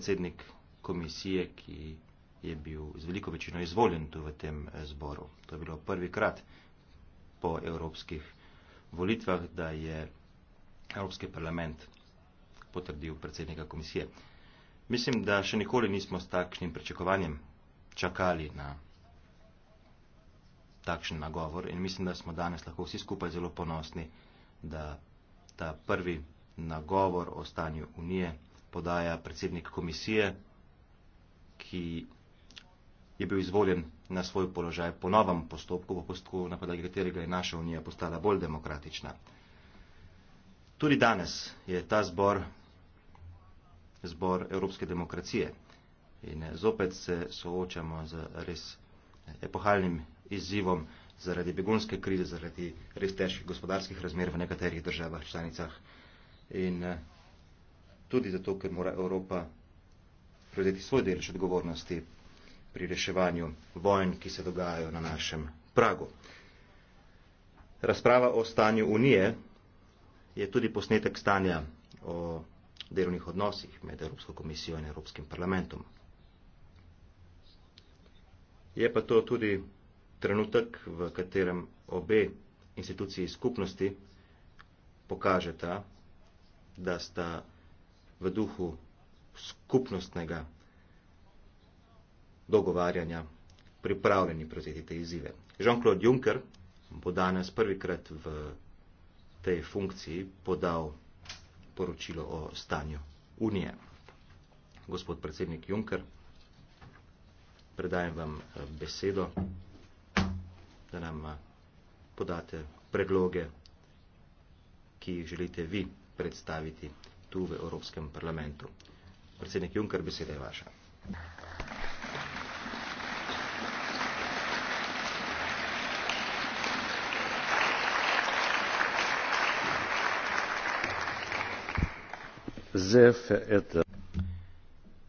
predsednik komisije, ki je bil z veliko večino izvoljen tu v tem eh, zboru. To je bilo prvi krat po evropskih volitvah, da je Evropski parlament potrdil predsednika komisije. Mislim, da še nikoli nismo s takšnim pričakovanjem čakali na takšen nagovor in mislim, da smo danes lahko vsi skupaj zelo ponosni, da ta prvi nagovor o stanju Unije podaja predsednik komisije, ki je bil izvoljen na svoj položaj po novem postopku, po postopku, na podlagi katerega je naša unija postala bolj demokratična. Tudi danes je ta zbor zbor evropske demokracije in zopet se soočamo z res epohalnim izzivom zaradi begunske krize, zaradi res težkih gospodarskih razmer v nekaterih državah članicah. In tudi zato, ker mora Evropa prevzeti svoj delež odgovornosti pri reševanju vojn, ki se dogajajo na našem pragu. Razprava o stanju Unije je tudi posnetek stanja o delovnih odnosih med Evropsko komisijo in Evropskim parlamentom. Je pa to tudi trenutek, v katerem obe instituciji skupnosti pokažeta, da sta v duhu skupnostnega dogovarjanja pripravljeni prevzeti te izzive. Jean-Claude Juncker bo danes prvikrat v tej funkciji podal poročilo o stanju Unije. Gospod predsednik Juncker, predajem vam eh, besedo, da nam eh, podate predloge, ki jih želite vi predstaviti tu v Evropskem parlamentu. Predsednik Juncker, beseda je vaša.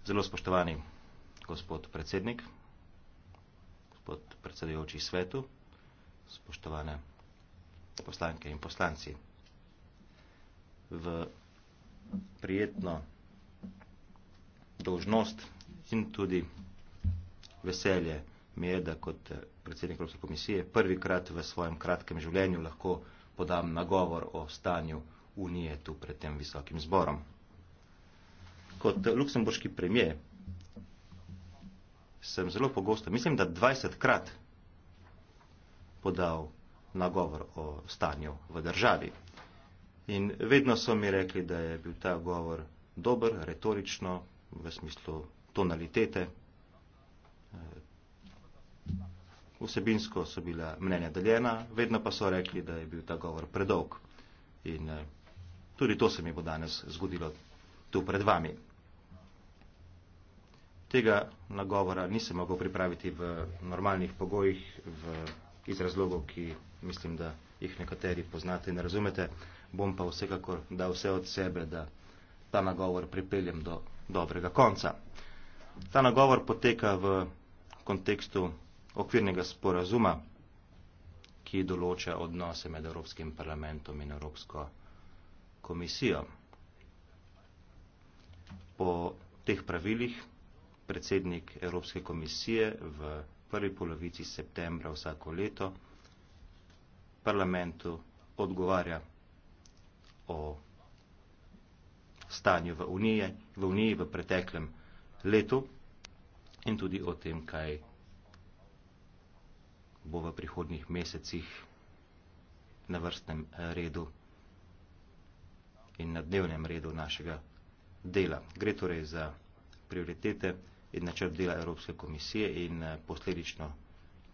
Zelo spoštovani gospod predsednik, gospod predsedujoči svetu, spoštovane poslanke in poslanci. V prijetno dožnost in tudi veselje mi je, da kot eh, predsednik Evropske komisije prvikrat v svojem kratkem življenju lahko podam nagovor o stanju Unije tu pred tem visokim zborom. Kot eh, luksemburški premije sem zelo pogosto, mislim, da 20 krat podal nagovor o stanju v državi. In vedno so mi rekli, da je bil ta govor dober, retorično, v smislu tonalitete. Eh, vsebinsko so bila mnenja deljena, vedno pa so rekli, da je bil ta govor predolg. In eh, tudi to se mi bo danes zgodilo tu pred vami. Tega nagovora nisem mogel pripraviti v normalnih pogojih, v, iz razlogov, ki mislim, da jih nekateri poznate in razumete bom pa vsekakor dal vse od sebe, da ta nagovor pripeljem do dobrega konca. Ta nagovor poteka v kontekstu okvirnega sporazuma, ki določa odnose med Evropskim parlamentom in Evropsko komisijo. Po teh pravilih predsednik Evropske komisije v prvi polovici septembra vsako leto parlamentu odgovarja o stanju v Uniji, v Uniji v preteklem letu in tudi o tem, kaj bo v prihodnjih mesecih na vrstnem redu in na dnevnem redu našega dela. Gre torej za prioritete in načrt dela Evropske komisije in eh, posledično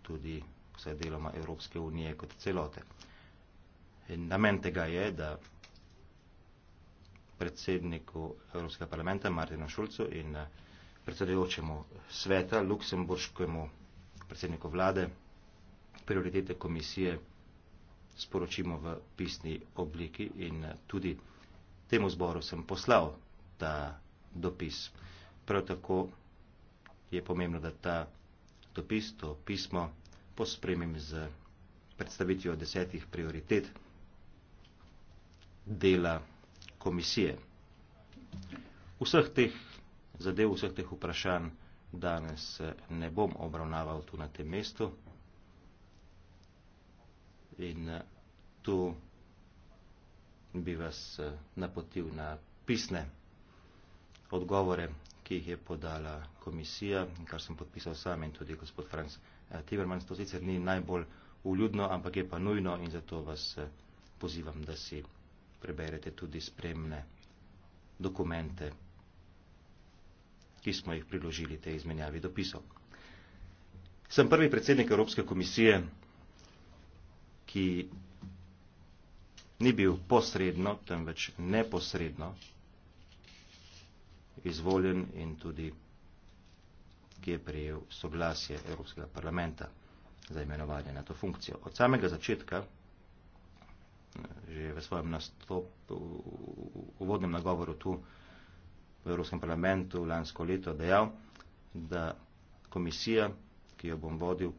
tudi vse deloma Evropske unije kot celote. In namen tega je, da predsedniku Evropskega parlamenta Martinu Šulcu in eh, predsedujočemu sveta, luksemburškemu predsedniku vlade, prioritete komisije sporočimo v pisni obliki in eh, tudi temu zboru sem poslal ta dopis. Prav tako je pomembno, da ta dopis, to pismo pospremim z predstavitvijo desetih prioritet dela komisije. Vseh teh zadev, vseh teh vprašanj danes eh, ne bom obravnaval tu na tem mestu. In eh, tu bi vas eh, napotil na pisne odgovore, ki jih je podala komisija, kar sem podpisal sam in tudi gospod Franz Timmermans. To sicer ni najbolj uljudno, ampak je pa nujno in zato vas pozivam, da si preberete tudi spremne dokumente, ki smo jih priložili te izmenjavi dopisov. Sem prvi predsednik Evropske komisije, ki ni bil posredno, temveč neposredno izvoljen in tudi, ki je prejel soglasje Evropskega parlamenta za imenovanje na to funkcijo. Od samega začetka že v svojem nastopu, v uvodnem nagovoru tu v Evropskem parlamentu lansko leto dejal, da komisija, ki jo bom vodil,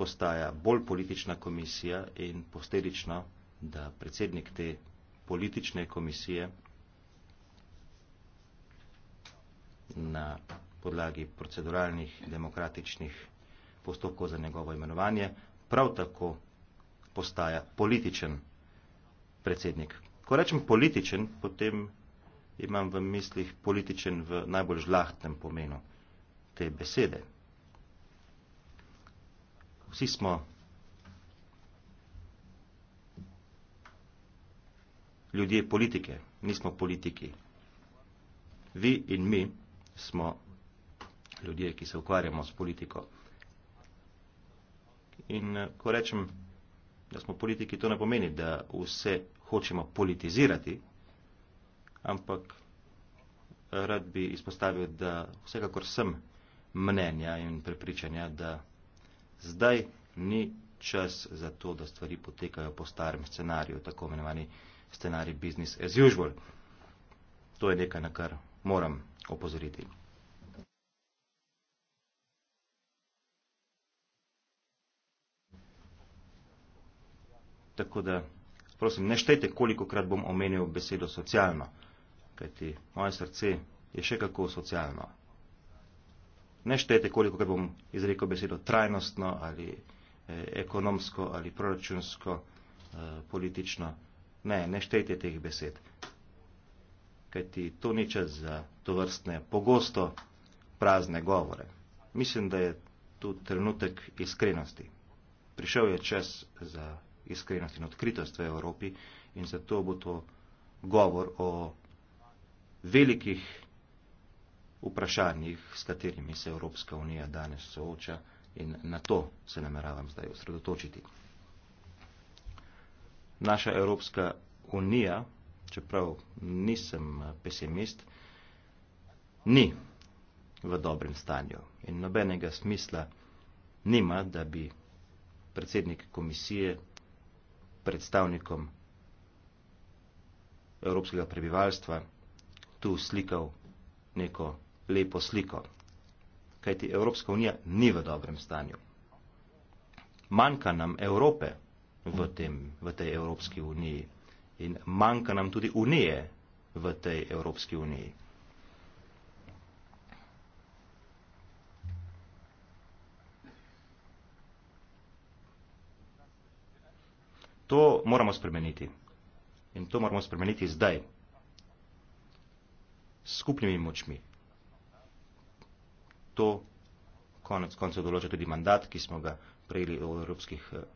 postaja bolj politična komisija in posledično, da predsednik te politične komisije na podlagi proceduralnih demokratičnih postopkov za njegovo imenovanje, prav tako postaja političen predsednik. Ko rečem političen, potem imam v mislih političen v najbolj žlahtnem pomenu te besede. Vsi smo ljudje politike, nismo politiki. Vi in mi smo ljudje, ki se ukvarjamo s politiko. In eh, ko rečem, da smo politiki, to ne pomeni, da vse hočemo politizirati, ampak rad bi izpostavil, da vsekakor sem mnenja in prepričanja, da zdaj ni čas za to, da stvari potekajo po starem scenariju, tako imenovani scenarij business as usual. To je nekaj, na kar moram opozoriti. tako da prosim, ne štejte, kolikokrat bom omenil besedo socialno, kajti moje srce je še kako socialno. Ne štejte, kolikokrat bom izrekel besedo trajnostno ali eh, ekonomsko ali proračunsko, eh, politično. Ne, ne štejte teh besed. Kajti to ni čas za to vrstne pogosto prazne govore. Mislim, da je tu trenutek iskrenosti. Prišel je čas za iskrenost in odkritost v Evropi in zato bo to govor o velikih vprašanjih, s katerimi se Evropska unija danes sooča in na to se nameravam zdaj osredotočiti. Naša Evropska unija, čeprav nisem pesimist, ni v dobrem stanju in nobenega smisla nima, da bi predsednik komisije predstavnikom evropskega prebivalstva tu slikal neko lepo sliko. Kajti Evropska unija ni v dobrem stanju. Manjka nam Evrope v, tem, v tej Evropski uniji in manjka nam tudi unije v tej Evropski uniji. To moramo spremeniti. In to moramo spremeniti zdaj. S skupnimi močmi. To konec koncev določa tudi mandat, ki smo ga prejeli od evropskih eh,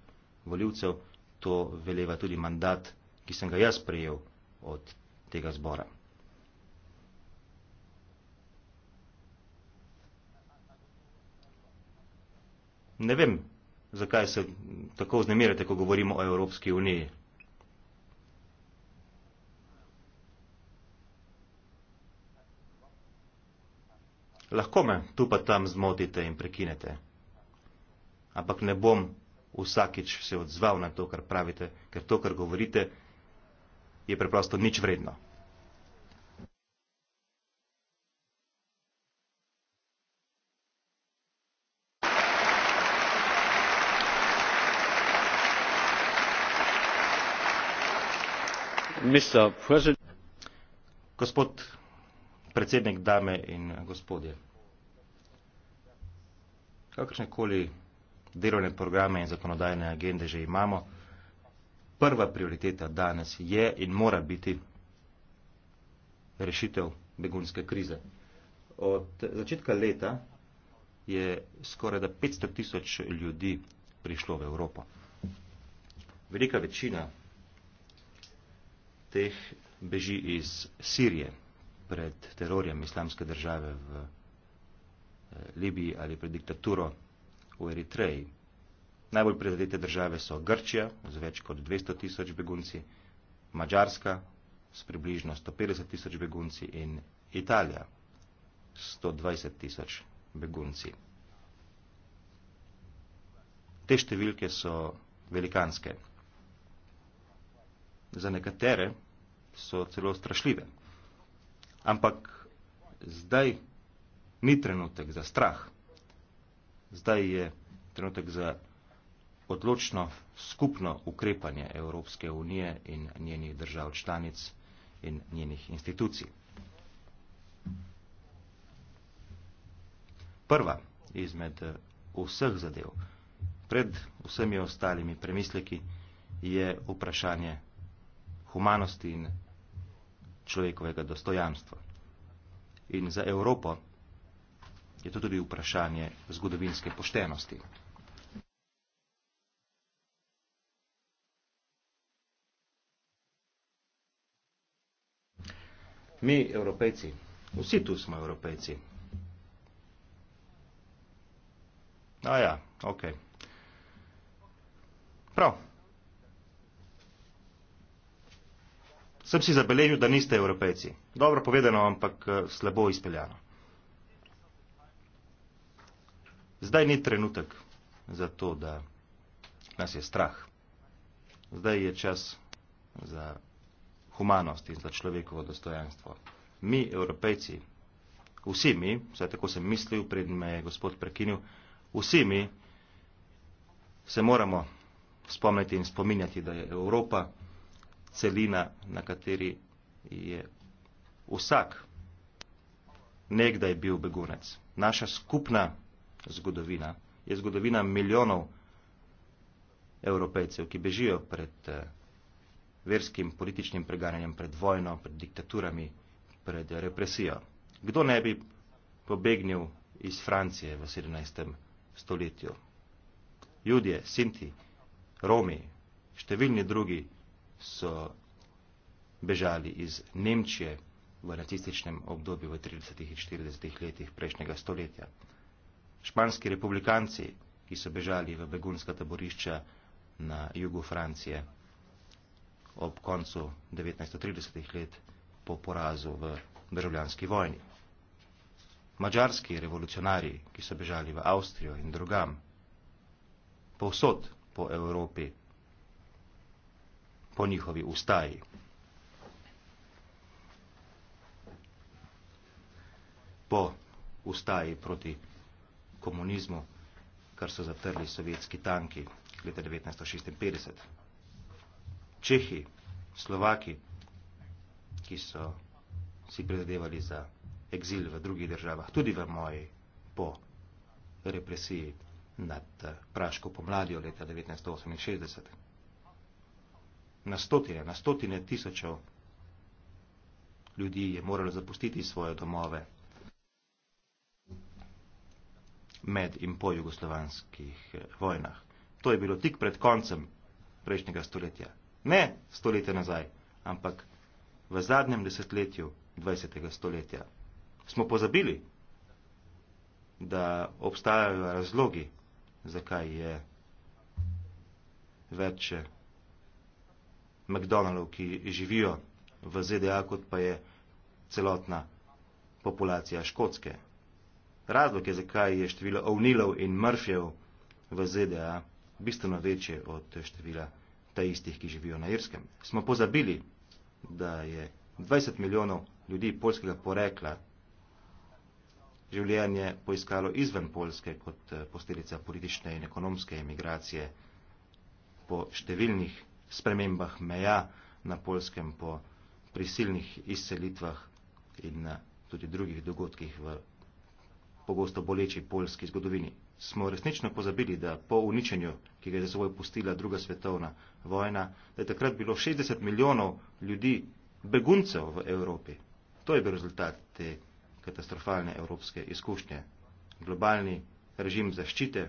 voljivcev. To veleva tudi mandat, ki sem ga jaz prejel od tega zbora. Ne vem, zakaj se tako vznemirjate, ko govorimo o Evropski uniji. Lahko me tu pa tam zmotite in prekinete, ampak ne bom vsakič se odzval na to, kar pravite, ker to, kar govorite, je preprosto nič vredno. gospod predsednik dame in gospodje kakršne koli delovne programe in zakonodajne agende že imamo prva prioriteta danes je in mora biti rešitev begunske krize od začetka leta je skoraj da petsto tisoč ljudi prišlo v Evropo velika večina teh beži iz Sirije pred terorjem islamske države v eh, Libiji ali pred diktaturo v Eritreji. Najbolj prizadete države so Grčija z več kot 200 tisoč begunci, Mačarska s približno 150 tisoč begunci in Italija s 120 tisoč begunci. Te številke so velikanske za nekatere so celo strašljive. Ampak zdaj ni trenutek za strah. Zdaj je trenutek za odločno skupno ukrepanje Evropske unije in njenih držav članic in njenih institucij. Prva izmed vseh zadev, pred vsemi ostalimi premisleki, je vprašanje humanosti in človekovega dostojanstva. In za Evropo je to tudi vprašanje zgodovinske poštenosti. Mi, evropejci, vsi tu smo evropejci. A ja, ok. Prav. sem si zabeležil, da niste evropejci. Dobro povedano, ampak eh, slabo izpeljano. Zdaj ni trenutek za to, da nas je strah. Zdaj je čas za humanost in za človekovo dostojanstvo. Mi, evropejci, vsi mi, vsaj tako sem mislil, predn me je gospod prekinil, vsi mi se moramo spomniti in spominjati, da je Evropa celina, na kateri je vsak nekdaj bil begunec. Naša skupna zgodovina je zgodovina milijonov evropejcev, ki bežijo pred eh, verskim političnim preganjanjem, pred vojno, pred diktaturami, pred represijo. Kdo ne bi pobegnil iz Francije v 17. stoletju? Judje, Sinti, Romi, številni drugi so bežali iz Nemčije v nacističnem obdobju v 30. in 40. letih prejšnjega stoletja. Španski republikanci, ki so bežali v begunska taborišča na jugu Francije ob koncu 1930. let po porazu v državljanski vojni. Mačarski revolucionari, ki so bežali v Avstrijo in drugam, povsod po Evropi po njihovi ustaji. Po ustaji proti komunizmu, kar so zatrli sovjetski tanki leta 1956. Čehi, Slovaki, ki so si prizadevali za egzil v drugih državah, tudi v moji po represiji nad Praško pomladjo leta 1968 na stotine, na stotine tisočev ljudi je moralo zapustiti svoje domove med in po jugoslovanskih eh, vojnah. To je bilo tik pred koncem prejšnjega stoletja. Ne stoletje nazaj, ampak v zadnjem desetletju 20. stoletja. Smo pozabili, da obstajajo razlogi, zakaj je več eh, McDonald'ov, ki živijo v ZDA, kot pa je celotna populacija škotske. Razlog je, zakaj je število ovnilov in mrfjev v ZDA bistveno večje od števila taistih, ki živijo na Irskem. Smo pozabili, da je 20 milijonov ljudi polskega porekla življenje poiskalo izven Polske kot posledica politične in ekonomske emigracije po številnih spremembah meja na Polskem po prisilnih izselitvah in na eh, tudi drugih dogodkih v pogosto boleči polski zgodovini. Smo resnično pozabili, da po uničenju, ki ga je za seboj pustila druga svetovna vojna, da je takrat bilo 60 milijonov ljudi beguncev v Evropi. To je bil rezultat te katastrofalne evropske izkušnje. Globalni režim zaščite,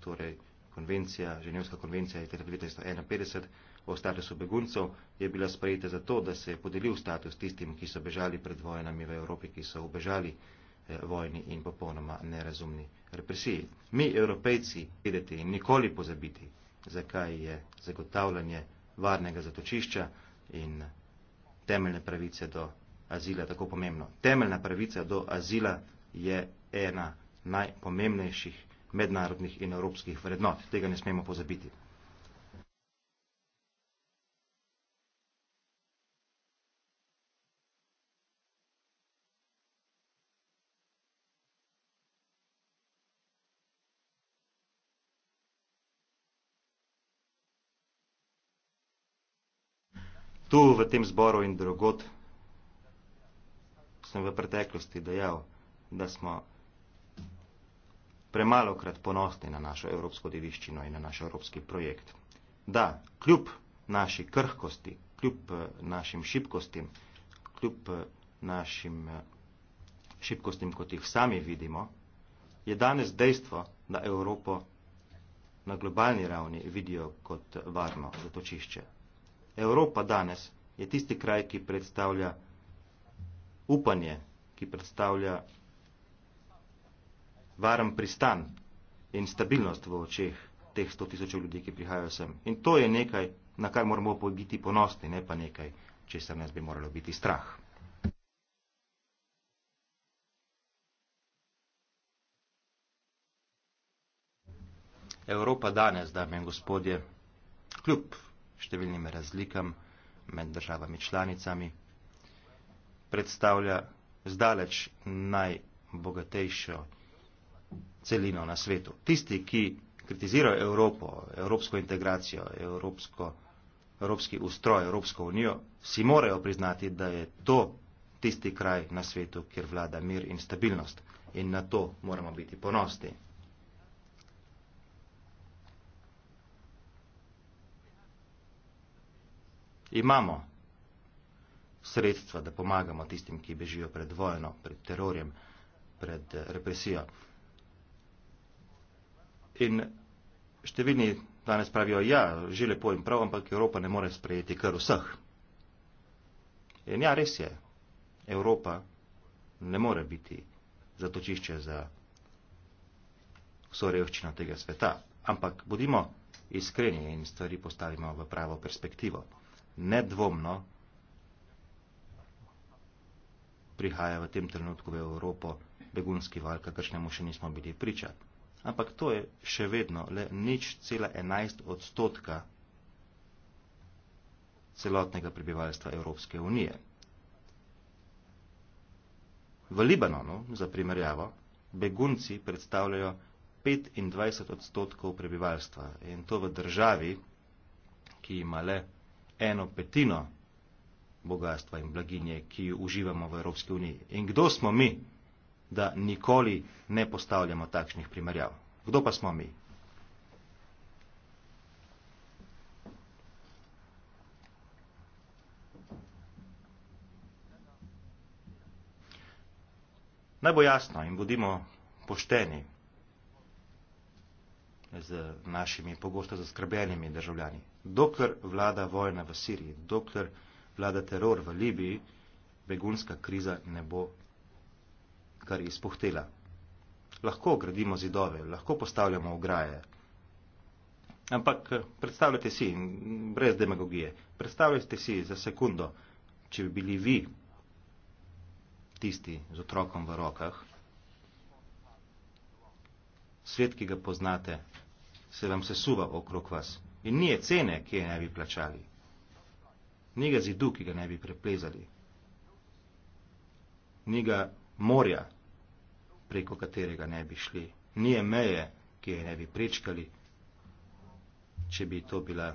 torej konvencija, ženevska konvencija iz 1951 o statusu beguncev je bila sprejeta zato, da se je podelil status tistim, ki so bežali pred vojnami v Evropi, ki so obežali eh, vojni in popolnoma nerazumni represiji. Mi, evropejci, vedeti in nikoli pozabiti, zakaj je zagotavljanje varnega zatočišča in temeljne pravice do azila tako pomembno. Temeljna pravica do azila je ena najpomembnejših mednarodnih in evropskih vrednot. Tega ne smemo pozabiti. Tu v tem zboru in drugod sem v preteklosti dejal, da smo premalokrat ponosni na našo evropsko dediščino in na naš evropski projekt. Da, kljub naši krhkosti, kljub eh, našim šibkostim, kljub eh, našim eh, šibkostim, kot jih sami vidimo, je danes dejstvo, da Evropo na globalni ravni vidijo kot varno zatočišče. Evropa danes je tisti kraj, ki predstavlja upanje, ki predstavlja varen pristan in stabilnost v očeh teh 100 tisočev ljudi, ki prihajajo sem. In to je nekaj, na kar moramo biti ponosni, ne pa nekaj, česar nas bi moralo biti strah. Evropa danes, dame in gospodje, kljub številnim razlikam med državami članicami, predstavlja zdaleč najbogatejšo celino na svetu. Tisti, ki kritizirajo Evropo, evropsko integracijo, evropsko, evropski ustroj, Evropsko unijo, si morajo priznati, da je to tisti kraj na svetu, kjer vlada mir in stabilnost. In na to moramo biti ponosti. Imamo sredstva, da pomagamo tistim, ki bežijo pred vojno, pred terorjem, pred represijo. In številni danes pravijo, ja, že lepo in prav, ampak Evropa ne more sprejeti kar vseh. In ja, res je, Evropa ne more biti zatočišče za vso revščino tega sveta. Ampak bodimo iskreni in stvari postavimo v pravo perspektivo. Nedvomno prihaja v tem trenutku v Evropo begunski val, kakršnemu še nismo bili pričati ampak to je še vedno le nič cela enajst odstotka celotnega prebivalstva Evropske unije. V Libanonu, za primerjavo, begunci predstavljajo 25 odstotkov prebivalstva in to v državi, ki ima le eno petino bogatstva in blaginje, ki jo uživamo v Evropski uniji. In kdo smo mi? da nikoli ne postavljamo takšnih primerjav. Kdo pa smo mi? Naj bo jasno in bodimo pošteni z našimi pogosto zaskrbljenimi državljani. Dokler vlada vojna v Siriji, dokler vlada teror v Libiji, begunska kriza ne bo kar izpuhtela. Lahko gradimo zidove, lahko postavljamo ograje. Ampak eh, predstavljajte si, brez demagogije, predstavljajte si za sekundo, če bi bili vi tisti z otrokom v rokah, svet, ki ga poznate, se vam sesuva okrog vas. In ni je cene, ki je ne bi plačali. Ni ga zidu, ki ga ne bi preplezali. Ni ga morja, preko katerega ne bi šli. Nije meje, ki je ne bi prečkali, če bi to bila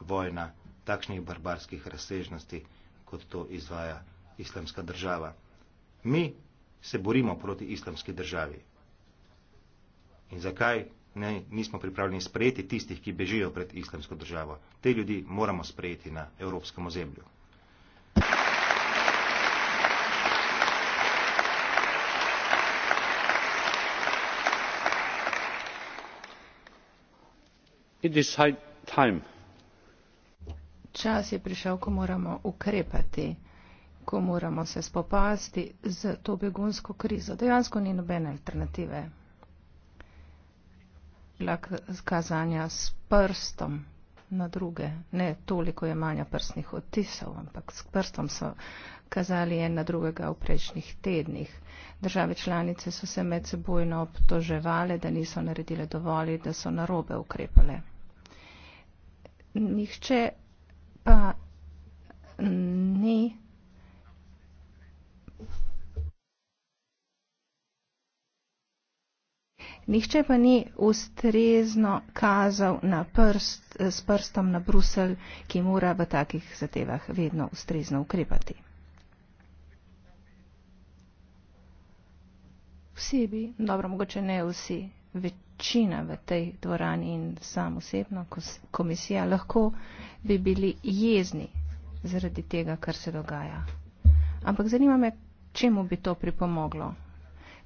vojna takšnih barbarskih razsežnosti, kot to izvaja islamska država. Mi se borimo proti islamski državi. In zakaj ne, nismo pripravljeni sprejeti tistih, ki bežijo pred islamsko državo? Te ljudi moramo sprejeti na evropskem ozemlju. čas je prišel ko moramo ukrepati ko moramo se spopasti s to begunsko krizo dejansko ni nobene alternative kazanja s prstom na druge. Ne toliko je manja prstnih odtisov, ampak s prstom so kazali en na drugega v prejšnjih tednih. Države članice so se med sebojno obtoževali, da niso naredile dovolj, da so narobe ukrepale. Nihče pa ni Nihče pa ni ustrezno kazal na prst, s prstom na Brusel, ki mora v takih zatevah vedno ustrezno ukrepati. Vsi bi, dobro, mogoče ne vsi, večina v tej dvorani in sam osebno komisija lahko bi bili jezni zaradi tega, kar se dogaja. Ampak zanima me, čemu bi to pripomoglo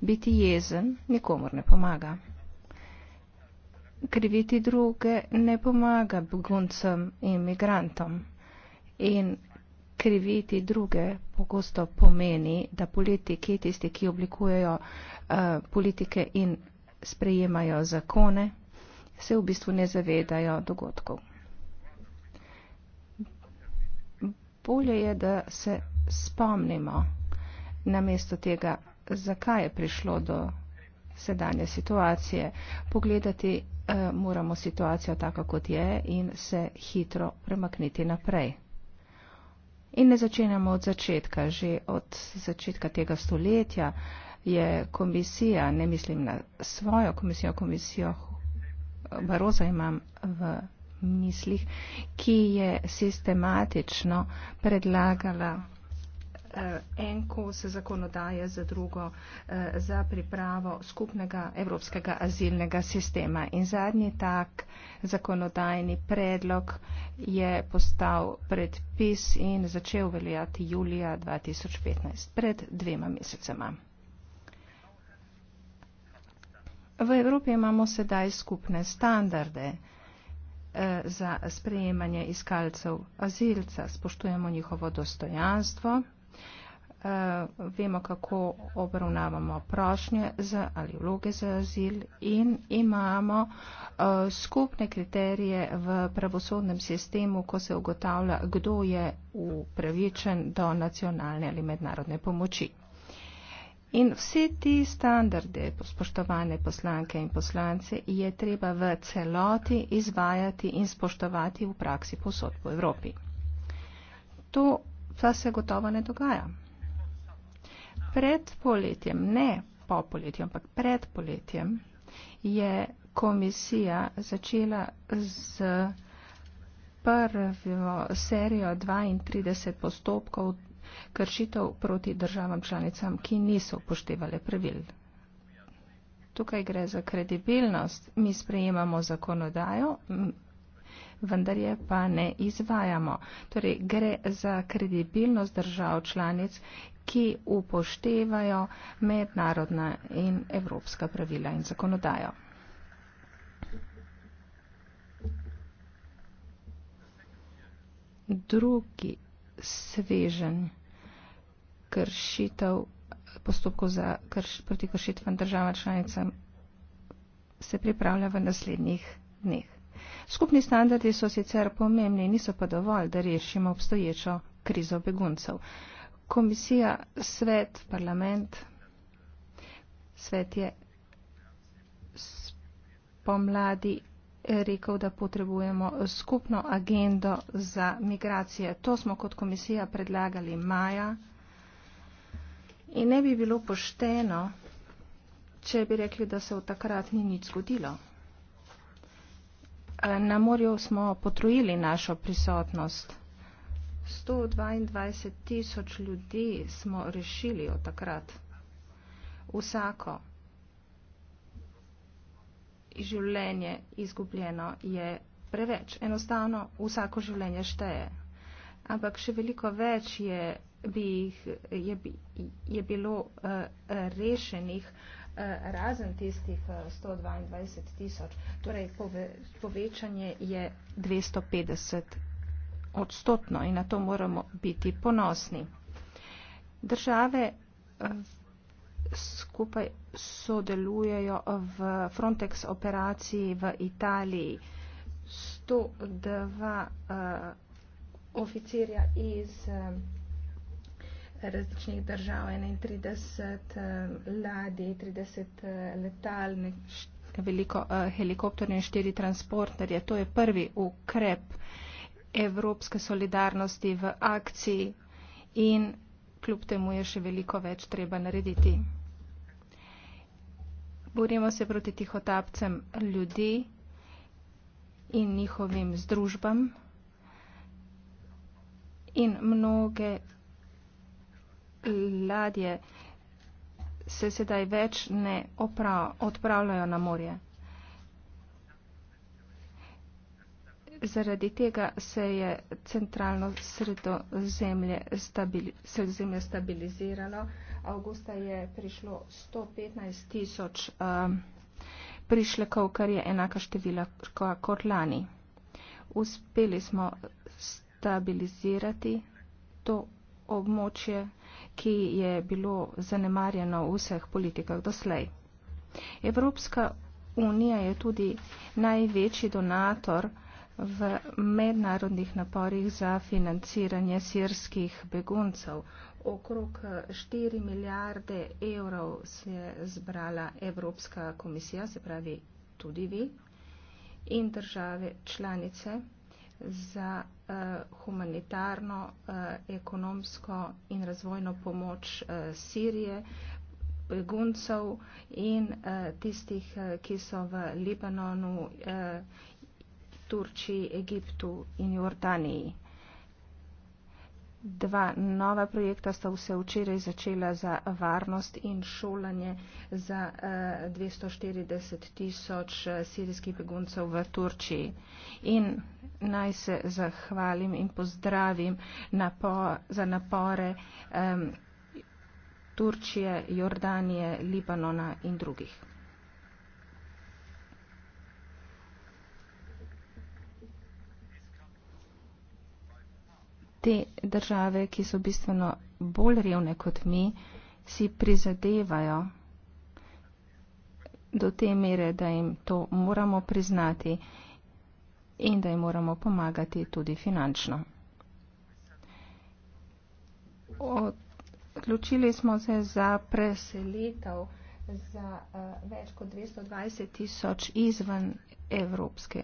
biti jezen nikomor ne pomaga. Kriviti druge ne pomaga beguncem in migrantom. In kriviti druge pogosto pomeni, da politiki, tisti, ki oblikujejo uh, politike in sprejemajo zakone, se v bistvu ne zavedajo dogodkov. Bolje je, da se spomnimo namesto tega zakaj je prišlo do sedanje situacije. Pogledati eh, moramo situacijo tako, kot je in se hitro premakniti naprej. In ne začenjamo od začetka. Že od začetka tega stoletja je komisija, ne mislim na svojo komisijo, komisijo Baroza imam v mislih, ki je sistematično predlagala Eh, en kos zakonodaje za drugo eh, za pripravo skupnega evropskega azilnega sistema. In zadnji tak zakonodajni predlog je postal predpis in začel veljati julija 2015, pred dvema mesecema. V Evropi imamo sedaj skupne standarde eh, za sprejemanje iskalcev azilca, spoštujemo njihovo dostojanstvo uh, vemo, kako obravnavamo prošnje za, ali vloge za azil in imamo uh, skupne kriterije v pravosodnem sistemu, ko se ugotavlja, kdo je upravičen do nacionalne ali mednarodne pomoči. In vse ti standarde, spoštovane poslanke in poslance, je treba v celoti izvajati in spoštovati v praksi posod po Evropi. To pa se gotovo ne dogaja pred poletjem, ne po poletju, ampak pred poletjem, je komisija začela z prvo serijo 32 postopkov kršitev proti državam članicam, ki niso upoštevale pravil. Tukaj gre za kredibilnost. Mi sprejemamo zakonodajo, vendar je pa ne izvajamo. Torej, gre za kredibilnost držav članic, ki upoštevajo mednarodna in evropska pravila in zakonodajo. Drugi svežen kršitev postopkov za krš, proti kršitvam država članica se pripravlja v naslednjih dneh. Skupni standardi so sicer pomembni, niso pa dovolj, da rešimo obstoječo krizo beguncev. Komisija, svet, parlament, svet je pomladi rekel, da potrebujemo skupno agendo za migracije. To smo kot komisija predlagali maja in ne bi bilo pošteno, če bi rekli, da se v takrat ni nič zgodilo. Eh, na morju smo potrojili našo prisotnost. 122 tisoč ljudi smo rešili od takrat. Vsako življenje izgubljeno je preveč. Enostavno vsako življenje šteje. Ampak še veliko več je, bi, je, je bilo uh, rešenih. Uh, Eh, razen tistih 122 eh, tisoč, torej pove, povečanje je 250 odstotno in na to moramo biti ponosni. Države eh, skupaj sodelujejo v Frontex operaciji v Italiji. 102 uh, oficirja iz uh, različnih držav, 31 eh, ladij, 30 eh, letal, veliko eh, helikopterjev in 4 transporterje. To je prvi ukrep evropske solidarnosti v akciji in kljub temu je še veliko več treba narediti. Borimo se proti tihotapcem ljudi in njihovim združbam in mnoge ladje se sedaj več ne odpravljajo na morje. Zaradi tega se je centralno sredozemlje stabili, sredozemlje stabiliziralo. Augusta je prišlo 115 tisoč um, prišlekov, kar je enaka števila kot lani. Uspeli smo stabilizirati to območje ki je bilo zanemarjeno v vseh politikah doslej. Evropska unija je tudi največji donator v mednarodnih naporih za financiranje sirskih beguncev. Okrog 4 eh, milijarde evrov se je zbrala Evropska komisija, se pravi tudi vi, in države članice za eh, humanitarno, eh, ekonomsko in razvojno pomoč eh, Sirije, beguncev in eh, tistih, eh, ki so v Libanonu, eh, Turčiji, Egiptu in Jordaniji. Dva nova projekta sta vse včeraj začela za varnost in šolanje za 240 eh, tisoč eh, sirijskih beguncev v Turčiji. In naj se zahvalim in pozdravim napo za napore um, Turčije, Jordanije, Libanona in drugih. te države, ki so bistveno bolj revne kot mi, si prizadevajo do te mere, da jim to moramo priznati in da jim moramo pomagati tudi finančno. Odločili smo se za preselitev za uh, več kot 220 tisoč izven Evropske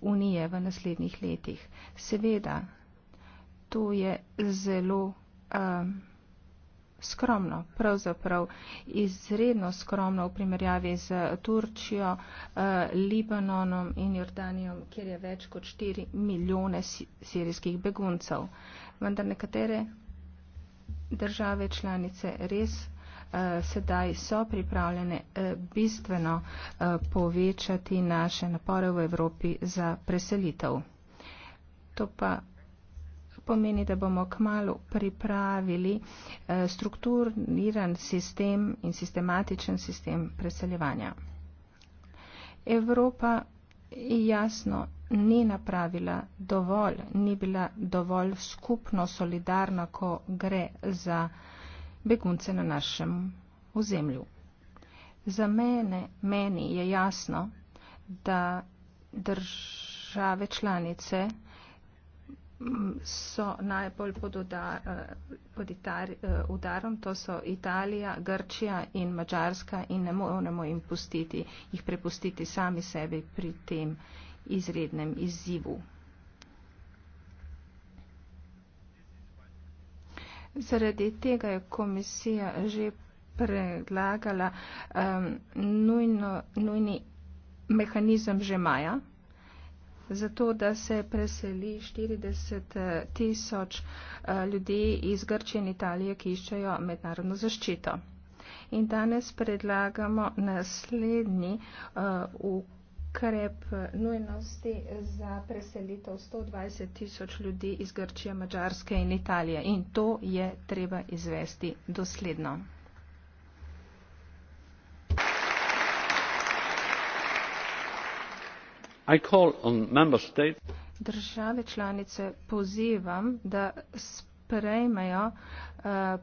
unije v naslednjih letih. Seveda, to je zelo um, skromno, pravzaprav izredno skromno v primerjavi z Turčijo, uh, Libanonom in Jordanijom, kjer je več kot 4 milijone sirijskih beguncev. Vendar nekatere države članice res eh, sedaj so pripravljene eh, bistveno povečati naše napore v Evropi za preselitev. To pa pomeni, da bomo k malu pripravili eh, strukturiran sistem in sistematičen sistem preseljevanja. Evropa jasno ni napravila dovolj, ni bila dovolj skupno solidarna, ko gre za begunce na našem ozemlju. Za mene, meni je jasno, da države članice so najbolj pod, udar, eh, pod itar, eh, udarom, to so Italija, Grčija in Mačarska in ne moremo jim pustiti, jih prepustiti sami sebi pri tem izrednem izzivu. Zaradi tega je komisija že predlagala um, nujno, nujni mehanizem že maja zato da se preseli 40 tisoč eh, ljudi iz Grčije in Italije, ki iščejo mednarodno zaščito. In danes predlagamo naslednji eh, ukrep nujnosti za preselitev 120 tisoč ljudi iz Grčije, Mačarske in Italije. In to je treba izvesti dosledno. države članice pozivam, da sprejmejo uh,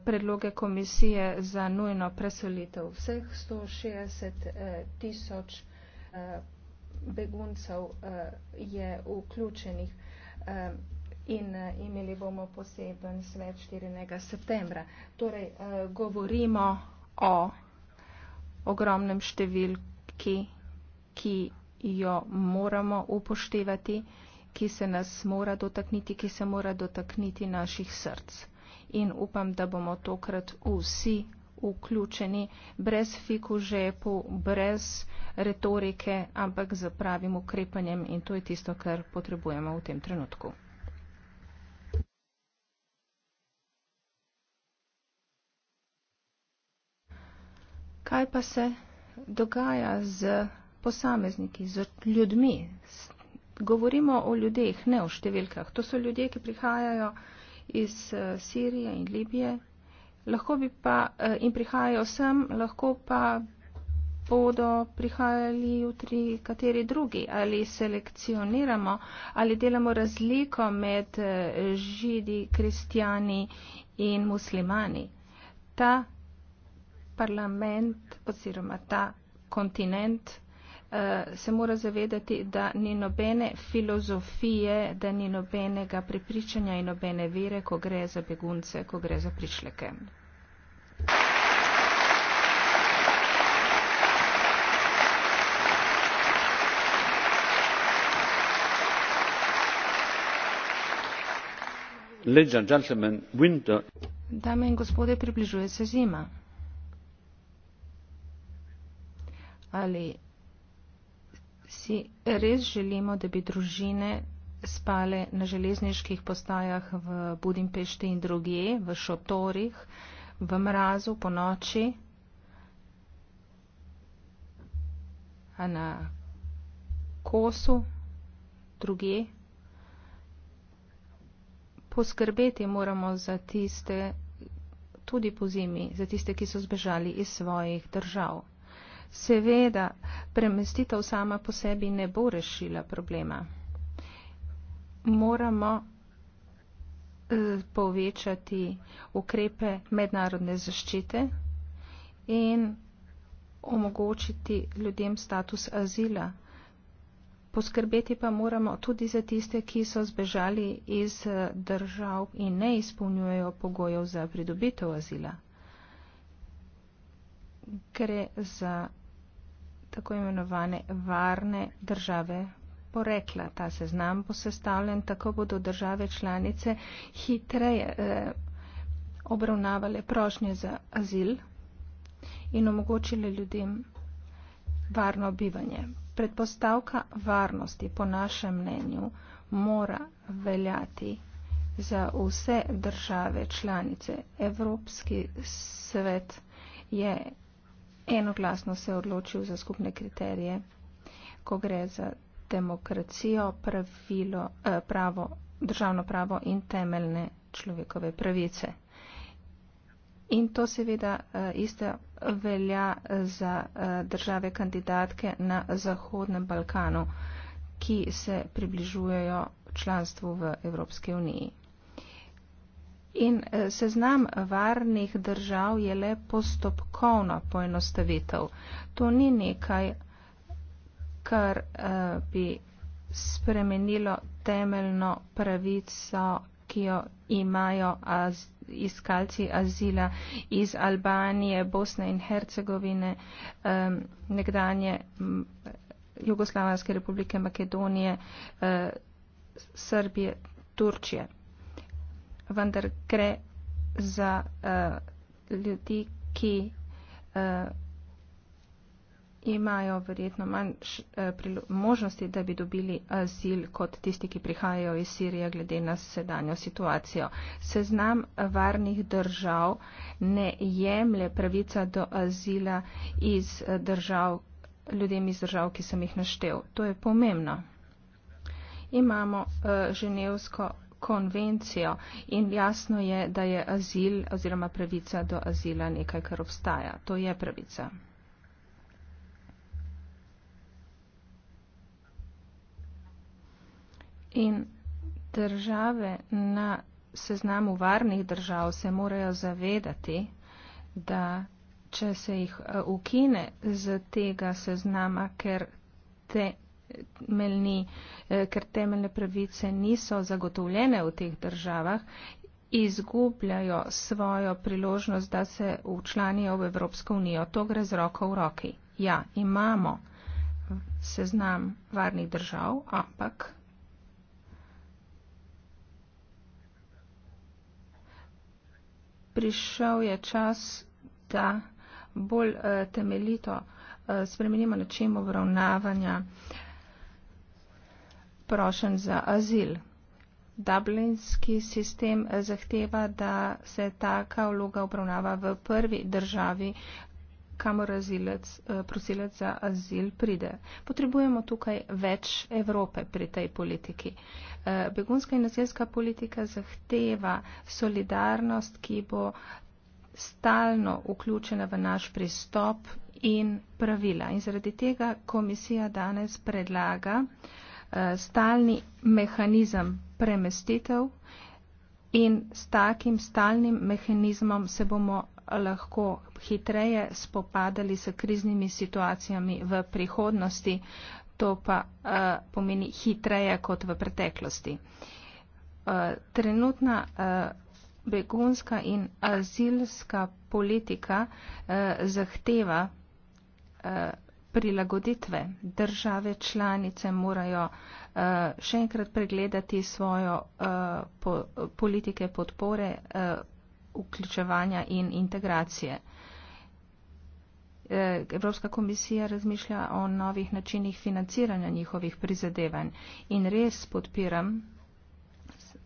predloge komisije za nujno preselitev vseh 160 uh, eh, tisoč uh, beguncev uh, je vključenih uh, in uh, imeli bomo poseben svet 4. septembra. Torej, uh, govorimo o ogromnem številki, ki jo moramo upoštevati, ki se nas mora dotakniti, ki se mora dotakniti naših src. In upam, da bomo tokrat vsi vključeni, brez fiku žepu, brez retorike, ampak z pravim ukrepanjem in to je tisto, kar potrebujemo v tem trenutku. Kaj pa se dogaja z posamezniki, z ljudmi. Govorimo o ljudeh, ne o številkah. To so ljudje, ki prihajajo iz eh, Sirije in Libije lahko bi pa, eh, in prihajajo sem, lahko pa bodo prihajali jutri kateri drugi. Ali selekcioniramo, ali delamo razliko med eh, židi, kristjani in muslimani. Ta parlament oziroma ta kontinent Eh, se mora zavedati, da ni nobene filozofije, da ni nobenega prepričanja in nobene vere, ko gre za begunce, ko gre za prišleke. Dame in gospode, približuje se zima. Ali si res želimo, da bi družine spale na železniških postajah v Budimpešti in drugje, v šotorih, v mrazu po noči, na kosu, drugje. Poskrbeti moramo za tiste, tudi po zimi, za tiste, ki so zbežali iz svojih držav. Seveda, premestitev sama po sebi ne bo rešila problema. Moramo eh, povečati ukrepe mednarodne zaščite in omogočiti ljudem status azila. Poskrbeti pa moramo tudi za tiste, ki so zbežali iz eh, držav in ne izpolnjujejo pogojev za pridobitev azila gre za tako imenovane varne države porekla. Ta seznam bo sestavljen, tako bodo države članice hitreje eh, obravnavale prošnje za azil in omogočile ljudem varno bivanje. Predpostavka varnosti, po našem mnenju, mora veljati za vse države članice. Evropski svet je enoglasno se odločil za skupne kriterije, ko gre za demokracijo, pravilo, eh, pravo, državno pravo in temeljne človekove pravice. In to seveda eh, isto velja eh, za države kandidatke na Zahodnem Balkanu, ki se približujejo članstvu v Evropske uniji. In eh, seznam varnih držav je le postopkovna poenostavitev. To ni nekaj, kar eh, bi spremenilo temeljno pravico, ki jo imajo az, iskalci azila iz Albanije, Bosne in Hercegovine, nekdanje Jugoslavijske republike Makedonije, eh, Srbije, Turčije vendar gre za uh, ljudi, ki uh, imajo verjetno manj uh, možnosti, da bi dobili azil kot tisti, ki prihajajo iz Sirije glede na sedanjo situacijo. Seznam varnih držav ne jemlje pravica do azila iz držav, ljudem iz držav, ki sem jih naštel. To je pomembno. Imamo uh, ženevsko konvencijo in jasno je, da je azil oziroma pravica do azila nekaj, kar obstaja. To je pravica. In države na seznamu varnih držav se morajo zavedati, da če se jih eh, ukine z tega seznama, ker te temeljni, eh, ker temeljne pravice niso zagotovljene v teh državah, izgubljajo svojo priložnost, da se učlanijo v Evropsko unijo. To gre z roko v roki. Ja, imamo seznam varnih držav, ampak prišel je čas, da bolj eh, temeljito eh, spremenimo način obravnavanja uh, prošen za azil. Dublinski sistem eh, zahteva, da se taka vloga obravnava v prvi državi, kamor azilec, eh, prosilec za azil pride. Potrebujemo tukaj več Evrope pri tej politiki. Eh, begunska in azilska politika zahteva solidarnost, ki bo stalno vključena v naš pristop in pravila. In zaradi tega komisija danes predlaga, uh, Eh, stalni mehanizem premestitev in s takim stalnim mehanizmom se bomo lahko hitreje spopadali s kriznimi situacijami v prihodnosti, to pa uh, pomeni hitreje kot v preteklosti. Uh, trenutna uh, begunska in azilska politika uh, zahteva uh, prilagoditve. Države članice morajo eh, še enkrat pregledati svojo eh, politike podpore, eh, vključevanja in integracije. Evropska komisija razmišlja o novih načinih financiranja njihovih prizadevanj in res podpiram,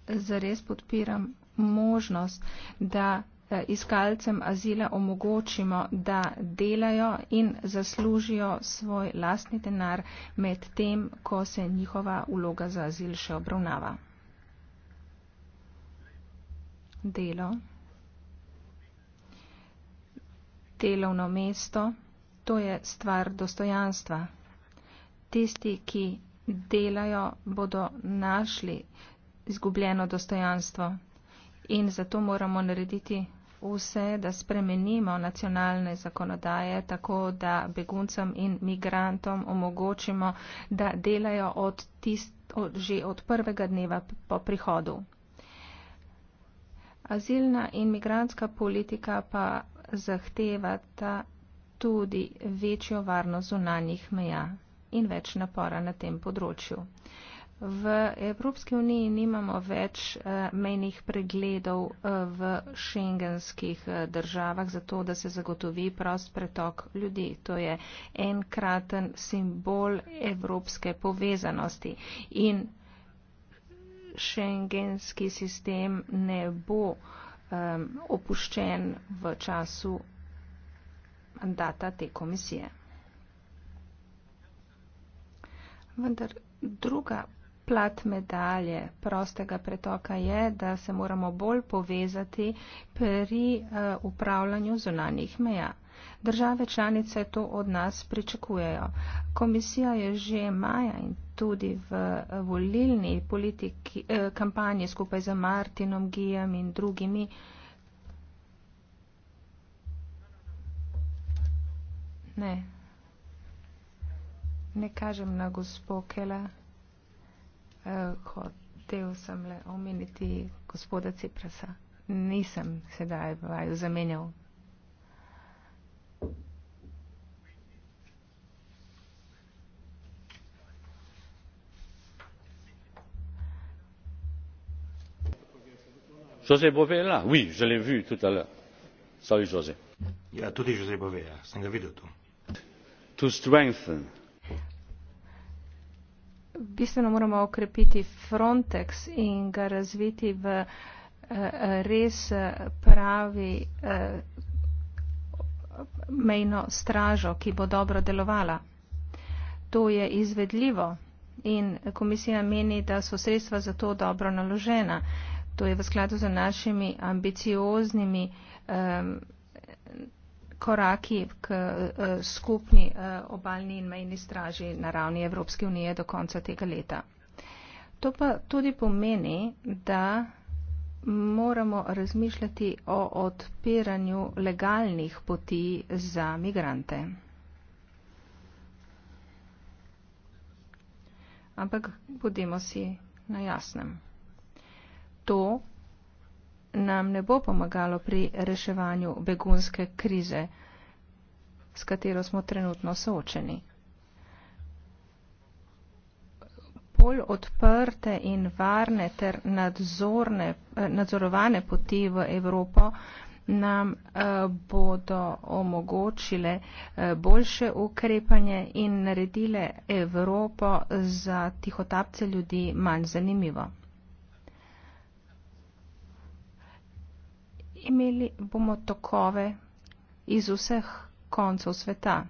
zares podpiram možnost, da iskalcem azila omogočimo, da delajo in zaslužijo svoj lastni denar med tem, ko se njihova vloga za azil še obravnava. Delo, delovno mesto, to je stvar dostojanstva. Tisti, ki delajo, bodo našli izgubljeno dostojanstvo in zato moramo narediti vse, da spremenimo nacionalne zakonodaje tako, da beguncem in migrantom omogočimo, da delajo od tist, od, že od prvega dneva po prihodu. Azilna in migrantska politika pa zahtevata tudi večjo varnost zunanjih meja in več napora na tem področju. V Evropski uniji nimamo več eh, mejnih pregledov eh, v šengenskih eh, državah, zato da se zagotovi prost pretok ljudi. To je enkraten simbol evropske povezanosti. In šengenski sistem ne bo um, opuščen v času mandata te komisije. Vendar druga plat medalje prostega pretoka je, da se moramo bolj povezati pri eh, upravljanju zunanjih meja. Države članice to od nas pričakujejo. Komisija je že maja in tudi v eh, volilni politiki, eh, kampanji skupaj z Martinom Gijem in drugimi Ne. Ne kažem na gospod Kela. Eh, hotel sem le omeniti gospoda Ciprasa. Nisem sedaj vaju zamenjal. José Bové je là? Oui, je l'ai vu tout à l'heure. Salut José. Ja, tudi José Bové, ja. sem ga videl tu. To strengthen bistveno moramo okrepiti Frontex in ga razviti v eh, res eh, pravi eh, mejno stražo, ki bo dobro delovala. To je izvedljivo in komisija meni, da so sredstva za to dobro naložena. To je v skladu z našimi ambicioznimi um, koraki k eh, skupni eh, obaljni in mejni straži na ravni Evropske unije do konca tega leta. To pa tudi pomeni, da moramo razmišljati o odpiranju legalnih poti za migrante. Ampak bodimo si na jasnem. To nam ne bo pomagalo pri reševanju begunske krize, s katero smo trenutno soočeni. Bolj odprte in varne ter nadzorne, nadzorovane poti v Evropo nam eh, bodo omogočile eh, boljše ukrepanje in naredile Evropo za tihotapce ljudi manj zanimivo. imeli bomo tokove iz vseh koncev sveta.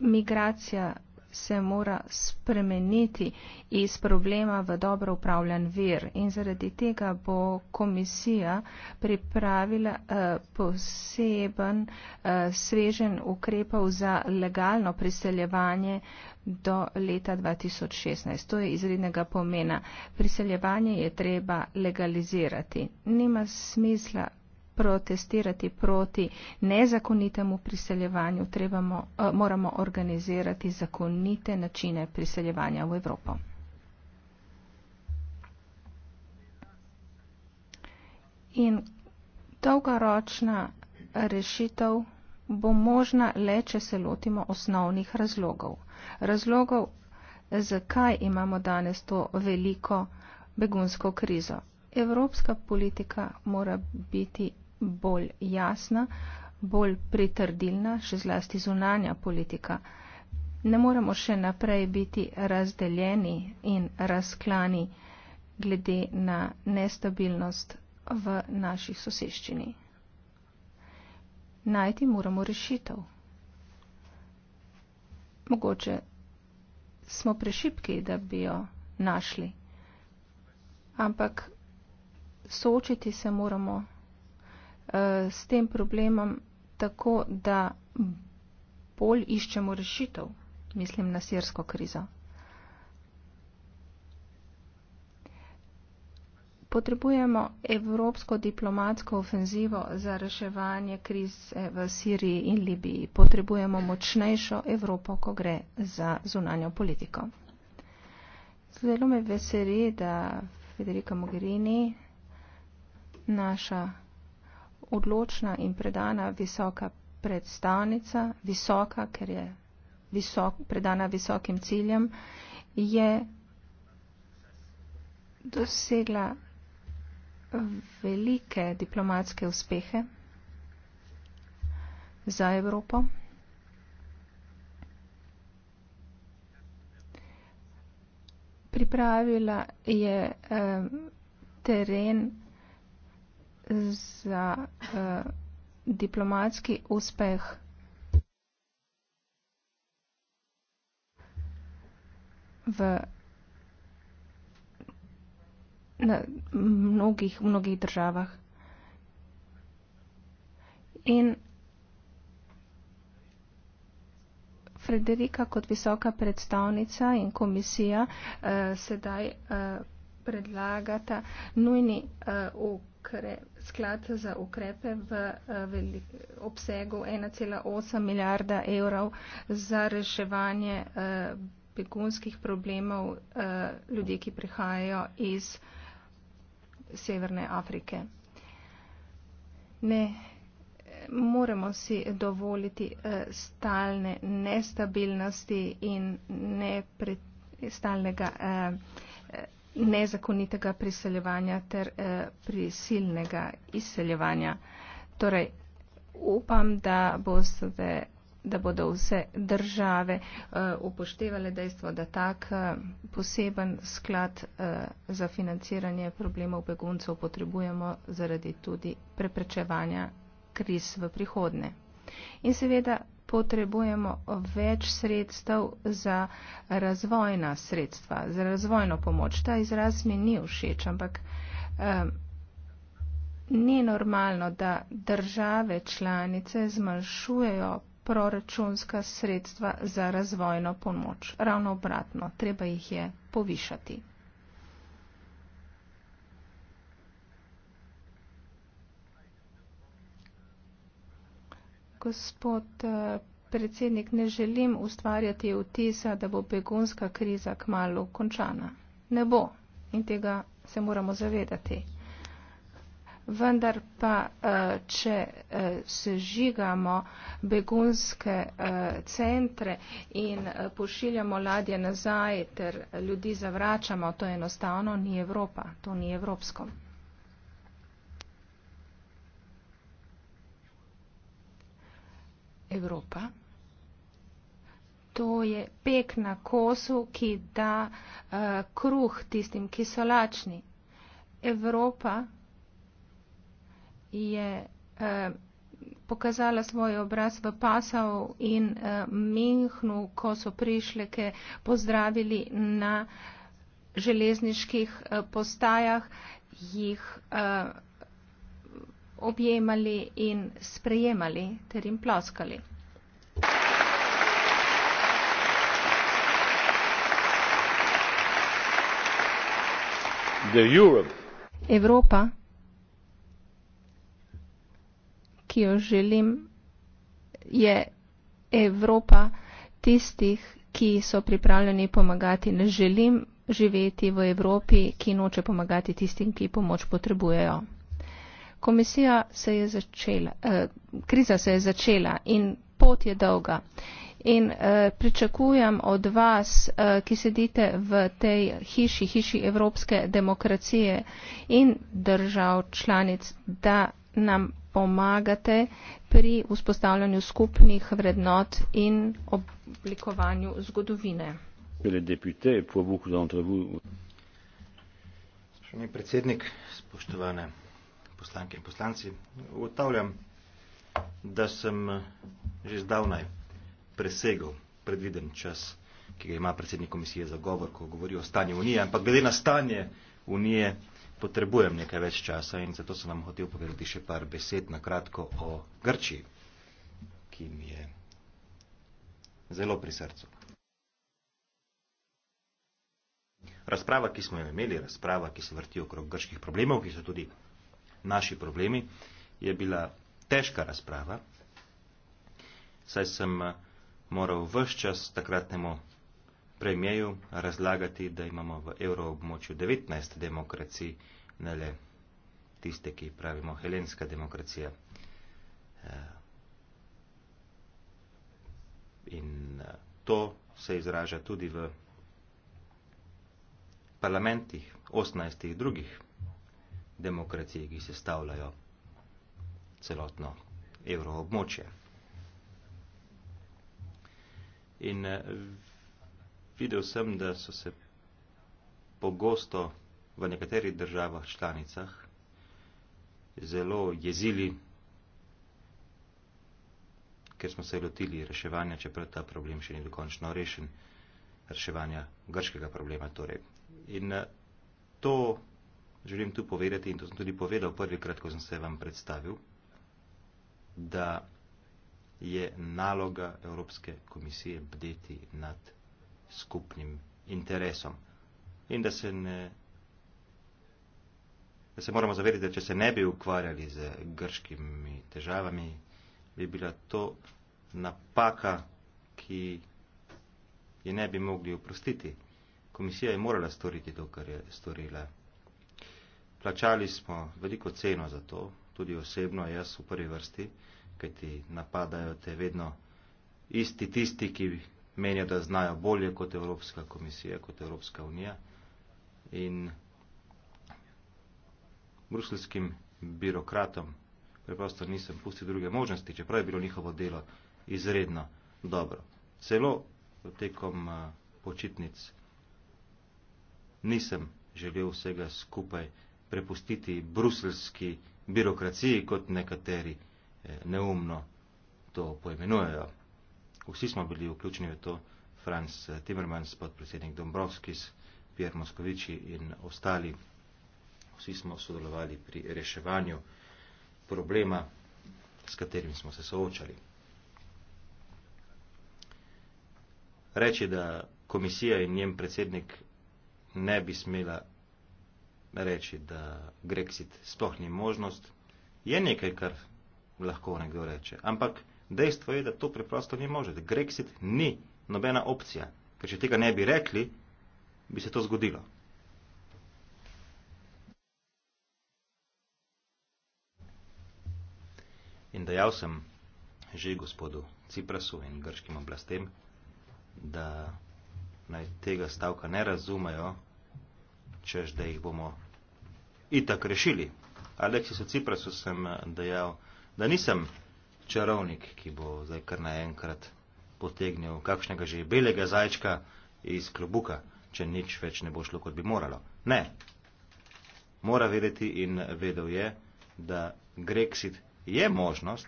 Migracija se mora spremeniti iz problema v dobro upravljan vir. In zaradi tega bo komisija pripravila eh, poseben eh, svežen ukrepov za legalno priseljevanje do leta 2016. To je izrednega pomena. Priseljevanje je treba legalizirati. Nima smisla protestirati proti nezakonitemu priseljevanju, trebamo, eh, moramo organizirati zakonite načine priseljevanja v Evropo. In dolgoročna rešitev bo možna le, če se lotimo osnovnih razlogov. Razlogov, zakaj imamo danes to veliko begunsko krizo. Evropska politika mora biti bolj jasna, bolj pritrdilna, še zlasti zunanja politika. Ne moremo še naprej biti razdeljeni in razklani glede na nestabilnost v naši soseščini. Najti moramo rešitev. Mogoče smo prešipki, da bi jo našli, ampak soočiti se moramo. Eh, s tem problemom tako, da bolj iščemo rešitev, mislim na sirsko krizo. Potrebujemo evropsko diplomatsko ofenzivo za reševanje krize v Siriji in Libiji. Potrebujemo močnejšo Evropo, ko gre za zunanjo politiko. Zelo me veseli, da Federica Mogherini, naša odločna in predana visoka predstavnica, visoka, ker je visok, predana visokim ciljem, je dosegla velike diplomatske uspehe za Evropo. Pripravila je eh, teren za uh, diplomatski uspeh. V na mnogih, mnogih državah. In Frederika kot visoka predstavnica in komisija uh, sedaj uh, predlagata nujni uh, ukre, sklad za ukrepe v eh, velik, obsegu 1,8 milijarda evrov za reševanje eh, begunskih problemov eh, ljudi, ki prihajajo iz Severne Afrike. Ne moremo si dovoliti stalne nestabilnosti in ne pre, stalnega eh, nezakonitega priseljevanja ter eh, prisilnega izseljevanja. Torej, upam, da, boste, da bodo vse države eh, upoštevale dejstvo, da tak eh, poseben sklad eh, za financiranje problemov beguncev potrebujemo zaradi tudi preprečevanja kriz v prihodne. In seveda potrebujemo več sredstev za razvojna sredstva, za razvojno pomoč. Ta izraz mi ni všeč, ampak um, ni normalno, da države članice zmanjšujejo proračunska sredstva za razvojno pomoč. Ravno obratno, treba jih je povišati. gospod eh, predsednik, ne želim ustvarjati vtisa, da bo begunska kriza kmalo končana. Ne bo in tega se moramo zavedati. Vendar pa, eh, če eh, sežigamo begunske centre in pošiljamo ladje nazaj ter ljudi zavračamo, to enostavno ni Evropa, to ni evropsko. Evropa. To je pek na kosu, ki da uh, kruh tistim, ki so lačni. Evropa je uh, pokazala svoj obraz v Pasau in uh, eh, Minhnu, ko so prišleke pozdravili na železniških uh, postajah, jih uh, objemali in sprejemali ter jim ploskali. Evropa, ki jo želim, je Evropa tistih, ki so pripravljeni pomagati. Ne želim živeti v Evropi, ki noče pomagati tistim, ki pomoč potrebujejo. Komisija se je začela, eh, kriza se je začela in pot je dolga. In eh, pričakujem od vas, eh, ki sedite v tej hiši, hiši Evropske demokracije in držav članic, da nam pomagate pri vzpostavljanju skupnih vrednot in oblikovanju zgodovine. Spoštovani predsednik, spoštovane poslanke in poslanci. Ugotavljam, da sem eh, že zdavnaj presegel predviden čas, ki ga ima predsednik komisije za govor, ko govori o stanju Unije, ampak glede na stanje Unije potrebujem nekaj več časa in zato sem vam hotel povedati še par besed na kratko o Grčiji, ki mi je zelo pri srcu. Razprava, ki smo jo imeli, razprava, ki se vrti okrog grških problemov, ki so tudi naši problemi, je bila težka razprava, saj sem eh, moral vse čas takratnemu premijeju razlagati, da imamo v evroobmočju 19 demokracij, ne le tiste, ki pravimo helenska demokracija. Eh, in eh, to se izraža tudi v parlamentih 18 drugih demokracije, ki se stavljajo celotno evroobmočje. In eh, videl sem, da so se pogosto v nekaterih državah članicah zelo jezili, ker smo se lotili reševanja, čeprav ta problem še ni dokončno rešen, reševanja grškega problema torej. In eh, to želim tu povedati, in to sem tudi povedal prvikrat, ko sem se vam predstavil, da je naloga Evropske komisije bdeti nad skupnim interesom. In da se, ne, da se moramo zavedati, da če se ne bi ukvarjali z grškimi težavami, bi bila to napaka, ki je ne bi mogli oprostiti. Komisija je morala storiti to, kar je storila. Plačali smo veliko ceno za to, tudi osebno, jaz v prvi vrsti, kajti napadajo te vedno isti tisti, ki menijo, da znajo bolje kot Evropska komisija, kot Evropska unija. In bruslskim birokratom preprosto nisem pustil druge možnosti, čeprav je bilo njihovo delo izredno dobro. Celo tekom počitnic nisem želel vsega skupaj prepustiti bruselski birokraciji, kot nekateri eh, neumno to poimenujejo. Vsi smo bili vključeni v to, Franz eh, Timmermans, podpredsednik Dombrovskis, Pierre Moskovici in ostali. Vsi smo sodelovali pri reševanju problema, s katerim smo se soočali. Reči, da komisija in njen predsednik ne bi smela reči, da Grexit sploh ni možnost, je nekaj, kar lahko nekdo reče. Ampak dejstvo je, da to preprosto ni možno. Grexit ni nobena opcija. Ker če tega ne bi rekli, bi se to zgodilo. In dejal sem že gospodu Ciprasu in grškim oblastem, da naj tega stavka ne razumejo, čež da jih bomo itak rešili. Aleksisu Ciprasu sem eh, dejal, da nisem čarovnik, ki bo zdaj kar naenkrat potegnil kakšnega že belega zajčka iz klobuka, če nič več ne bo šlo, kot bi moralo. Ne. Mora vedeti in vedel je, da Grexit je možnost,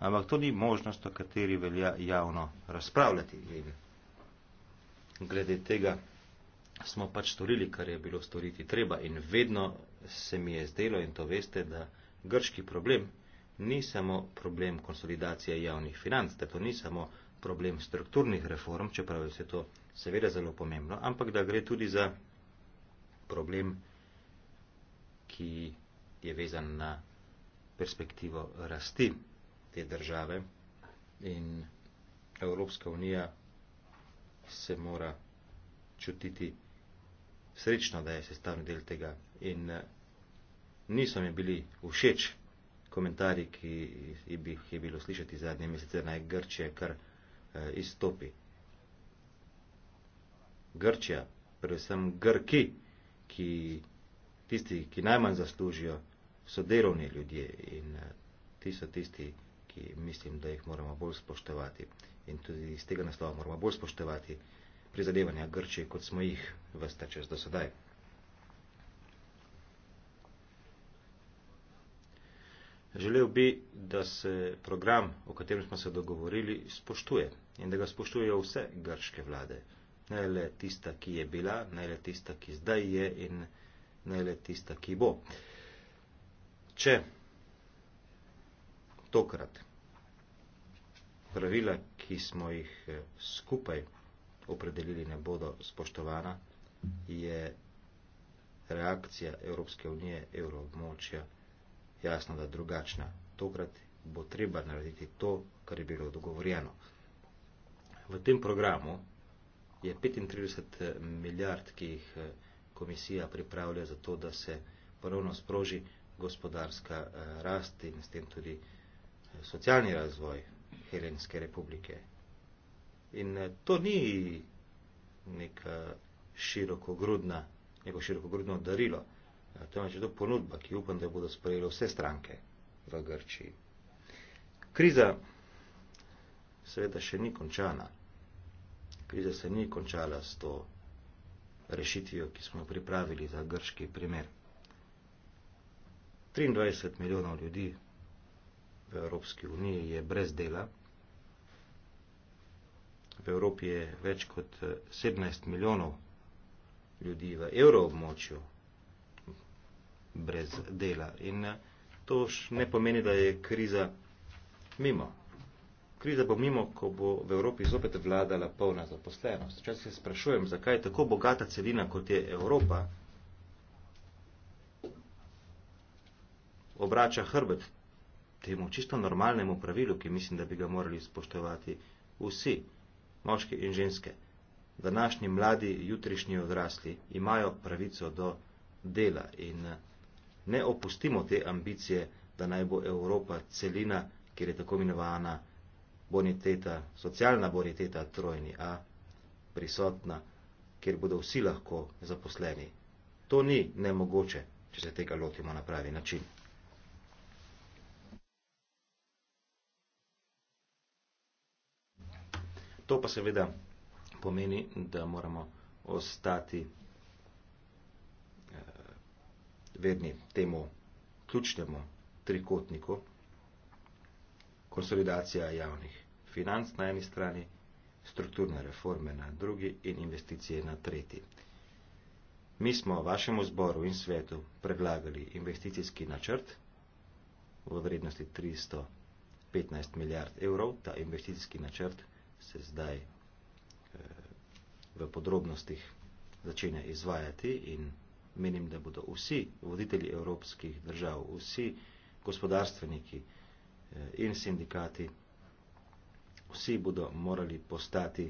ampak to ni možnost, o kateri velja javno razpravljati. Glede tega, smo pač storili, kar je bilo storiti treba in vedno se mi je zdelo in to veste, da grški problem ni samo problem konsolidacije javnih financ, da to ni samo problem strukturnih reform, čeprav je vse to seveda zelo pomembno, ampak da gre tudi za problem, ki je vezan na perspektivo rasti te države in Evropska unija se mora čutiti srečno, da je sestavni del tega. In eh, niso mi bili všeč komentarji, ki jih je bilo slišati zadnje mesece, naj Grčija kar eh, izstopi. Grčija, predvsem Grki, ki tisti, ki najmanj zaslužijo, so delovni ljudje in eh, ti so tisti, ki mislim, da jih moramo bolj spoštovati. In tudi iz tega naslova moramo bolj spoštovati prizadevanja Grčije, kot smo jih vsta čas do sedaj. Želel bi, da se program, o katerem smo se dogovorili, spoštuje in da ga spoštujejo vse grške vlade, ne le tista, ki je bila, ne le tista, ki zdaj je in ne le tista, ki bo. Če tokrat pravila, ki smo jih eh, skupaj opredelili ne bodo spoštovana, je reakcija Evropske unije, evroobmočja jasno, da drugačna. Tokrat bo treba narediti to, kar je bilo dogovorjeno. V tem programu je 35 eh, milijard, ki jih eh, komisija pripravlja za to, da se ponovno sproži gospodarska eh, rast in s tem tudi socialni razvoj Helenske republike. In eh, to ni neka širokogrudna, neko širokogrudno darilo, eh, temveč je to ponudba, ki upam, da bodo sprejeli vse stranke v Grčiji. Kriza seveda še ni končana. Kriza se ni končala s to rešitvijo, ki smo jo pripravili za grški primer. 23 milijonov ljudi v Evropski uniji je brez dela. V Evropi je več kot 17 eh, milijonov ljudi v evroobmočju brez dela. In eh, to ne pomeni, da je kriza mimo. Kriza bo mimo, ko bo v Evropi zopet vladala polna zaposlenost. Včasih se sprašujem, zakaj je tako bogata celina, kot je Evropa, obrača hrbet temu čisto normalnemu pravilu, ki mislim, da bi ga morali spoštovati vsi moški in ženske, današnji mladi, jutrišnji odrasli imajo pravico do dela in eh, ne opustimo te ambicije, da naj bo Evropa celina, kjer je tako imenovana boniteta, socialna boniteta trojni A, prisotna, kjer bodo vsi lahko zaposleni. To ni nemogoče, če se tega lotimo na pravi način. To pa seveda pomeni, da moramo ostati eh, verni temu ključnemu trikotniku, konsolidacija javnih financ na eni strani, strukturne reforme na drugi in investicije na tretji. Mi smo vašemu zboru in svetu predlagali investicijski načrt v vrednosti 315 milijard evrov. Ta investicijski načrt se zdaj eh, v podrobnostih začenja izvajati in menim, da bodo vsi voditelji evropskih držav, vsi gospodarstveniki eh, in sindikati, vsi bodo morali postati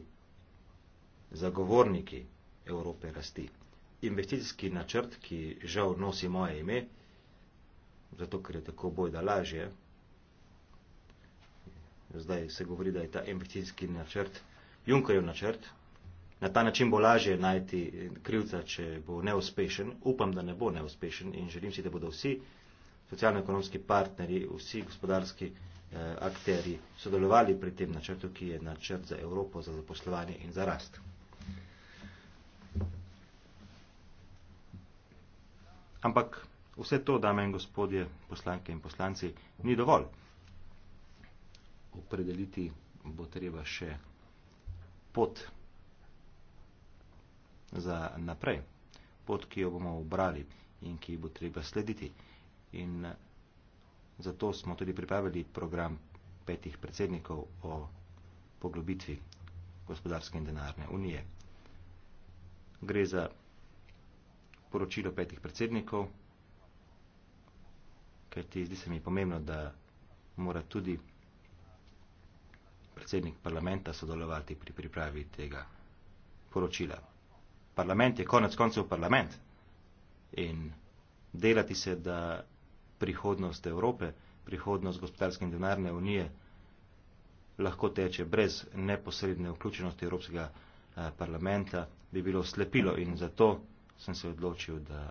zagovorniki Evrope rasti. Investicijski načrt, ki žal nosi moje ime, zato ker je tako bojda lažje, zdaj se govori, da je ta ambicijski načrt Junkerjev načrt. Na ta način bo lažje najti krivca, če bo neuspešen. Upam, da ne bo neuspešen in želim si, da bodo vsi socialno-ekonomski partneri, vsi gospodarski eh, akteri sodelovali pri tem načrtu, ki je načrt za Evropo, za zaposlovanje in za rast. Ampak vse to, dame in gospodje, poslanke in poslanci, ni dovolj opredeliti bo treba še pot za naprej, pot, ki jo bomo obrali in ki jo bo treba slediti. In zato smo tudi pripravili program petih predsednikov o poglobitvi gospodarske in denarne unije. Gre za poročilo petih predsednikov, ker ti zdi se mi pomembno, da mora tudi predsednik parlamenta sodelovati pri pripravi tega poročila. Parlament je konec koncev parlament in delati se, da prihodnost Evrope, prihodnost gospodarske in denarne unije lahko teče brez neposredne vključenosti Evropskega eh, parlamenta, bi bilo slepilo in zato sem se odločil, da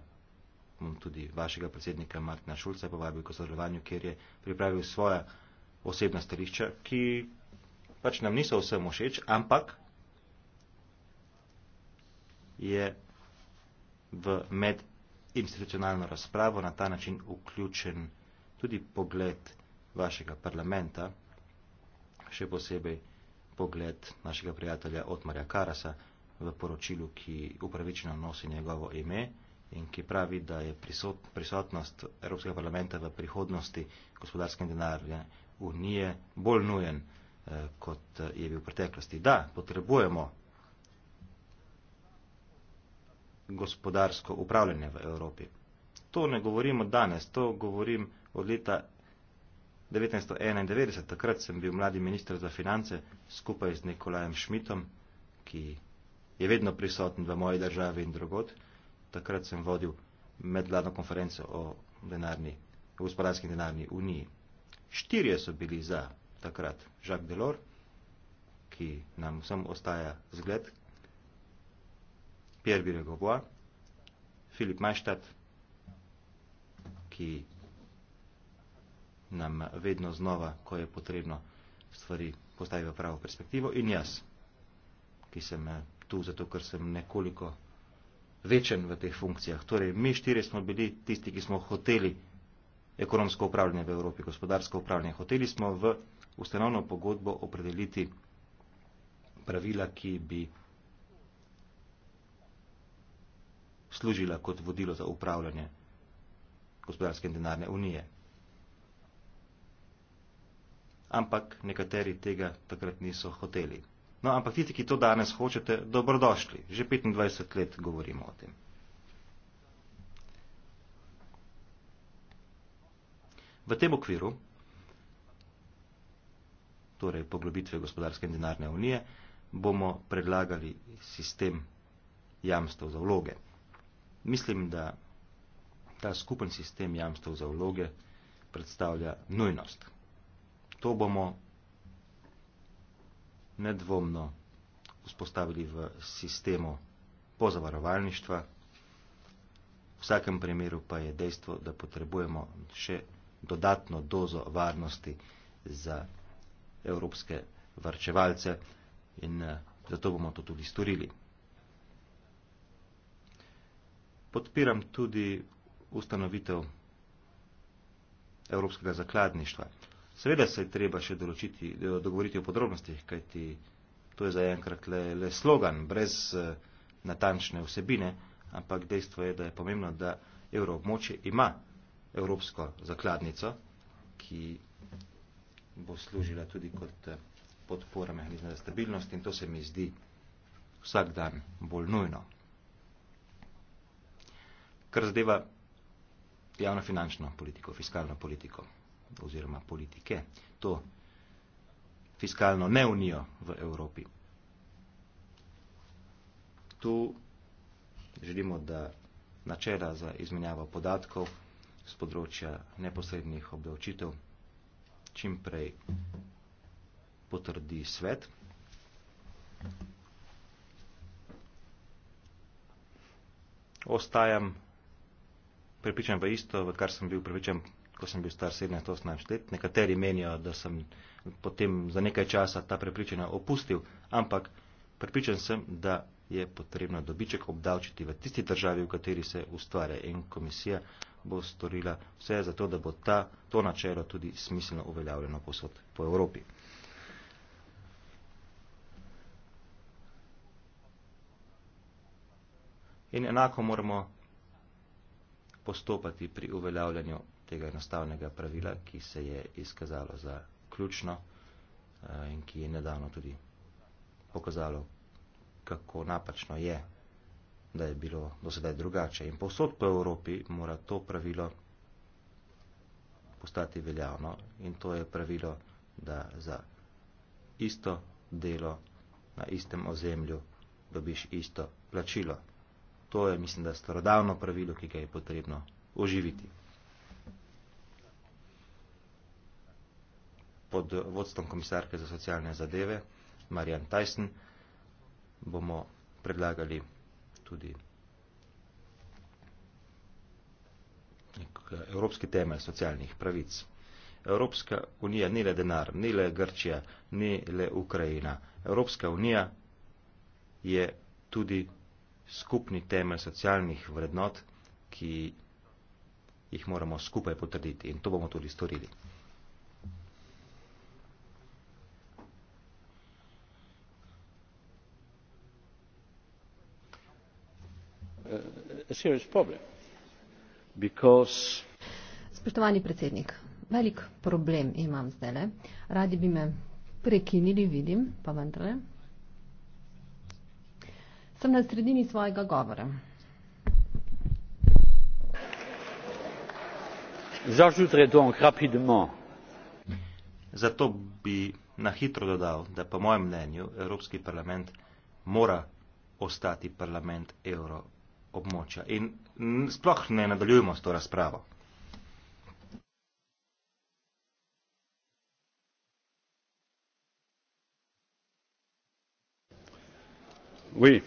bom tudi vašega predsednika Martina Šulca povabil k sodelovanju, kjer je pripravil svoja osebna stališča, ki pač nam niso vsem všeč, ampak je v medinstitucionalno razpravo na ta način vključen tudi pogled vašega parlamenta, še posebej pogled našega prijatelja Otmarja Karasa v poročilu, ki upravičeno nosi njegovo ime in ki pravi, da je prisotnost Evropskega parlamenta v prihodnosti gospodarske denarne unije bolj nujen kot eh, je bil v preteklosti. Da, potrebujemo gospodarsko upravljanje v Evropi. To ne govorimo danes, to govorim od leta 1991. Takrat sem bil mladi minister za finance skupaj z Nikolajem Šmitom, ki je vedno prisoten v moji državi in drugod. Takrat sem vodil medvladno konferenco o denarni, gospodarski denarni uniji. Štirje so bili za takrat Jacques Delors, ki nam vsem ostaja zgled, Pierre Biregovois, Filip Majštad, ki nam vedno znova, ko je potrebno stvari postavi v pravo perspektivo in jaz, ki sem eh, tu zato, ker sem nekoliko večen v teh funkcijah. Torej, mi štiri smo bili tisti, ki smo hoteli ekonomsko upravljanje v Evropi, gospodarsko upravljanje. Hoteli smo v ustanovno pogodbo opredeliti pravila, ki bi služila kot vodilo za upravljanje gospodarske in denarne unije. Ampak nekateri tega takrat niso hoteli. No, ampak tisti, ki to danes hočete, dobrodošli. Že 25 let govorimo o tem. V tem okviru torej poglobitve gospodarske in denarne unije, bomo predlagali sistem jamstev za vloge. Mislim, da ta skupen sistem jamstev za vloge predstavlja nujnost. To bomo nedvomno vzpostavili v sistemu pozavarovalništva, v vsakem primeru pa je dejstvo, da potrebujemo še dodatno dozo varnosti za evropske varčevalce in eh, zato bomo to tudi storili. Podpiram tudi ustanovitev evropskega zakladništva. Seveda se je treba še določiti, eh, dogovoriti o podrobnostih, kajti to je zaenkrat le, le slogan, brez eh, natančne vsebine, ampak dejstvo je, da je pomembno, da evroobmoče ima evropsko zakladnico, ki bo služila tudi kot eh, podpora mehanizma za stabilnost in to se mi zdi vsak dan bolj nujno. Kar zadeva javnofinančno politiko, fiskalno politiko oziroma politike, to fiskalno neunijo v Evropi. Tu želimo, da načela za izmenjavo podatkov z področja neposrednih obdavčitev čim prej potrdi svet. Ostajam prepričan v isto, v kar sem bil prepričan, ko sem bil star 17-18 let. Nekateri menijo, da sem potem za nekaj časa ta prepričanja opustil, ampak prepričan sem, da je potrebno dobiček obdavčiti v tisti državi, v kateri se ustvarja. In komisija bo storila vse za to, da bo ta, to načelo tudi smiselno uveljavljeno posod po Evropi. In enako moramo postopati pri uveljavljanju tega enostavnega pravila, ki se je izkazalo za ključno eh, in ki je nedavno tudi pokazalo, kako napačno je da je bilo do sedaj drugače. In posod po Evropi mora to pravilo postati veljavno in to je pravilo, da za isto delo na istem ozemlju dobiš isto plačilo. To je, mislim, da starodavno pravilo, ki ga je potrebno oživiti. Pod vodstvom komisarke za socialne zadeve, Marian Tyson, bomo predlagali tudi eh, evropski temelj socialnih pravic. Evropska unija ni le denar, ni le Grčija, ni le Ukrajina. Evropska unija je tudi skupni temelj socialnih vrednot, ki jih moramo skupaj potrditi in to bomo tudi storili. Spoštovani predsednik, velik problem imam zdajle. Radi bi me prekinili, vidim, pa vendarle. Sem na sredini svojega govora. Zato bi na hitro dodal, da po mojem mnenju Evropski parlament mora ostati parlament Evropske unije območja. In sploh ne nadaljujemo s to razpravo. Oui.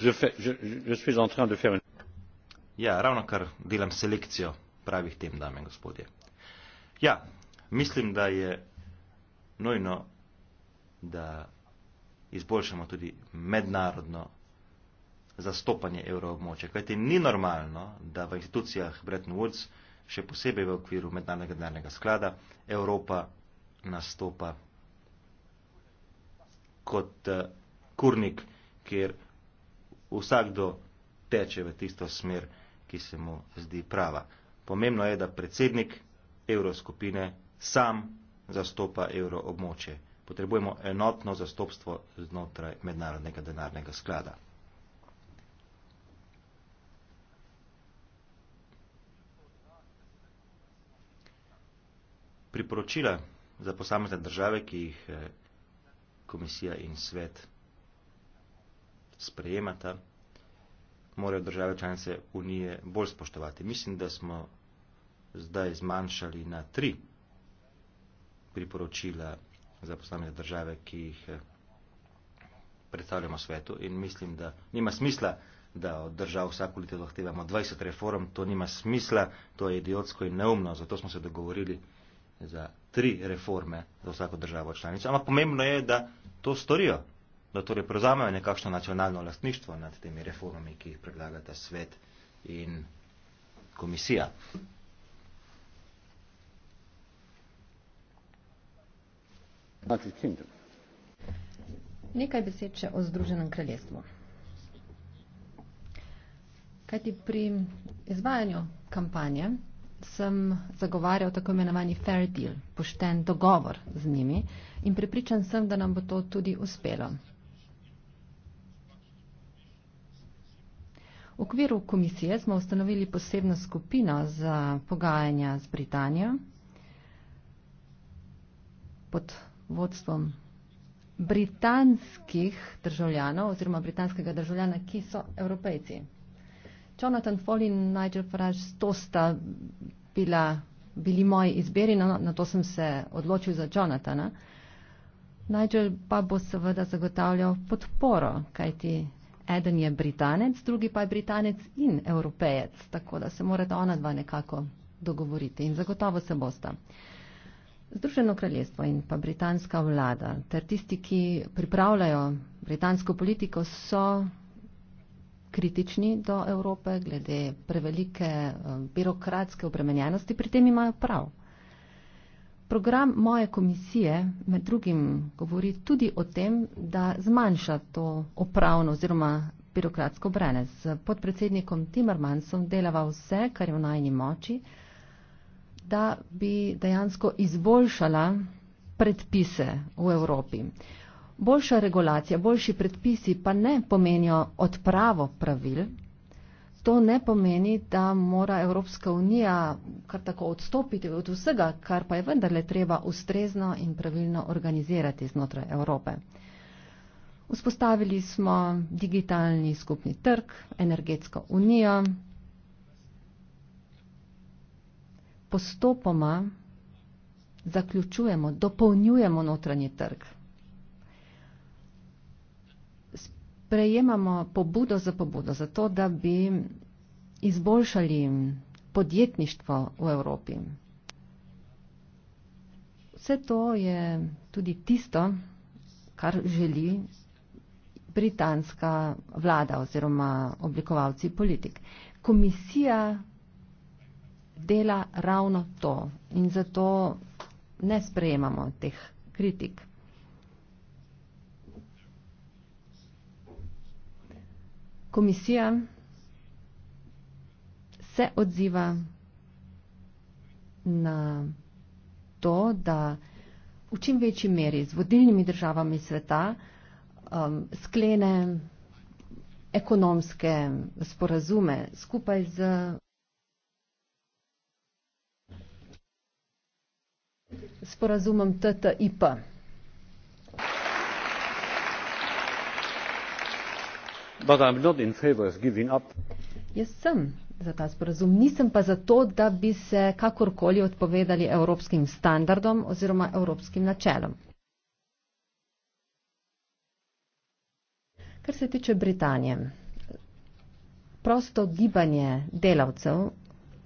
Je fais, je, je suis en train de faire une... Ja, ravno kar delam selekcijo pravih tem, dame in gospodje. Ja, mislim, da je nujno, da izboljšamo tudi mednarodno zastopanje evroobmoče. Kajti ni normalno, da v institucijah Bretton Woods, še posebej v okviru mednarodnega denarnega sklada, Evropa nastopa kot uh, kurnik, kjer vsakdo teče v tisto smer, ki se mu zdi prava. Pomembno je, da predsednik evroskupine sam zastopa evroobmoče. Potrebujemo enotno zastopstvo znotraj mednarodnega denarnega sklada. priporočila za posamezne države, ki jih eh, komisija in svet sprejemata, morajo države članice Unije bolj spoštovati. Mislim, da smo zdaj zmanjšali na tri priporočila za posamezne države, ki jih eh, predstavljamo svetu in mislim, da nima smisla, da od držav vsako leto zahtevamo 20 reform, to nima smisla, to je idiotsko in neumno, zato smo se dogovorili, za tri reforme za vsako državo članico. Ampak pomembno je, da to storijo, da torej prevzamejo nekakšno nacionalno lastništvo nad temi reformami, ki jih predlagata svet in komisija. Nekaj besed še o Združenem kraljestvu. Kaj ti pri izvajanju kampanje sem zagovarjal tako imenovani fair deal, pošten dogovor z njimi in prepričan sem, da nam bo to tudi uspelo. V okviru komisije smo ustanovili posebno skupino za pogajanja z Britanijo pod vodstvom britanskih državljanov oziroma britanskega državljana, ki so evropejci. Jonathan Foley in Nigel Farage, to sta bila, bili moji izbiri, na, no, na to sem se odločil za Jonathana. Nigel pa bo seveda zagotavljal podporo, kajti eden je Britanec, drugi pa je Britanec in Evropejec, tako da se morata ona dva nekako dogovoriti in zagotovo se bosta. Združeno kraljestvo in pa britanska vlada ter tisti, ki pripravljajo britansko politiko, so kritični do Evrope, glede prevelike eh, birokratske obremenjenosti, pri tem imajo prav. Program moje komisije med drugim govori tudi o tem, da zmanjša to opravno oziroma birokratsko breme. S podpredsednikom Timmermansom delava vse, kar je v najni moči, da bi dejansko izboljšala predpise v Evropi. Uh, boljša regulacija, boljši predpisi pa ne pomenijo odpravo pravil, to ne pomeni, da mora Evropska unija kar tako odstopiti od vsega, kar pa je vendarle treba ustrezno in pravilno organizirati znotraj Evrope. Vzpostavili smo digitalni skupni trg, energetsko unijo. Postopoma zaključujemo, dopolnjujemo notranji trg. prejemamo pobudo za pobudo za to, da bi izboljšali podjetništvo v Evropi. Vse to je tudi tisto, kar želi britanska vlada oziroma oblikovalci politik. Komisija dela ravno to in zato ne sprejemamo teh kritik. komisija se odziva na to, da v čim večji meri z vodilnimi državami sveta um, sklene ekonomske sporazume skupaj z sporazumom TTIP. But I'm not in favor of giving up. Jaz sem za ta sporazum, nisem pa za to, da bi se kakorkoli odpovedali evropskim standardom oziroma evropskim načelom. Kar se tiče Britanije, prosto gibanje delavcev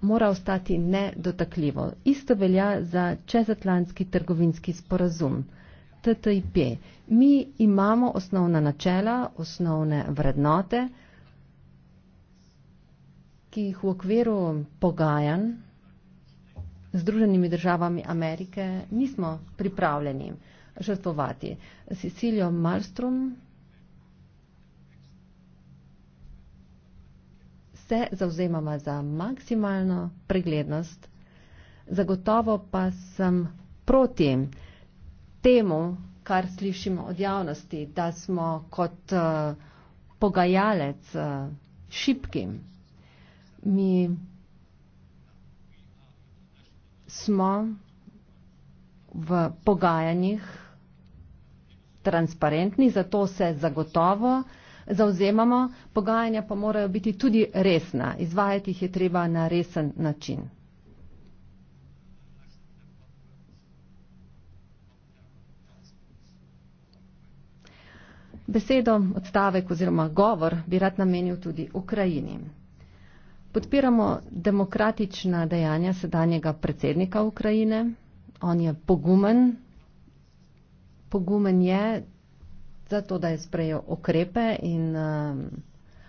mora ostati nedotakljivo. Isto velja za čezatlantski trgovinski sporazum. TTIP. Mi imamo osnovna načela, osnovne vrednote, ki jih v okviru pogajan z druženimi državami Amerike nismo pripravljeni žrtvovati. Cecilio Malmström se zauzemava za maksimalno preglednost, zagotovo pa sem proti temu, temu, kar slišimo od javnosti, da smo kot eh, pogajalec eh, šipkim. Mi smo v pogajanjih transparentni, zato se zagotovo zauzemamo. Pogajanja pa morajo biti tudi resna. Izvajati jih je treba na resen način. Besedo, odstavek oziroma govor bi rad namenil tudi Ukrajini. Podpiramo demokratična dejanja sedanjega predsednika Ukrajine. On je pogumen. Pogumen je zato, da je sprejel okrepe in uh,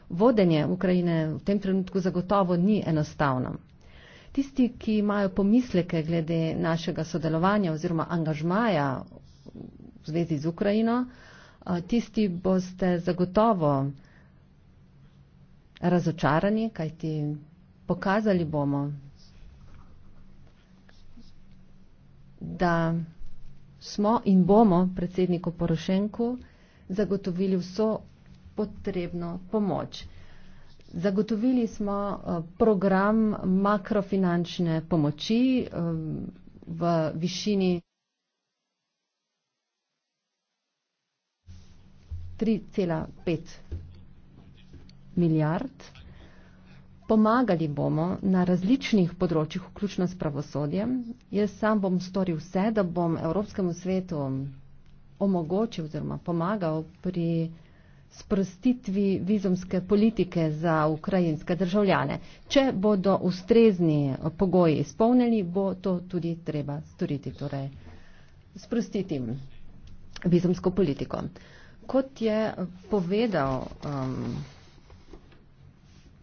vodenje Ukrajine v tem trenutku zagotovo ni enostavno. Tisti, ki imajo pomisleke glede našega sodelovanja oziroma angažmaja v zvezi z Ukrajino, uh, tisti boste zagotovo razočarani, kajti pokazali bomo, da smo in bomo predsedniku Porošenku zagotovili vso potrebno pomoč. Zagotovili smo program makrofinančne pomoči v višini 3,5 milijard. Pomagali bomo na različnih področjih, vključno s pravosodjem. Jaz sam bom storil vse, da bom Evropskemu svetu omogočil oziroma pomagal pri sprostitvi vizumske politike za ukrajinske državljane. Če bodo ustrezni pogoji izpolnili, bo to tudi treba storiti, torej sprostiti vizumsko politiko. Kot je povedal um,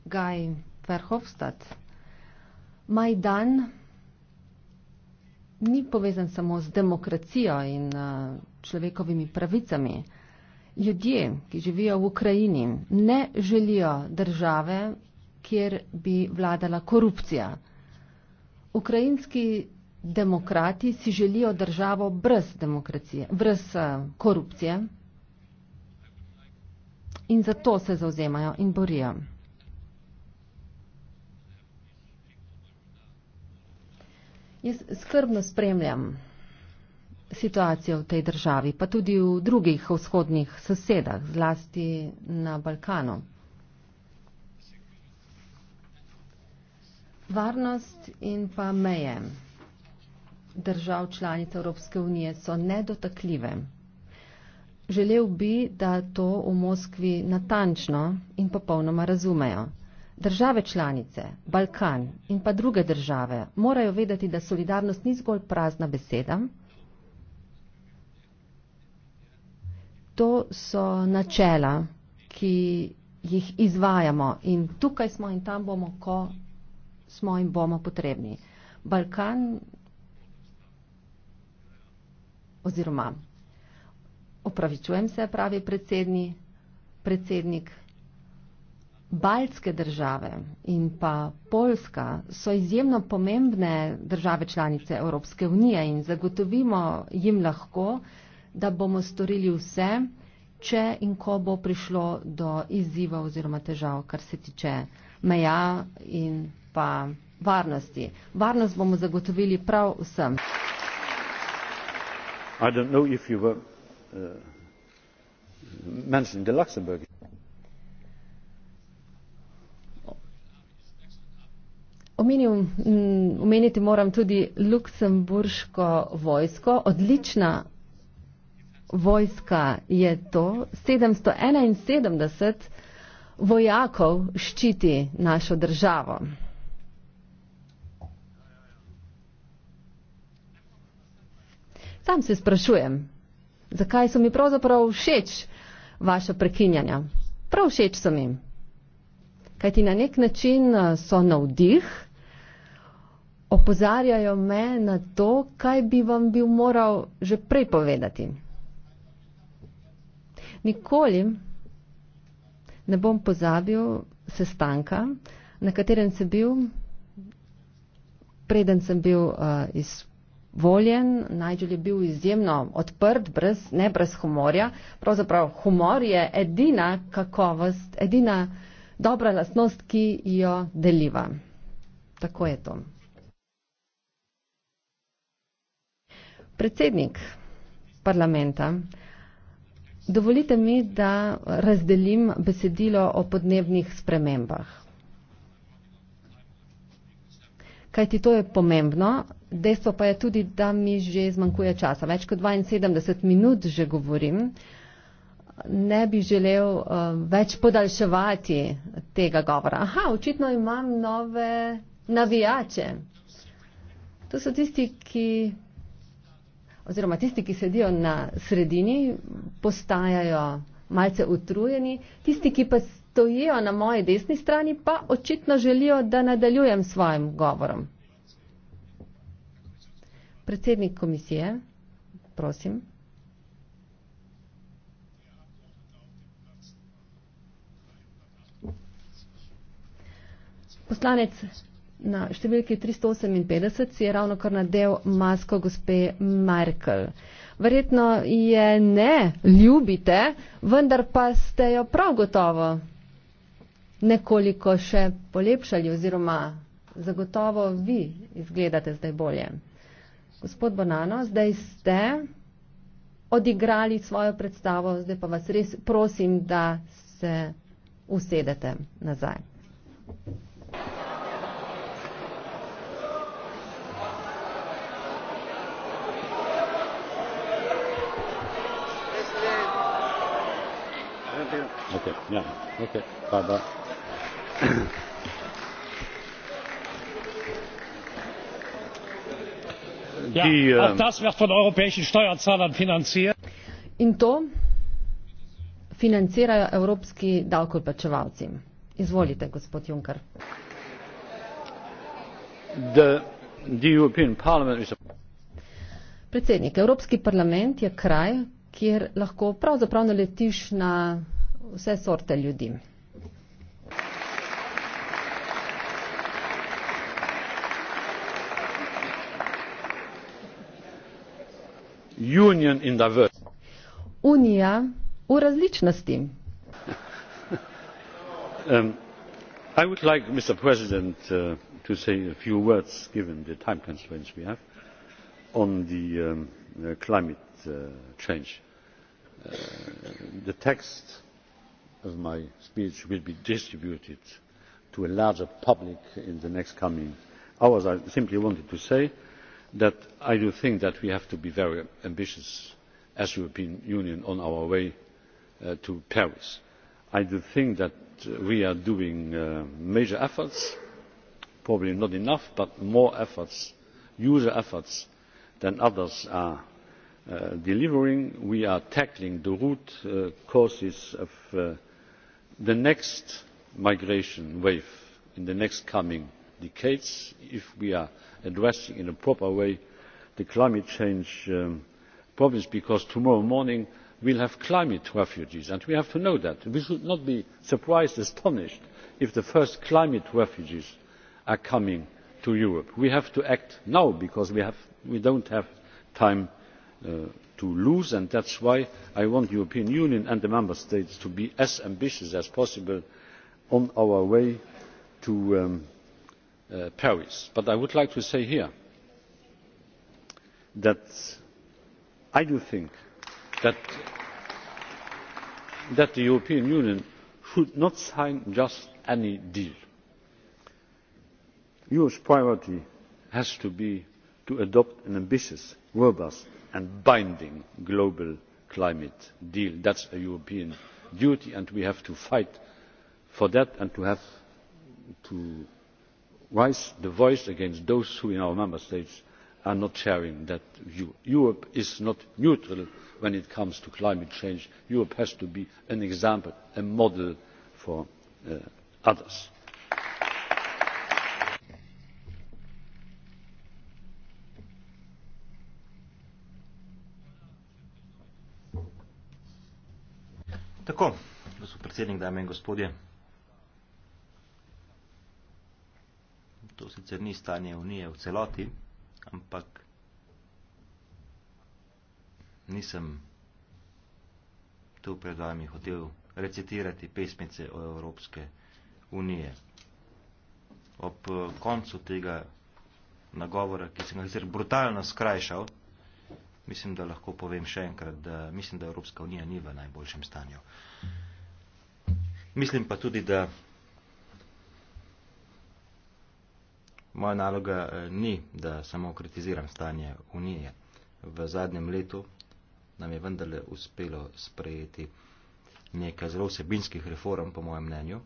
Gaj Verhofstadt, Majdan ni povezan samo z demokracijo in uh, človekovimi pravicami. Ljudje, ki živijo v Ukrajini, ne želijo države, kjer bi vladala korupcija. Ukrajinski demokrati si želijo državo brez demokracije, brez uh, korupcije in za to se zauzemajo in borijo. Jaz skrbno spremljam situacijo v tej državi, pa tudi v drugih vzhodnih sosedah, zlasti na Balkanu. Varnost in pa meje držav članic Evropske unije so nedotakljive. Želel bi, da to v Moskvi natančno in popolnoma razumejo. Države članice, Balkan in pa druge države morajo vedeti, da solidarnost ni zgolj prazna beseda. To so načela, ki jih izvajamo in tukaj smo in tam bomo, ko smo in bomo potrebni. Balkan oziroma opravičujem se, pravi predsednik, predsednik Baltske države in pa Poljska so izjemno pomembne države članice Evropske unije in zagotovimo jim lahko, da bomo storili vse, če in ko bo prišlo do izziva oziroma težav, kar se tiče meja in pa varnosti. Varnost bomo zagotovili prav vsem. I don't know if you were uh, mensen in de Luxemburg. Omenim, mm, omeniti moram tudi luksemburško vojsko. Odlična vojska je to. 771 vojakov ščiti našo državo. Sam se sprašujem, zakaj so mi pravzaprav všeč vaša prekinjanja. Prav všeč so mi. Kaj ti na nek način eh, so navdih, opozarjajo me na to, kaj bi vam bil moral že prej povedati. Nikoli ne bom pozabil sestanka, na katerem sem bil, preden sem bil uh, iz voljen, Najdžel je bil izjemno odprt, brez, ne brez humorja. Pravzaprav humor je edina kakovost, edina dobra lastnost, ki jo deliva. Tako je to. Predsednik parlamenta, dovolite mi, da razdelim besedilo o podnebnih spremembah. kajti to je pomembno. Dejstvo pa je tudi, da mi že zmanjkuje časa. Več kot 72 minut že govorim. Ne bi želel uh, več podaljševati tega govora. Aha, očitno imam nove navijače. To so tisti, ki oziroma tisti, ki sedijo na sredini, postajajo malce utrujeni. Tisti, ki pa stojijo na moji desni strani, pa očitno želijo, da nadaljujem svojim govorom. Predsednik komisije, prosim. Poslanec na številki 358 si je ravno kar nadel masko gospe Merkel. Verjetno je ne ljubite, vendar pa ste jo prav gotovo nekoliko še polepšali oziroma zagotovo vi izgledate zdaj bolje. Gospod Bonano, zdaj ste odigrali svojo predstavo, zdaj pa vas res prosim, da se usedete nazaj. Okay, yeah, ja, okay, bye bye. Ja, äh, In to financirajo evropski davkoplačevalci. Izvolite, gospod Juncker. Predsednik, Evropski parlament je kraj, kjer lahko pravzaprav naletiš na vse sorte ljudi. union in diversity. Unija v različnosti. um, I would like, Mr. President, uh, to say a few words, given the time constraints we have, on the um, uh, climate uh, change. Uh, the text of my speech will be distributed to a larger public in the next coming hours. I simply wanted to say that i think that we have to be very ambitious as the european union on our way uh, to paris. i think that we are making uh, major efforts probably not enough but more efforts huger efforts than others are uh, delivering. we are tackling the root causes of the next migration wave in the coming decades if we are addressing in a proper way the climate change um, problems because tomorrow morning we will have climate refugees and we have to know that. we should not be surprised or astonished if the first climate refugees are coming to europe. we have to act now because we do not have time uh, to lose and that is why i want the european union and the member states to be as ambitious as possible on our way um, Uh, paris but i would like to say here that i do think that the european union should not sign just any deal. europe's priority has to be to adopt an ambitious robust and binding global climate deal. that is a european duty and we have to fight for that and to rise the voice against those who in our member states are not sharing that view. europe is not neutral when it comes to climate change. europe has to be an example a model for uh, others. To sicer ni stanje unije v celoti, ampak nisem tu pred vami hotel recitirati pesmice o Evropske unije. Ob koncu tega nagovora, ki sem ga sicer brutalno skrajšal, mislim, da lahko povem še enkrat, da mislim, da Evropska unija ni v najboljšem stanju. Mislim pa tudi, da Moja naloga eh, ni, da samo kritiziram stanje Unije. V zadnjem letu nam je vendarle uspelo sprejeti nekaj zelo vsebinskih reform, po mojem mnenju.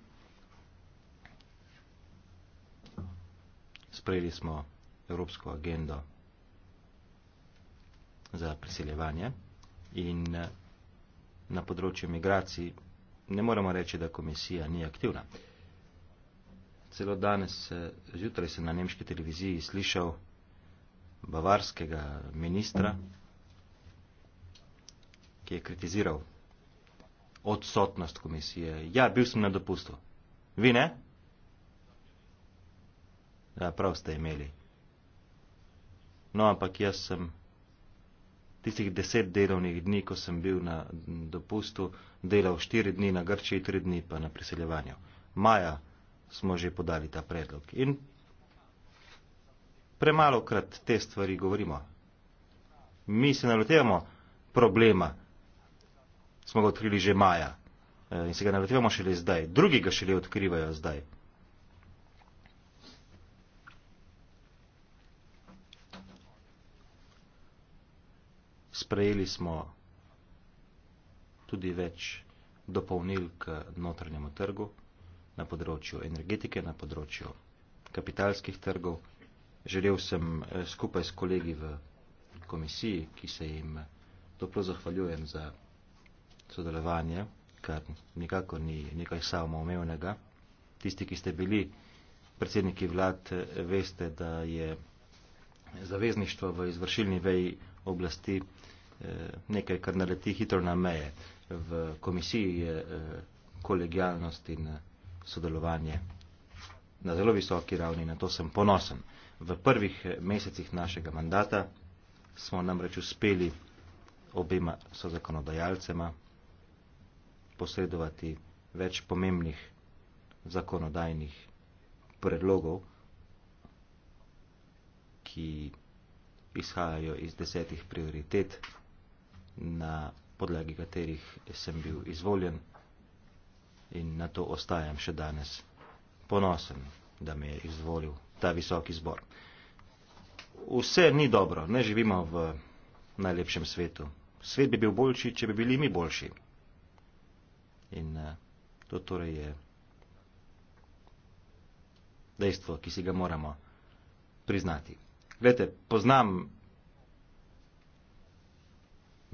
Sprejeli smo Evropsko agendo za priseljevanje in eh, na področju migracij ne moremo reči, da komisija ni aktivna celo danes, eh, zjutraj sem na nemški televiziji slišal bavarskega ministra, ki je kritiziral odsotnost komisije. Ja, bil sem na dopustu. Vi ne? Ja, prav ste imeli. No, ampak jaz sem tistih deset delovnih dni, ko sem bil na dopustu, delal štiri dni na Grčiji, tri dni pa na priseljevanju. Maja smo že podali ta predlog. In premalo krat te stvari govorimo. Mi se nalotevamo problema, smo ga odkrili že maja eh, in se ga nalotevamo šele zdaj. Drugi ga šele odkrivajo zdaj. Sprejeli smo tudi več dopolnil k notranjemu trgu na področju energetike, na področju kapitalskih trgov. Želel sem eh, skupaj s kolegi v komisiji, ki se jim toplo zahvaljujem za sodelovanje, kar nikako ni nekaj samoumevnega. Tisti, ki ste bili predsedniki vlad, eh, veste, da je zavezništvo v izvršilni veji oblasti eh, nekaj, kar naleti hitro na meje. V komisiji je kolegijalnost in sodelovanje na zelo visoki ravni, na to sem ponosen. V prvih mesecih našega mandata smo namreč uspeli obema sozakonodajalcema posredovati več pomembnih zakonodajnih predlogov, ki izhajajo iz desetih prioritet, na podlagi katerih sem bil izvoljen in na to ostajam še danes ponosen, da me je izvolil ta visoki zbor. Vse ni dobro, ne živimo v najlepšem svetu. Svet bi bil boljši, če bi bili mi boljši. In eh, to torej je dejstvo, ki si ga moramo priznati. Glede, poznam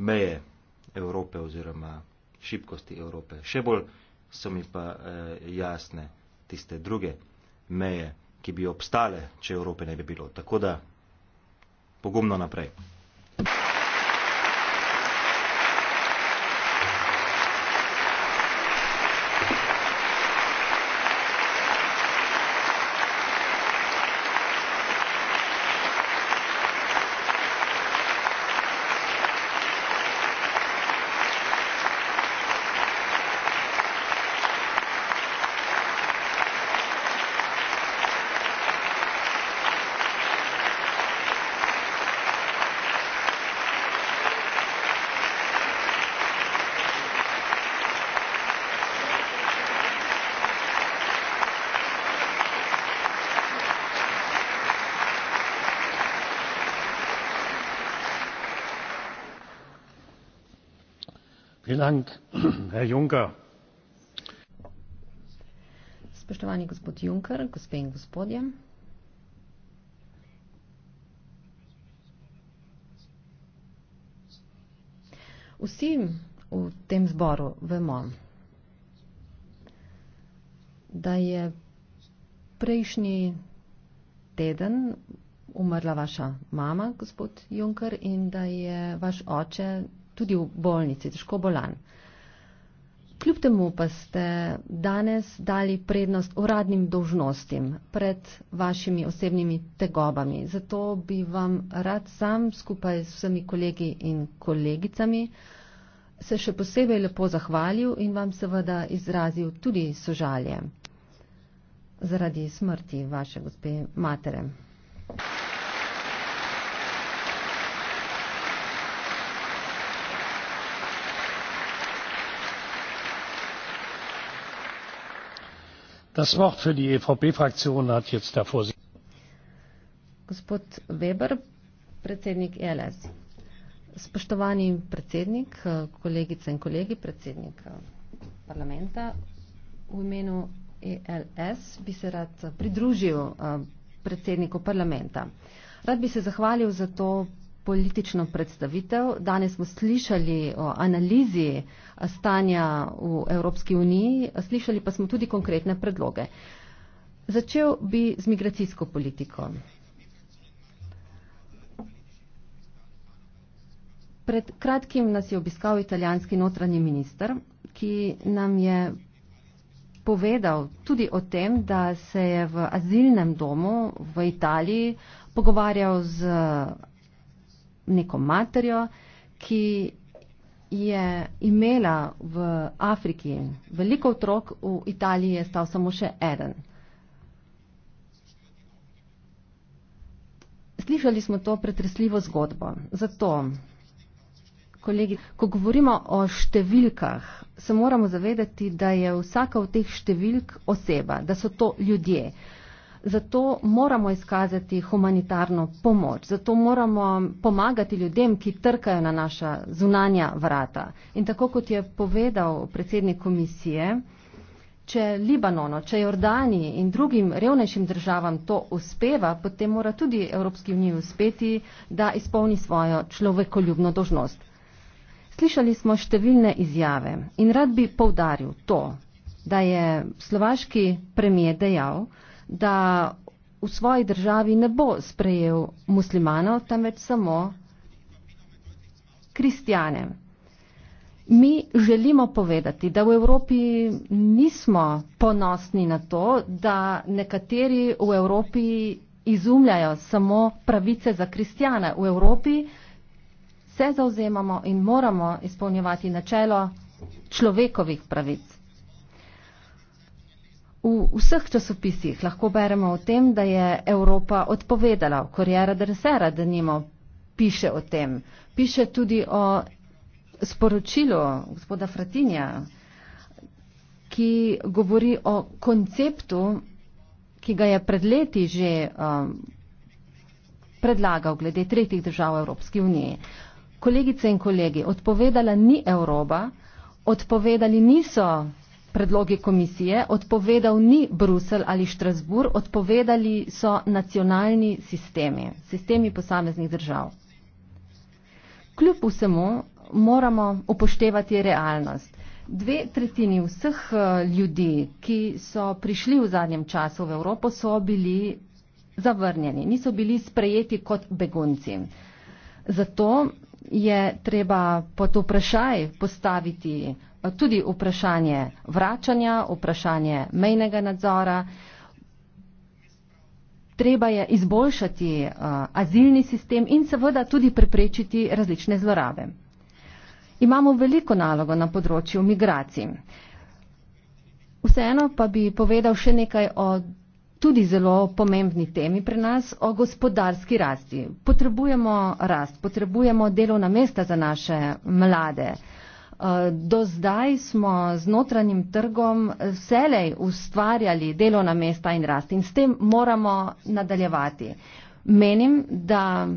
meje Evrope oziroma šibkosti Evrope. Še bolj so mi pa eh, jasne tiste druge meje, ki bi obstale, če Evrope ne bi bilo. Tako da, pogumno naprej. Spoštovani gospod Juncker, gospe in gospodje. Vsi v tem zboru vemo, da je prejšnji teden umrla vaša mama, gospod Juncker, in da je vaš oče tudi v bolnici, težko bolan. Kljub temu pa ste danes dali prednost uradnim dožnostim pred vašimi osebnimi tegobami. Zato bi vam rad sam skupaj s vsemi kolegi in kolegicami se še posebej lepo zahvalil in vam seveda izrazil tudi sožalje zaradi smrti vaše gospe matere. das wort für die evp fraktion hat jetzt der vorsitzende. Spoštovani predsednik, kolegice in kolegi, predsednik parlamenta v imenu ELS bi se rad pridružil predsedniku parlamenta. Rad bi se zahvalil za to politično predstavitev. Danes smo slišali o analizi eh, stanja v Evropski uniji, slišali pa smo tudi konkretne predloge. Začel bi z migracijsko politiko. Pred kratkim nas je obiskal italijanski notranji minister, ki nam je povedal tudi o tem, da se je v azilnem domu v Italiji pogovarjal z neko materjo, ki je imela v Afriki veliko otrok, v Italiji je stal samo še eden. Slišali smo to pretresljivo zgodbo. Zato, kolegi, ko govorimo o številkah, se moramo zavedati, da je vsaka od teh številk oseba, da so to ljudje. Zato moramo izkazati humanitarno pomoč, zato moramo pomagati ljudem, ki trkajo na naša zunanja vrata. In tako kot je povedal predsednik komisije, če Libanono, če Jordaniji in drugim revnejšim državam to uspeva, potem mora tudi Evropski uniji uspeti, da izpolni svojo človekoljubno dožnost. Slišali smo številne izjave in rad bi povdaril to, da je slovaški premije dejal, da v svoji državi ne bo sprejel muslimanov, temveč samo kristjane. Mi želimo povedati, da v Evropi nismo ponosni na to, da nekateri v Evropi izumljajo samo pravice za kristjane. V Evropi se zauzemamo in moramo izpolnjevati načelo človekovih pravic. V vseh časopisih lahko beremo o tem, da je Evropa odpovedala, korijera dresera, da nimo piše o tem. Piše tudi o sporočilu gospoda Fratinja, ki govori o konceptu, ki ga je pred leti že um, predlagal glede tretjih držav Evropski uniji. Kolegice in kolegi, odpovedala ni Evropa, odpovedali niso predloge komisije, odpovedal ni Brusel ali Štrasbur, odpovedali so nacionalni sistemi, sistemi posameznih držav. Kljub vsemu moramo upoštevati realnost. Dve tretjini vseh eh, ljudi, ki so prišli v zadnjem času v Evropo, so bili zavrnjeni, niso bili sprejeti kot begunci. Zato je treba pod vprašaj postaviti tudi vprašanje vračanja, vprašanje mejnega nadzora. Treba je izboljšati eh, azilni sistem in seveda tudi preprečiti različne zlorabe. Imamo veliko nalogo na področju migracij. Vseeno pa bi povedal še nekaj o tudi zelo pomembni temi pri nas, o gospodarski rasti. Potrebujemo rast, potrebujemo delovna mesta za naše mlade. Eh, do zdaj smo z notranjim trgom vselej ustvarjali delovna mesta in rast in s tem moramo nadaljevati. Menim, da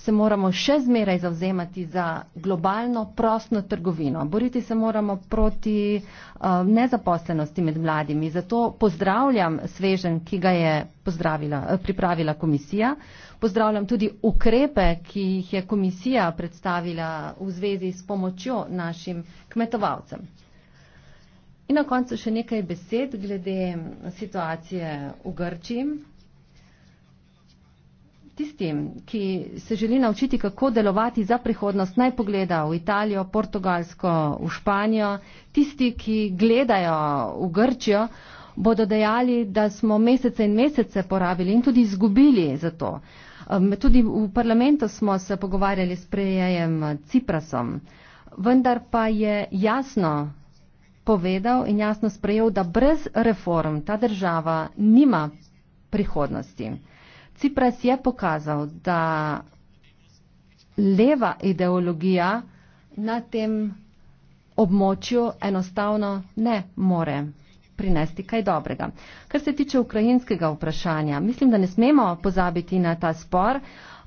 se moramo še zmeraj zavzemati za globalno prostno trgovino. Boriti se moramo proti eh, nezaposlenosti med mladimi. Zato pozdravljam svežen, ki ga je eh, pripravila komisija. Uh, Pozdravljam tudi ukrepe, ki jih je komisija predstavila v zvezi s pomočjo našim kmetovalcem. In na koncu še nekaj besed glede situacije v Grčiji. Tistim, ki se želi naučiti, kako delovati za prihodnost, naj pogleda v Italijo, Portugalsko, v Španijo. Tisti, ki gledajo v Grčijo, bodo dejali, da smo mesece in mesece porabili in tudi izgubili za to. Uh, Tudi v parlamentu smo se pogovarjali s prejem Ciprasom, vendar pa je jasno povedal in jasno sprejel, da brez reform ta država nima prihodnosti. Cipras je pokazal, da leva ideologija na tem območju enostavno ne more prinesti kaj dobrega. Kar se tiče ukrajinskega vprašanja, mislim, da ne smemo pozabiti na ta spor.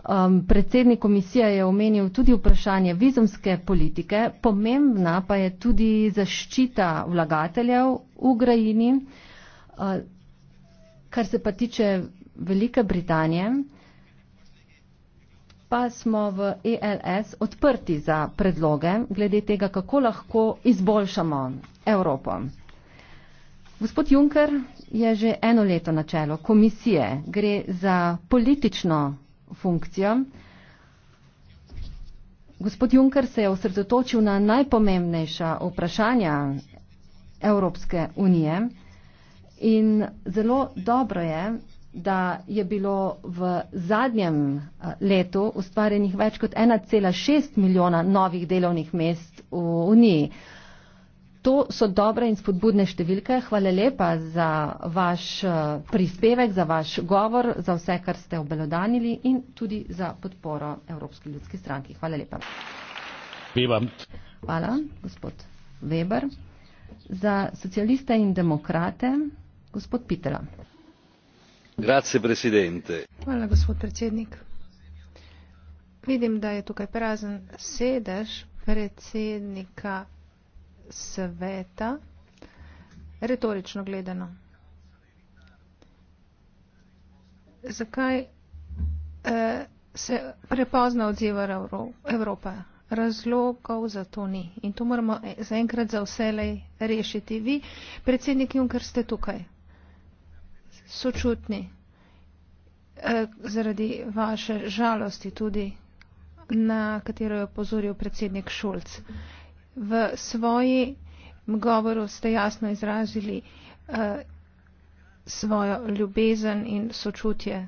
Um, predsednik komisije je omenil tudi vprašanje vizumske politike. Pomembna pa je tudi zaščita vlagateljev v Ukrajini. Uh, kar se pa tiče Velike Britanije, pa smo v ELS odprti za predloge glede tega, kako lahko izboljšamo Evropo. Gospod Juncker je že eno leto na čelo komisije. Gre za politično funkcijo. Gospod Juncker se je osredotočil na najpomembnejša vprašanja Evropske unije in zelo dobro je, da je bilo v zadnjem letu ustvarjenih več kot 1,6 milijona novih delovnih mest v Uniji. To so dobre in spodbudne številke. Hvala lepa za vaš eh, prispevek, za vaš govor, za vse, kar ste obelodanili in tudi za podporo Evropski ljudski stranki. Hvala lepa. Beba. Hvala, gospod Weber. Za socialiste in demokrate, gospod Pitera. Grazie, presidente. Hvala, gospod predsednik. Vidim, da je tukaj prazen sedež predsednika sveta, retorično gledano. Zakaj eh, se prepozna odziva Evropa? Razlogov za to ni. In to moramo eh, zaenkrat za vselej rešiti. Vi, predsednik Juncker, ste tukaj. Sočutni. Eh, zaradi vaše žalosti tudi, na katero je opozoril predsednik Šulc v svoji govoru ste jasno izražili eh, svojo ljubezen in sočutje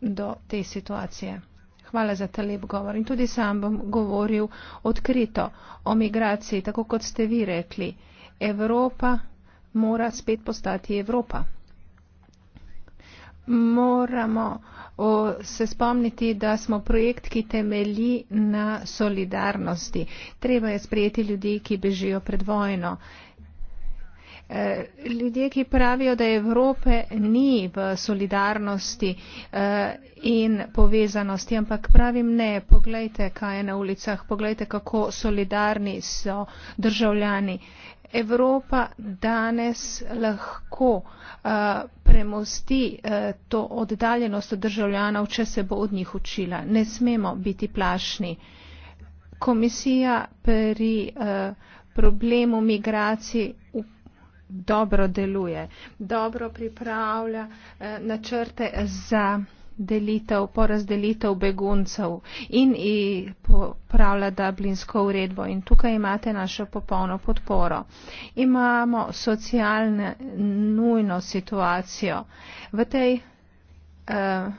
do te situacije. Hvala za ta lep govor. In tudi sam bom govoril odkrito o migraciji, tako kot ste vi rekli. Evropa mora spet postati Evropa moramo se spomniti, da smo projekt, ki temelji na solidarnosti. Treba je sprejeti ljudi, ki bežijo pred vojno. E, ljudje, ki pravijo, da Evrope ni v solidarnosti e, in povezanosti, ampak pravim ne, poglejte, kaj je na ulicah, poglejte, kako solidarni so državljani. Evropa danes lahko uh, premosti uh, to oddaljenost od državljanov, če se bo od njih učila. Ne smemo biti plašni. Komisija pri uh, problemu migracij dobro deluje, dobro pripravlja uh, načrte za delitev, porazdelitev beguncev in popravlja dublinsko uredbo. In tukaj imate našo popolno podporo. Imamo socialno nujno situacijo. V tej, uh,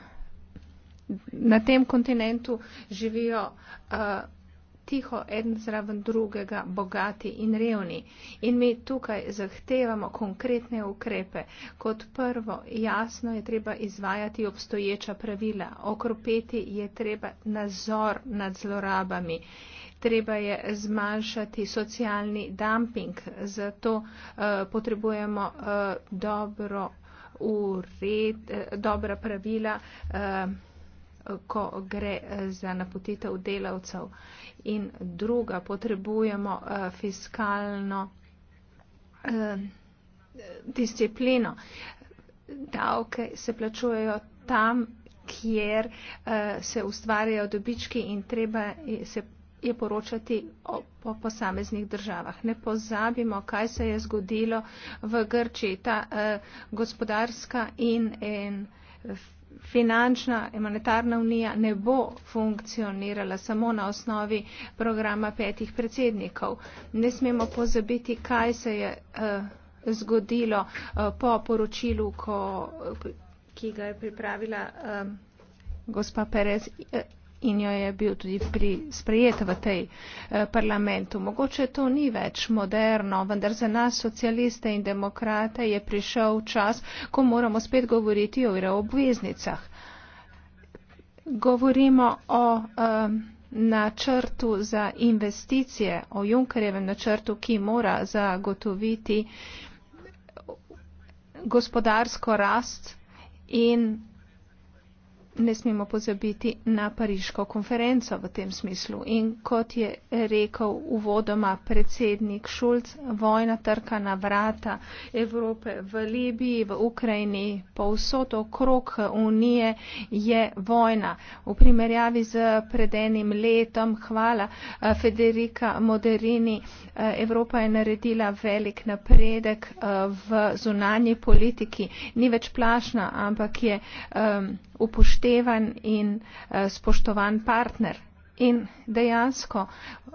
na tem kontinentu živijo. Uh, tiho en zraven drugega, bogati in revni. In mi tukaj zahtevamo konkretne ukrepe. Kot prvo, jasno je treba izvajati obstoječa pravila. Okropeti je treba nazor nad zlorabami. Treba je zmanjšati socialni dumping, zato uh, potrebujemo uh, dobro ured, uh, dobra pravila. Uh, ko gre eh, za napotitev delavcev. In druga, potrebujemo eh, fiskalno eh, disciplino. Davke se plačujejo tam, kjer se ustvarjajo dobički in treba se je poročati o po posameznih državah. Ne pozabimo, kaj se je zgodilo v Grčiji. Ta eh, gospodarska in, in finančna in monetarna unija ne bo funkcionirala samo na osnovi programa petih predsednikov. Ne smemo pozabiti, kaj se je uh, zgodilo uh, po poročilu, ko, ki ga je pripravila uh, gospa Perez. Uh, in jo je bil tudi pri, sprejet v tej eh, parlamentu. Mogoče to ni več moderno, vendar za nas socialiste in demokrate je prišel čas, ko moramo spet govoriti o obveznicah. Govorimo o um, načrtu za investicije, o Junkerjevem načrtu, ki mora zagotoviti gospodarsko rast in ne smemo pozabiti na pariško konferenco v tem smislu. In kot je rekel uvodoma predsednik Šulc, vojna trka na vrata Evrope v Libiji, v Ukrajini, pa vso to krok Unije je vojna. V primerjavi z predenim letom, hvala eh, Federika Moderini, eh, Evropa je naredila velik napredek eh, v zunanji politiki. Ni več plašna, ampak je um, upoštevan in eh, spoštovan partner. In dejansko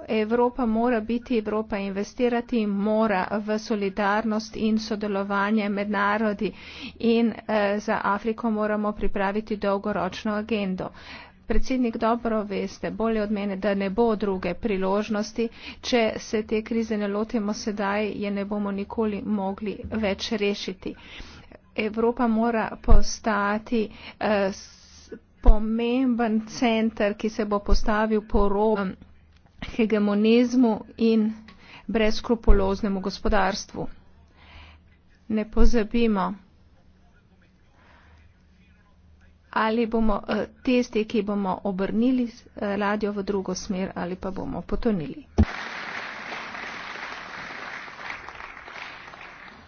Evropa mora biti Evropa, investirati mora v solidarnost in sodelovanje med narodi in eh, za Afriko moramo pripraviti dolgoročno agendo. Predsednik, dobro veste, bolje od mene, da ne bo druge priložnosti. Če se te krize ne lotimo sedaj, je ne bomo nikoli mogli več rešiti. Evropa mora postati eh, pomemben center, ki se bo postavil po robu hegemonizmu in brezkrupuloznemu gospodarstvu. Ne pozabimo, ali bomo eh, tisti, ki bomo obrnili eh, ladjo v drugo smer, ali pa bomo potonili.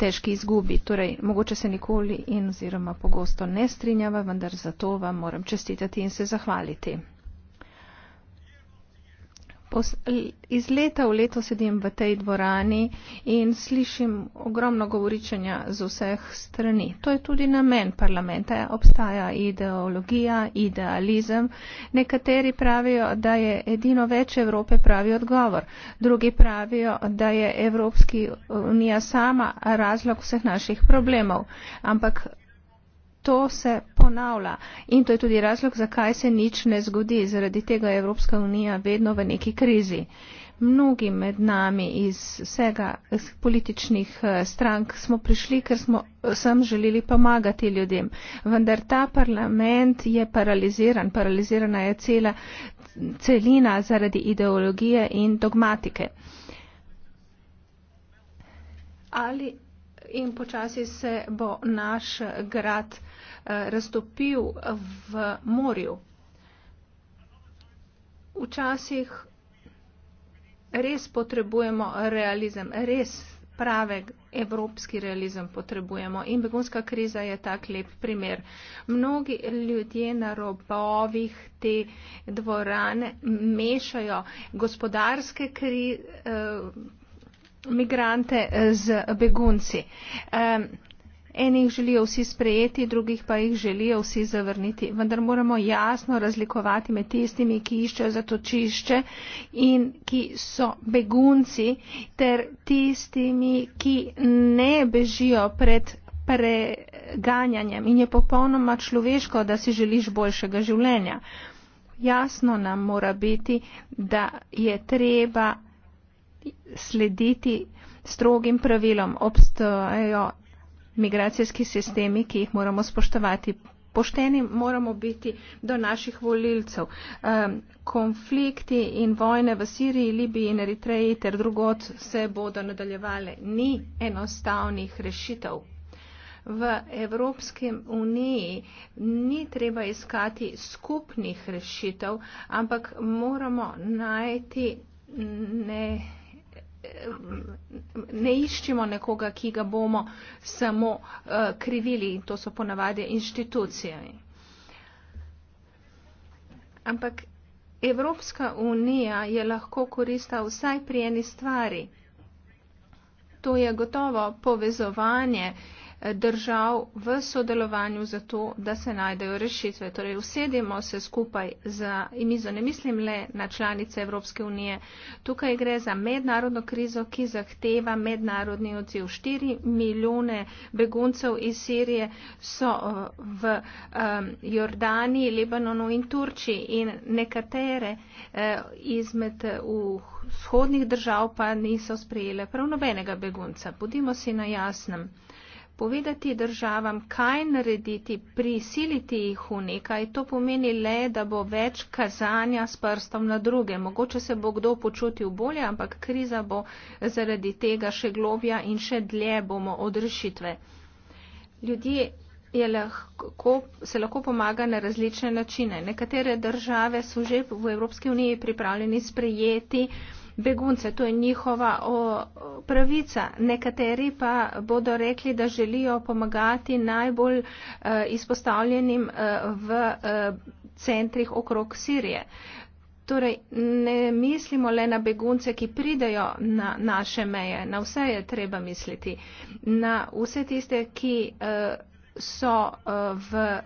težki izgubi. Torej, mogoče se nikoli in oziroma pogosto ne strinjava, vendar zato vam moram čestitati in se zahvaliti iz leta v leto sedim v tej dvorani in slišim ogromno govoričenja z vseh strani. To je tudi namen parlamenta. Obstaja ideologija, idealizem. Nekateri pravijo, da je edino več Evrope pravi odgovor. Drugi pravijo, da je Evropski unija sama razlog vseh naših problemov. Ampak to se ponavlja in to je tudi razlog, zakaj se nič ne zgodi. Zaradi tega je Evropska unija vedno v neki krizi. Mnogi med nami iz vsega iz političnih eh, strank smo prišli, ker smo eh, sem želeli pomagati ljudem. Vendar ta parlament je paraliziran, paralizirana je cela celina zaradi ideologije in dogmatike. Ali in počasi se bo naš grad. Eh, raztopil v morju. Včasih res potrebujemo realizem, res pravek evropski realizem potrebujemo in begunska kriza je tak lep primer. Mnogi ljudje na robovih te dvorane mešajo gospodarske kri, eh, migrante z begunci. Eh, Enih želijo vsi sprejeti, drugih pa jih želijo vsi zavrniti. Vendar moramo jasno razlikovati med tistimi, ki iščejo zatočišče in ki so begunci, ter tistimi, ki ne bežijo pred preganjanjem. In je popolnoma človeško, da si želiš boljšega življenja. Jasno nam mora biti, da je treba slediti strogim pravilom. Obstajajo migracijski sistemi, ki jih moramo spoštovati. Pošteni moramo biti do naših volilcev. Konflikti in vojne v Siriji, Libiji in Eritreji ter drugot se bodo nadaljevale. Ni enostavnih rešitev. V Evropski uniji ni treba iskati skupnih rešitev, ampak moramo najti ne ne iščimo nekoga, ki ga bomo samo eh, krivili in to so ponavadi inštitucije. Ampak Evropska unija je lahko korista vsaj pri eni stvari. To je gotovo povezovanje držav v sodelovanju za to, da se najdejo rešitve. Torej, usedimo se skupaj za imizo, ne mislim le na članice Evropske unije. Tukaj gre za mednarodno krizo, ki zahteva mednarodni odziv. 4 milijone beguncev iz Sirije so uh, v um, Jordani, Libanonu in Turčiji in nekatere uh, izmed uh, vzhodnih držav pa niso sprejele prav nobenega begunca. Budimo si na jasnem povedati državam, kaj narediti, prisiliti jih v nekaj, to pomeni le, da bo več kazanja s prstom na druge. Mogoče se bo kdo počutil bolje, ampak kriza bo zaradi tega še globja in še dlje bomo od rešitve. Ljudje je lahko, se lahko pomaga na različne načine. Nekatere države so že v Evropski uniji pripravljeni sprejeti begunce, to je njihova pravica. Nekateri pa bodo rekli, da želijo pomagati najbolj eh, izpostavljenim eh, v eh, centrih okrog Sirije. Torej, ne mislimo le na begunce, ki pridejo na naše meje, na vse je treba misliti, na vse tiste, ki so v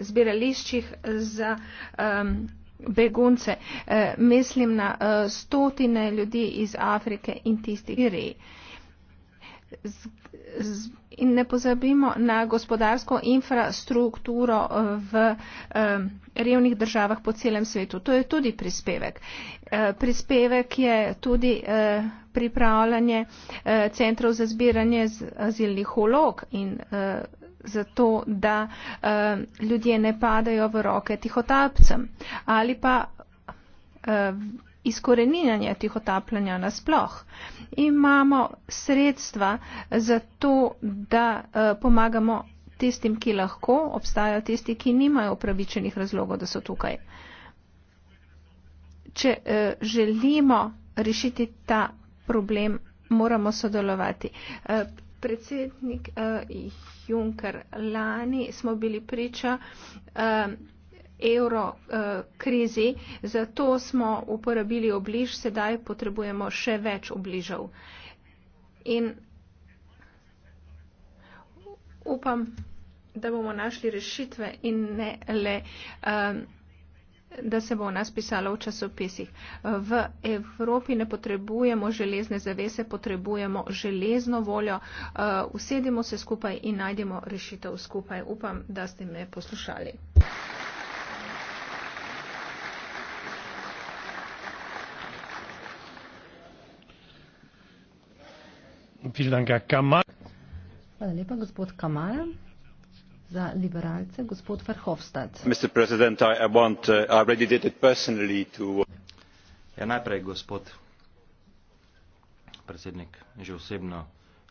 zbirališčih za begunce, eh, mislim na eh, stotine ljudi iz Afrike in tistih Iriji. In ne pozabimo na gospodarsko infrastrukturo eh, v revnih državah po celem svetu. To je tudi prispevek. Prispevek je tudi pripravljanje centrov za zbiranje azilnih olog in zato, da uh, ljudje ne padajo v roke tihotapcem ali pa uh, izkoreninjanje tihotapljanja nasploh. Imamo sredstva za to, da uh, pomagamo tistim, ki lahko, obstajajo tisti, ki nimajo upravičenih razlogov, da so tukaj. Če uh, želimo rešiti ta problem, moramo sodelovati. Uh, predsednik uh, Juncker lani smo bili priča uh, evro uh, krizi, zato smo uporabili obliž, sedaj potrebujemo še več obližav. In upam, da bomo našli rešitve in ne le. Uh, da se bo o nas pisalo v časopisih. V Evropi ne potrebujemo železne zavese, potrebujemo železno voljo. Eh, usedimo se skupaj in najdemo rešitev skupaj. Upam, da ste me poslušali. Hvala lepa, gospod Kamala za liberalce gospod verhofstadt uh, uh, ja, najprej gospod predsednik že osebno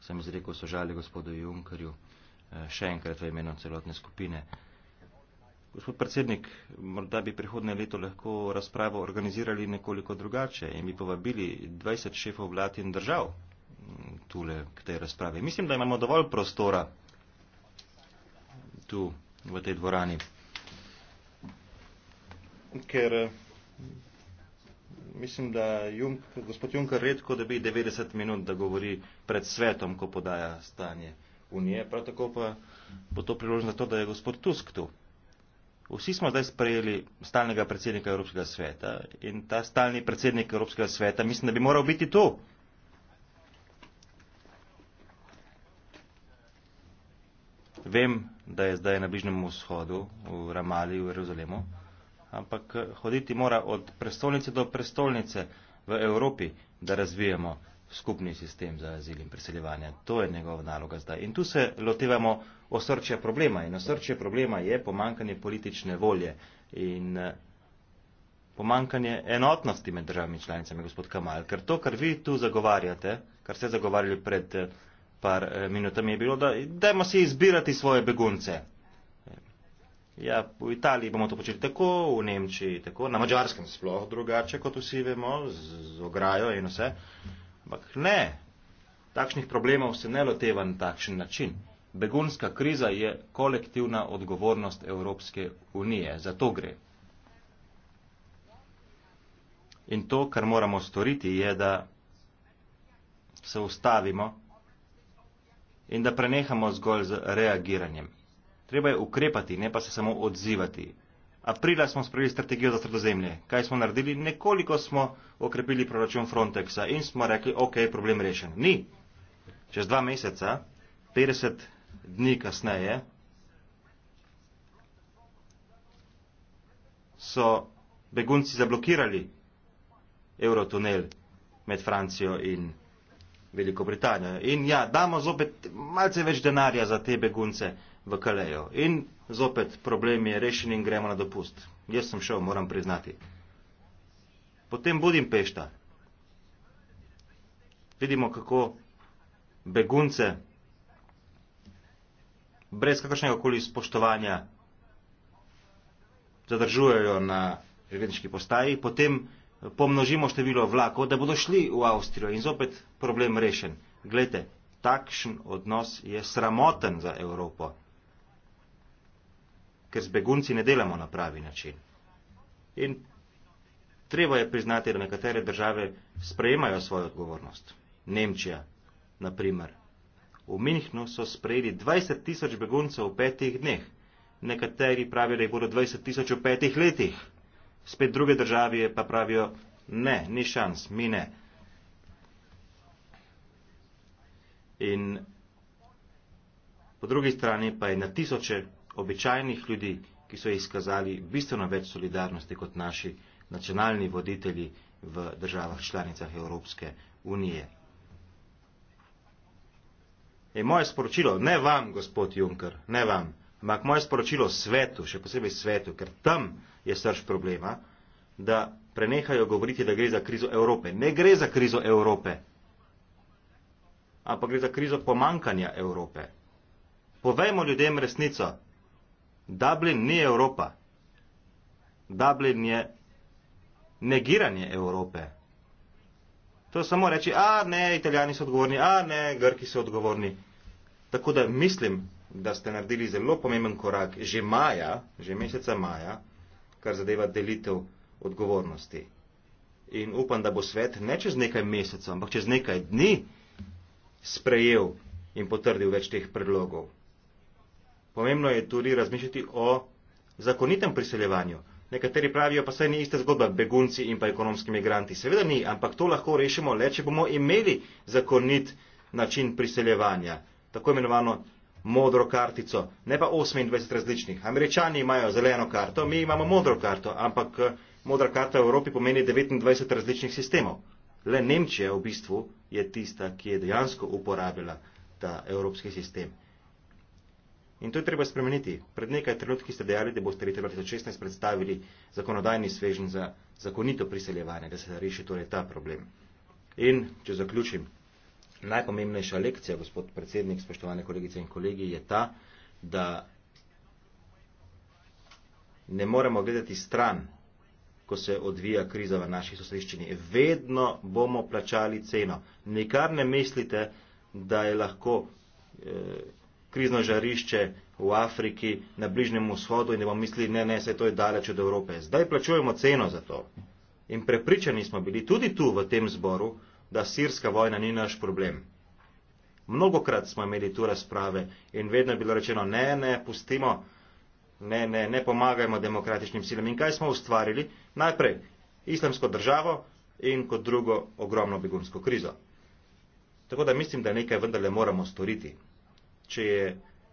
sem izrekel sožalje gospodu junckerju eh, še enkrat v imenu celotne skupine gospod predsednik morda bi prihodnje leto lahko razpravo organizirali nekoliko drugače in bi povabili dvajset šefov vlad in držav tule k tej razpravi mislim da imamo dovolj prostora tu v tej dvorani. Ker eh, mislim, da Junk, gospod Junker redko dobi 90 minut, da govori pred svetom, ko podaja stanje unije. Prav tako pa bo to priložnost za to, da je gospod Tusk tu. Vsi smo zdaj sprejeli stalnega predsednika Evropskega sveta in ta stalni predsednik Evropskega sveta mislim, da bi moral biti tu. Vem, da je zdaj na Bližnjem vzhodu, v Ramali, v Jeruzalemu, ampak eh, hoditi mora od prestolnice do prestolnice v Evropi, da razvijemo skupni sistem za azil in priseljevanje. To je njegova naloga zdaj. In tu se lotevamo osrčja problema. In osrčje problema je pomankanje politične volje in eh, pomankanje enotnosti med državami članicami, gospod Kamal. Ker to, kar vi tu zagovarjate, kar ste zagovarjali pred eh, par eh, minutami je bilo, da dajmo si izbirati svoje begunce. Ja, v Italiji bomo to počeli tako, v Nemčiji tako, na Mačarskem sploh drugače, kot vsi vemo, z, z ograjo in vse. Ampak ne, takšnih problemov se ne loteva na takšen način. Begunska kriza je kolektivna odgovornost Evropske unije, za to gre. In to, kar moramo storiti, je, da se ustavimo in da prenehamo zgolj z reagiranjem. Treba je ukrepati, ne pa se samo odzivati. Aprila smo sprejeli strategijo za sredozemlje. Kaj smo naredili? Nekoliko smo okrepili proračun Frontexa in smo rekli, ok, problem rešen. Ni. Čez dva meseca, 50 dni kasneje, so begunci zablokirali eurotunel med Francijo in Francijo. Veliko Britanijo. In ja, damo zopet malce več denarja za te begunce v Kalejo. In zopet problem je rešen in gremo na dopust. Jaz sem šel, moram priznati. Potem Budimpešta. Vidimo, kako begunce brez kakršnega koli spoštovanja zadržujejo na železniški postaji, potem pomnožimo število vlakov, da bodo šli v Avstrijo in zopet problem rešen. Glejte, takšen odnos je sramoten za Evropo, ker z begunci ne delamo na pravi način. In treba je priznati, da nekatere države sprejemajo svojo odgovornost. Nemčija, naprimer. V Minhnu so sprejeli 20 tisoč beguncev v petih dneh. Nekateri pravijo, da jih bodo 20 tisoč v petih letih. Spet druge države pa pravijo, ne, ni šans, mi ne. in po drugi strani pa je na tisoče običajnih ljudi, ki so izkazali bistveno več solidarnosti kot naši nacionalni voditelji v državah članicah Evropske unije. In moje sporočilo, ne vam, gospod Juncker, ne vam, ampak moje sporočilo svetu, še posebej svetu, ker tam je srč problema, da prenehajo govoriti, da gre za krizo Evrope. Ne gre za krizo Evrope ampak gre za krizo pomankanja Evrope. Povejmo ljudem resnico. Dublin ni Evropa. Dublin je negiranje Evrope. To je samo reči, a ne, italijani so odgovorni, a ne, grki so odgovorni. Tako da mislim, da ste naredili zelo pomemben korak že maja, že meseca maja, kar zadeva delitev odgovornosti. In upam, da bo svet ne čez nekaj mesecev, ampak čez nekaj dni sprejel in potrdil več teh predlogov. Pomembno je tudi razmišljati o zakonitem priseljevanju. Nekateri pravijo, pa saj ni ista zgodba, begunci in pa ekonomski migranti. Seveda ni, ampak to lahko rešimo le, če bomo imeli zakonit način priseljevanja, tako imenovano modro kartico, ne pa 28 različnih. Američani imajo zeleno karto, mi imamo modro karto, ampak eh, modra karta v Evropi pomeni 29 različnih sistemov. Le Nemčija v bistvu je tista, ki je dejansko uporabila ta evropski sistem. In to je treba spremeniti. Pred nekaj trenutki ste dejali, da boste leta 2016 predstavili zakonodajni svežen za zakonito priseljevanje, da se reši torej ta problem. In, če zaključim, najpomembnejša lekcija, gospod predsednik, spoštovane kolegice in kolegi, je ta, da ne moremo gledati stran ko se odvija kriza v naši sosedščini. Vedno bomo plačali ceno. Nikar ne mislite, da je lahko eh, krizno žarišče v Afriki, na Bližnjem vzhodu in da bomo mislili, ne, ne, se to je daleč od Evrope. Zdaj plačujemo ceno za to. In prepričani smo bili tudi tu v tem zboru, da sirska vojna ni naš problem. Mnogokrat smo imeli tu razprave in vedno je bilo rečeno, ne, ne, pustimo ne, ne, ne pomagajmo demokratičnim silam. In kaj smo ustvarili? Najprej islamsko državo in kot drugo ogromno begunsko krizo. Tako da mislim, da nekaj vendarle moramo storiti. Če je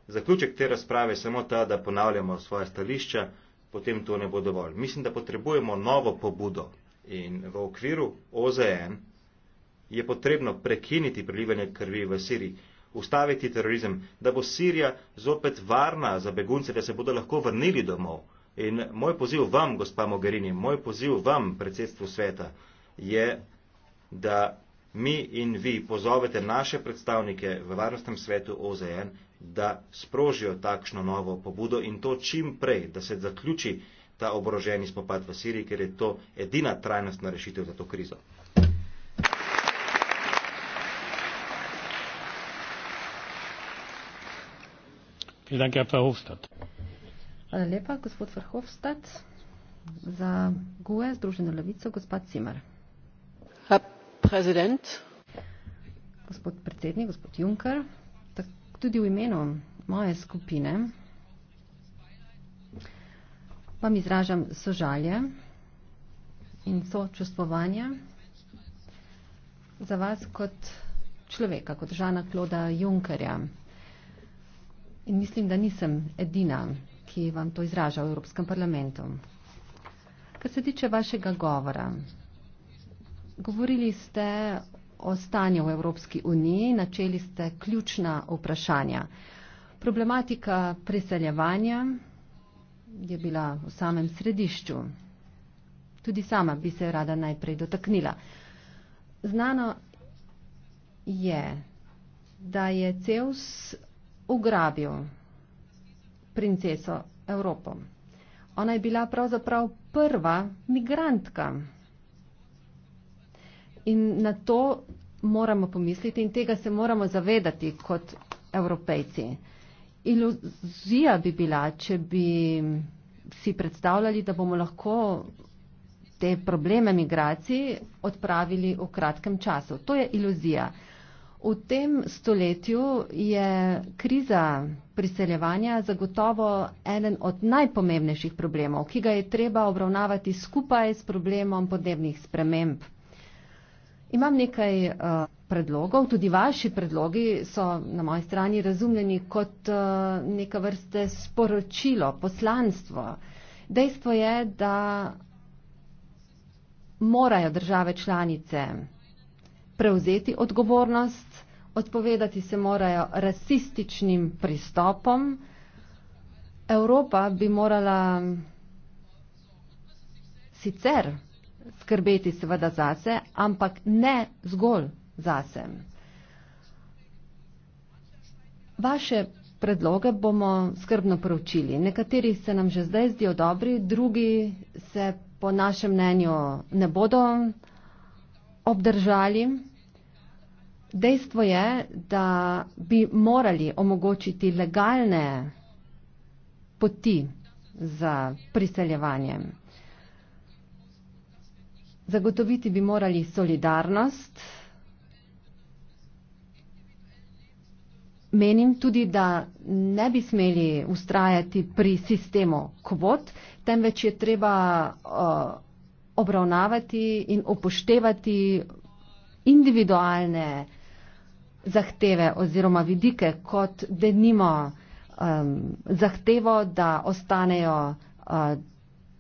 zaključek te razprave samo ta, da ponavljamo svoje stališča, potem to ne bo dovolj. Mislim, da potrebujemo novo pobudo in v okviru OZN je potrebno prekiniti prelivanje krvi v Siriji ustaviti terorizem, da bo Sirija zopet varna za begunce, da se bodo lahko vrnili domov. In moj poziv vam, gospa Mogherini, moj poziv vam, predsedstvo sveta, je, da mi in vi pozovete naše predstavnike v varnostnem svetu OZN, da sprožijo takšno novo pobudo in to čim prej, da se zaključi ta oboroženi spopad v Siriji, ker je to edina trajnostna rešitev za to krizo. Hvala lepa, gospod Vrhovstad. Za GUE, Združeno levico, gospod Cimer. Gospod predsednik, gospod Juncker, tudi v imenu moje skupine vam izražam sožalje in sočustvovanje za vas kot človeka, kot Žana Kloda Junckerja. In mislim, da nisem edina, ki vam to izraža v Evropskem parlamentu. Kar se tiče vašega govora, govorili ste o stanju v Evropski uniji, načeli ste ključna vprašanja. Problematika preseljevanja je bila v samem središču. Tudi sama bi se rada najprej dotaknila. Znano je, da je CEUS ugrabil princeso Evropo. Ona je bila pravzaprav prva migrantka. In na to moramo pomisliti in tega se moramo zavedati kot evropejci. Iluzija bi bila, če bi si predstavljali, da bomo lahko te probleme migracij odpravili v kratkem času. To je iluzija. V tem stoletju je kriza priseljevanja zagotovo eden od najpomembnejših problemov, ki ga je treba obravnavati skupaj s problemom podnebnih sprememb. Imam nekaj uh, predlogov, tudi vaši predlogi so na moji strani razumljeni kot uh, eh, neka vrste sporočilo, poslanstvo. Dejstvo je, da morajo države članice prevzeti odgovornost, odpovedati se morajo rasističnim pristopom. Evropa bi morala sicer skrbeti seveda zase, ampak ne zgolj zase. Vaše predloge bomo skrbno preučili. Nekateri se nam že zdaj zdijo dobri, drugi se po našem mnenju ne bodo obdržali. Dejstvo je, da bi morali omogočiti legalne poti za priseljevanje. Zagotoviti bi morali solidarnost. Menim tudi, da ne bi smeli ustrajati pri sistemu kvot, temveč je treba uh, obravnavati in upoštevati individualne zahteve oziroma vidike, kot da nimo um, zahtevo, da ostanejo uh,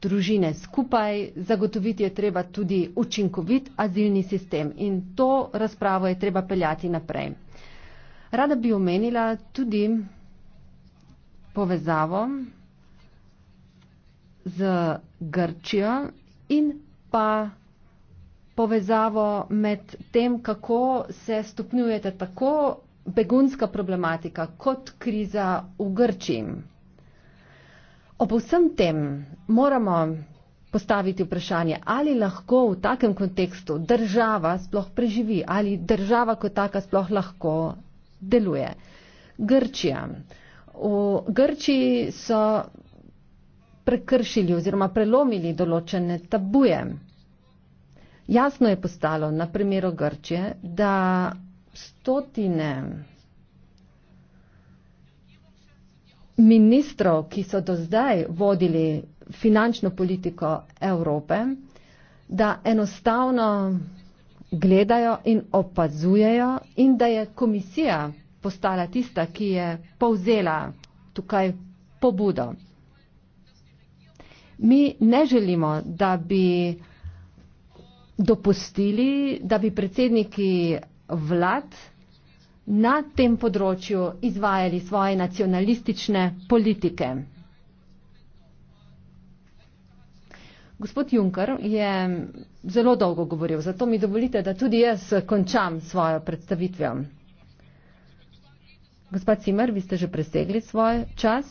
družine skupaj, zagotoviti je treba tudi učinkovit azilni sistem in to razpravo je treba peljati naprej. Rada bi omenila tudi povezavo z Grčijo in pa povezavo med tem, kako se stopnjujete tako begunska problematika kot kriza v Grčiji. Ob vsem tem moramo postaviti vprašanje, ali lahko v takem kontekstu država sploh preživi, ali država kot taka sploh lahko deluje. Grčija. V Grčiji so prekršili oziroma prelomili določene tabuje. Jasno je postalo na primeru Grčije, da stotine ministrov, ki so do zdaj vodili finančno politiko Evrope, da enostavno gledajo in opazujejo in da je komisija postala tista, ki je povzela tukaj pobudo. Mi ne želimo, da bi dopustili, da bi predsedniki vlad na tem področju izvajali svoje nacionalistične politike. Gospod Juncker je zelo dolgo govoril, zato mi dovolite, da tudi jaz končam svojo predstavitvijo. Gospod Cimer, vi ste že presegli svoj čas.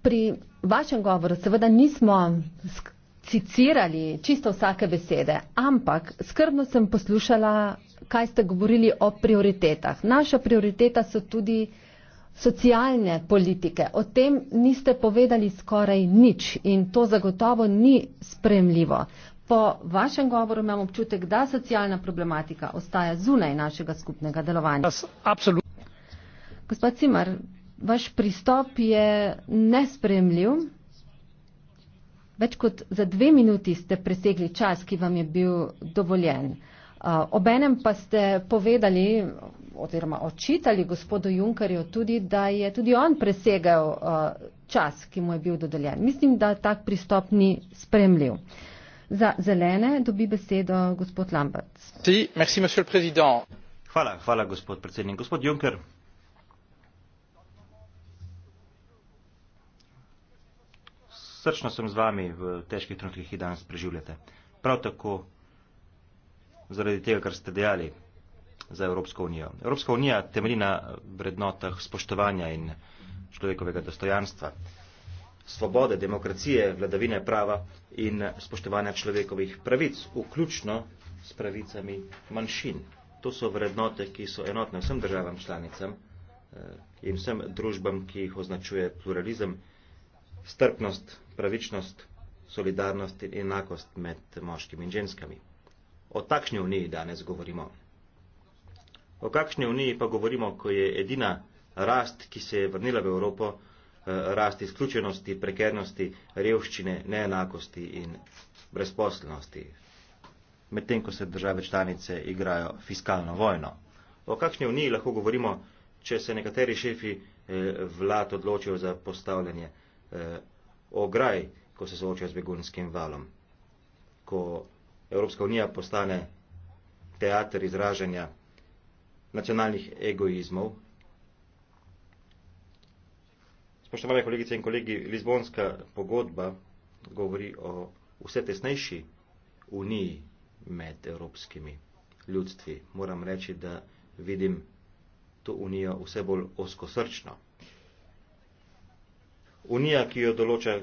Pri vašem govoru seveda nismo citirali čisto vsake besede, ampak skrbno sem poslušala, kaj ste govorili o prioritetah. Naša prioriteta so tudi socialne politike. O tem niste povedali skoraj nič in to zagotovo ni spremljivo. Po vašem govoru imam občutek, da socialna problematika ostaja zunaj našega skupnega delovanja. Gospod Cimar, vaš pristop je nespremljiv. Več kot za dve minuti ste presegli čas, ki vam je bil dovoljen. Obenem pa ste povedali oziroma očitali gospodu Junkarju tudi, da je tudi on presegal čas, ki mu je bil dodeljen. Mislim, da tak pristop ni spremljiv. Za zelene dobi besedo gospod Lambert. Hvala, hvala gospod predsednik. Gospod Junker, srčno sem z vami v težkih trenutkih, ki danes preživljate. Prav tako zaradi tega, kar ste dejali za Evropsko unijo. Evropska unija temelji na vrednotah spoštovanja in človekovega dostojanstva, svobode, demokracije, vladavine prava in spoštovanja človekovih pravic, vključno s pravicami manjšin. To so vrednote, ki so enotne vsem državam članicam eh, in vsem družbam, ki jih označuje pluralizem, strpnost, pravičnost, solidarnost in enakost med moškimi in ženskami. O takšni uniji danes govorimo. O kakšni uniji pa govorimo, ko je edina rast, ki se je vrnila v Evropo, eh, rast izključenosti, prekernosti, revščine, neenakosti in brezposelnosti. Medtem, ko se države članice igrajo fiskalno vojno. O kakšni uniji lahko govorimo, če se nekateri šefi eh, vlad odločijo za postavljanje eh, ograj, ko se soočajo z begunskim valom. Ko Evropska unija postane teater izražanja nacionalnih egoizmov, Spoštovane kolegice in kolegi, Lizbonska pogodba govori o vse tesnejši uniji med evropskimi ljudstvi. Moram reči, da vidim to unijo vse bolj oskosrčno. Unija, ki jo določa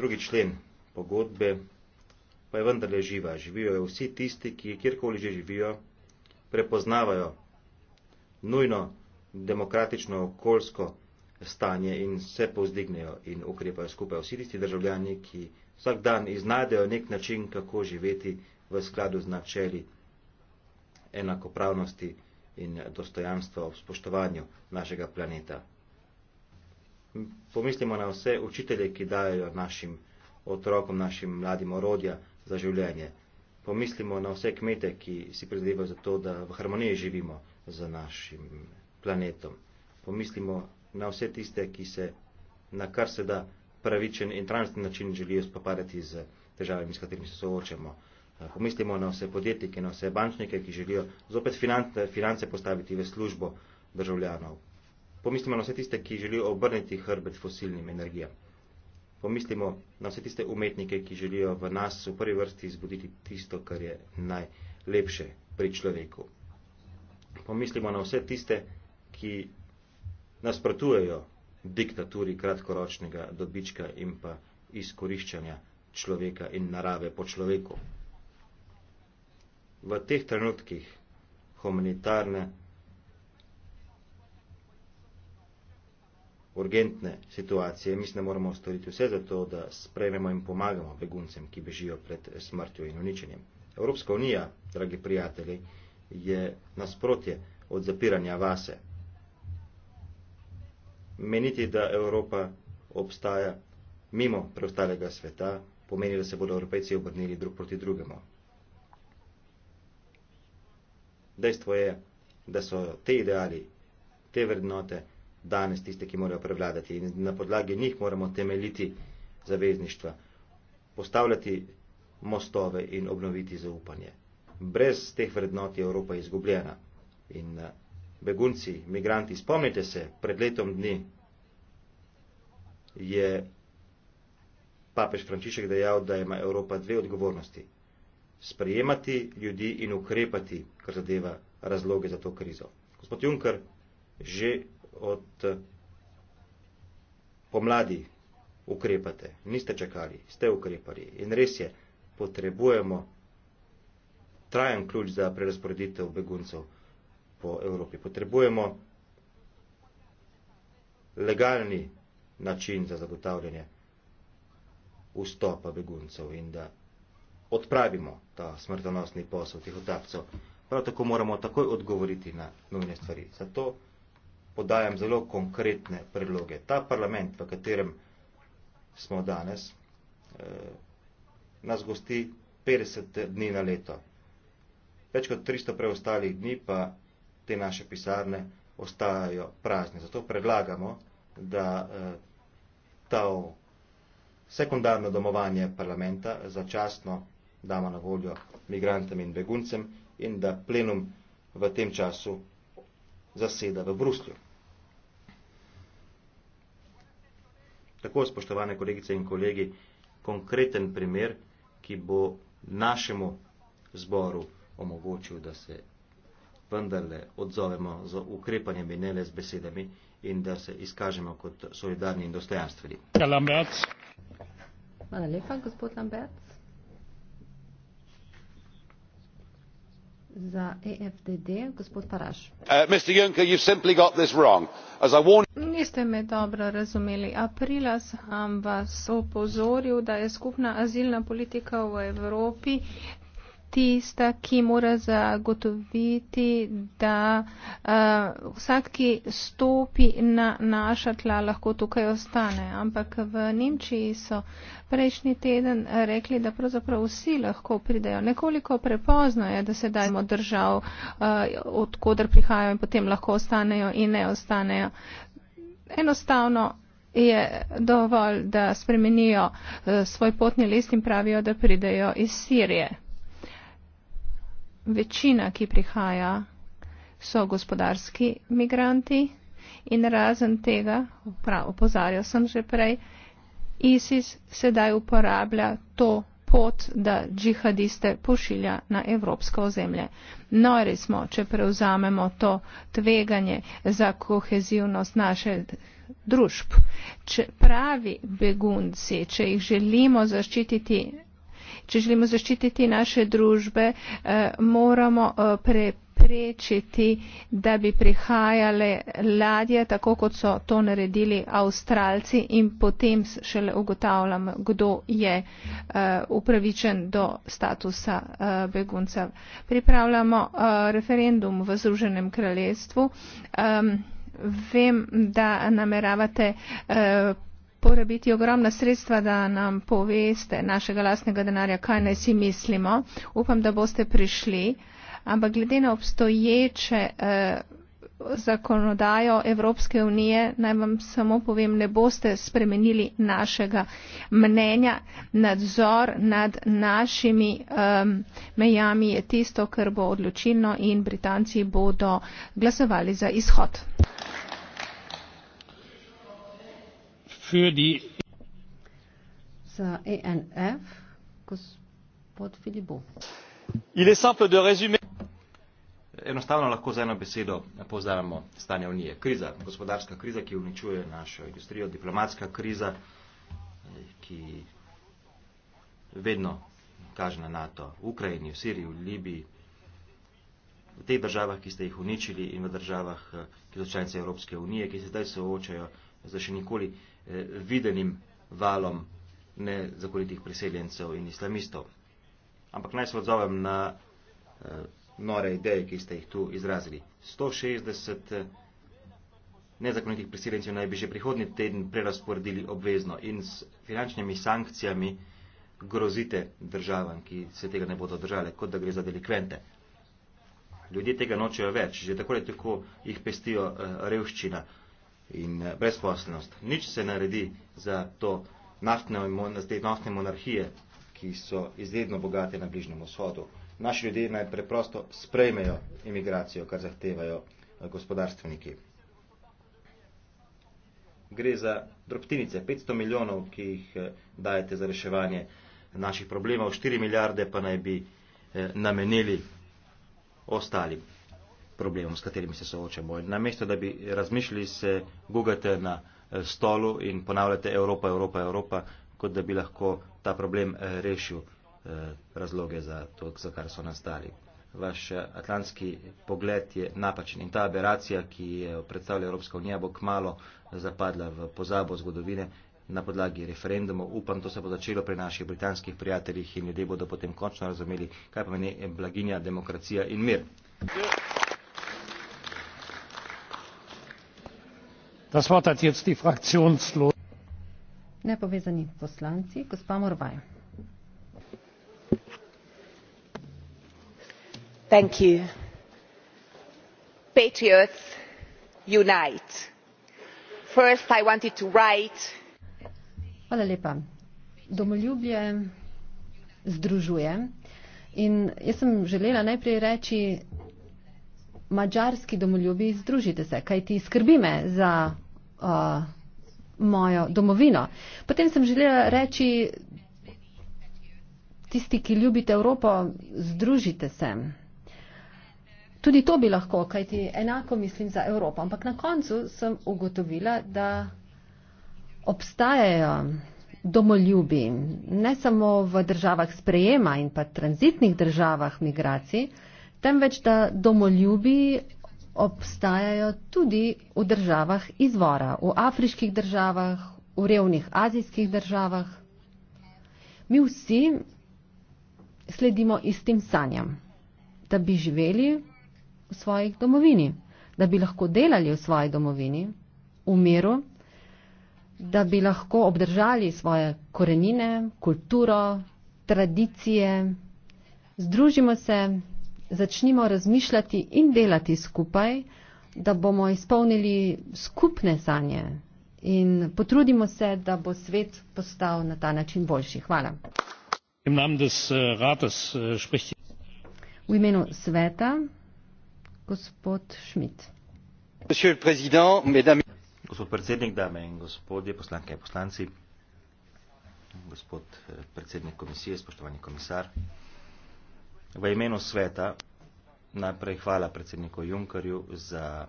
drugi člen pogodbe, pa je vendarle živa. Živijo jo vsi tisti, ki kjerkoli že živijo, prepoznavajo nujno demokratično okoljsko stanje in se povzdignejo in ukrepajo skupaj vsi tisti državljani, ki vsak dan iznajdejo nek način, kako živeti v skladu z načeli enakopravnosti in dostojanstva ob spoštovanju našega planeta pomislimo na vse učitelje, ki dajo našim otrokom, našim mladim orodja za življenje. Pomislimo na vse kmete, ki si prizadevajo za to, da v harmoniji živimo z našim planetom. Pomislimo na vse tiste, ki se na kar se da pravičen in transni način želijo spopadati z težavami, s katerimi se soočamo. Pomislimo na vse podjetnike, na vse bančnike, ki želijo zopet finance postaviti v službo državljanov. Pomislimo na vse tiste, ki želijo obrniti hrbet fosilnim energijam. Pomislimo na vse tiste umetnike, ki želijo v nas v prvi vrsti izbuditi tisto, kar je najlepše pri človeku. Pomislimo na vse tiste, ki nasprotujejo diktaturi kratkoročnega dobička in pa izkoriščanja človeka in narave po človeku. V teh trenutkih humanitarne urgentne situacije. Mislim, da moramo storiti vse za to, da sprejmemo in pomagamo beguncem, ki bežijo pred smrtjo in uničenjem. Evropska unija, dragi prijatelji, je nasprotje od zapiranja vase. Meniti, da Evropa obstaja mimo preostalega sveta, pomeni, da se bodo Evropejci obrnili drug proti drugemu. Dejstvo je, da so te ideali, te vrednote, danes tiste, ki morajo prevladati in na podlagi njih moramo temeljiti zavezništva, postavljati mostove in obnoviti zaupanje. Brez teh vrednot je Evropa izgubljena in eh, begunci, migranti, spomnite se, pred letom dni je papež Frančišek dejal, da ima Evropa dve odgovornosti. Sprejemati ljudi in ukrepati, kar zadeva razloge za to krizo. Gospod Juncker, že od eh, pomladi ukrepate, niste čakali, ste ukrepali. In res je, potrebujemo trajen ključ za prerasporeditev beguncev po Evropi. Potrebujemo legalni način za zagotavljanje vstopa beguncev in da odpravimo ta smrtonosni posel tih otapcev. Prav tako moramo takoj odgovoriti na nujne stvari. Zato podajam zelo konkretne predloge. Ta parlament, v katerem smo danes, eh, nas gosti 50 dni na leto. Več kot 300 preostalih dni pa te naše pisarne ostajajo prazne. Zato predlagamo, da eh, ta sekundarno domovanje parlamenta začasno damo na voljo migrantem in beguncem in da plenum v tem času zaseda v Bruslju. tako spoštovane kolegice in kolegi, konkreten primer, ki bo našemu zboru omogočil, da se vendarle odzovemo z ukrepanjem in ne le z besedami in da se izkažemo kot solidarni in dostojanstveni. Hvala lepa, gospod Lambert. E uh, mr juncker you have simply got this wrong. niste me dobro razumeli aprila sem vas opozoril da je skupna azilna politika v evropi zelo pomembna tista, ki mora zagotoviti, da uh, eh, vsak, ki stopi na naša tla, lahko tukaj ostane. Ampak v Nemčiji so prejšnji teden rekli, da pravzaprav vsi lahko pridejo. Nekoliko prepozno je, da se dajmo držav, uh, eh, odkudar prihajajo in potem lahko ostanejo in ne ostanejo. Enostavno je dovolj, da spremenijo uh, svoj potni list in pravijo, da pridejo iz Sirije večina, ki prihaja, so gospodarski migranti in razen tega, prav opozarjal sem že prej, ISIS sedaj uporablja to pot, da džihadiste pošilja na evropsko ozemlje. Nori smo, če preuzamemo to tveganje za kohezivnost naše družb. Če pravi begunci, če jih želimo zaščititi če želimo zaščititi naše družbe, eh, moramo eh, preprečiti, da bi prihajale ladje, tako kot so to naredili Avstralci in potem šele ugotavljam, kdo je eh, upravičen do statusa begunca. Pripravljamo referendum v Združenem kraljestvu. Vem, da nameravate porabiti ogromna sredstva, da nam poveste našega lastnega denarja, kaj naj si mislimo. Upam, da boste prišli, ampak glede na obstoječe eh, zakonodajo Evropske unije, naj vam samo povem, ne boste spremenili našega mnenja. Nadzor nad našimi eh, mejami je tisto, kar bo odločilno in Britanci bodo glasovali za izhod. für die ENF, gospod Filipov. Il est simple de résumer. Enostavno lahko z eno besedo pozdravimo stanje Unije. Kriza, gospodarska kriza, ki uničuje našo industrijo, diplomatska kriza, ki vedno kaže na NATO v Ukrajini, v Siriji, v Libiji, v teh državah, ki ste jih uničili in v državah, ki so članice Evropske unije, ki se zdaj soočajo za še nikoli Eh, videnim valom nezakonitih priseljencev in islamistov. Ampak naj se odzovem na eh, nore ideje, ki ste jih tu izrazili. 160 eh, nezakonitih priseljencev naj bi že prihodni teden prerasporedili obvezno in s finančnimi sankcijami grozite državam, ki se tega ne bodo držale, kot da gre za delikvente. Ljudje tega nočejo več, že tako je tako jih pestijo revščina in eh, brezposelnost. Nič se naredi za to naftne, te naftne monarhije, ki so izredno bogate na Bližnjem vzhodu. Naši ljudje naj preprosto sprejmejo imigracijo, kar zahtevajo eh, gospodarstveniki. Gre za drobtinice, 500 milijonov, ki jih eh, dajete za reševanje naših problemov, 4 milijarde pa naj bi namenili ostalim problemom, s katerimi se soočamo. In namesto, da bi razmišljali, se gugate na eh, stolu in ponavljate Evropa, Evropa, Evropa, kot da bi lahko ta problem eh, rešil eh, razloge za to, za kar so nastali. Vaš atlantski pogled je napačen in ta aberacija, ki je predstavlja Evropska unija, bo kmalo zapadla v pozabo zgodovine na podlagi referendumov. Upam, to se bo začelo pri naših britanskih prijateljih in ljudje bodo potem končno razumeli, kaj pomeni blaginja, demokracija in mir. Yeah. Das Wort hat jetzt die Nepovezani poslanci, gospa Morvaj. Thank you. Patriots unite. First I wanted to write. Hvala lepa. Domoljubje združuje. In jaz sem želela najprej reči, mađarski domoljubi, združite se, kaj ti skrbi me za uh, mojo domovino. Potem sem želela reči, tisti, ki ljubite Evropo, združite se. Tudi to bi lahko, kaj ti enako mislim za Evropo. Ampak na koncu sem ugotovila, da obstajajo domoljubi, ne samo v državah sprejema in pa tranzitnih državah migracij, temveč da domoljubi obstajajo tudi v državah izvora, v afriških državah, v revnih azijskih državah. Mi vsi sledimo istim sanjam, da bi živeli v svojih domovini, da bi lahko delali v svoji domovini v miru, da bi lahko obdržali svoje korenine, kulturo, tradicije, združimo se začnimo razmišljati in delati skupaj, da bomo izpolnili skupne sanje in potrudimo se, da bo svet postal na ta način boljši. Hvala. Äh, äh, v imenu sveta, gospod Šmit. Gospod predsednik, dame in gospodje, poslanke in poslanci, gospod äh, predsednik komisije, spoštovani komisar. V imenu sveta najprej hvala predsedniku Junkerju za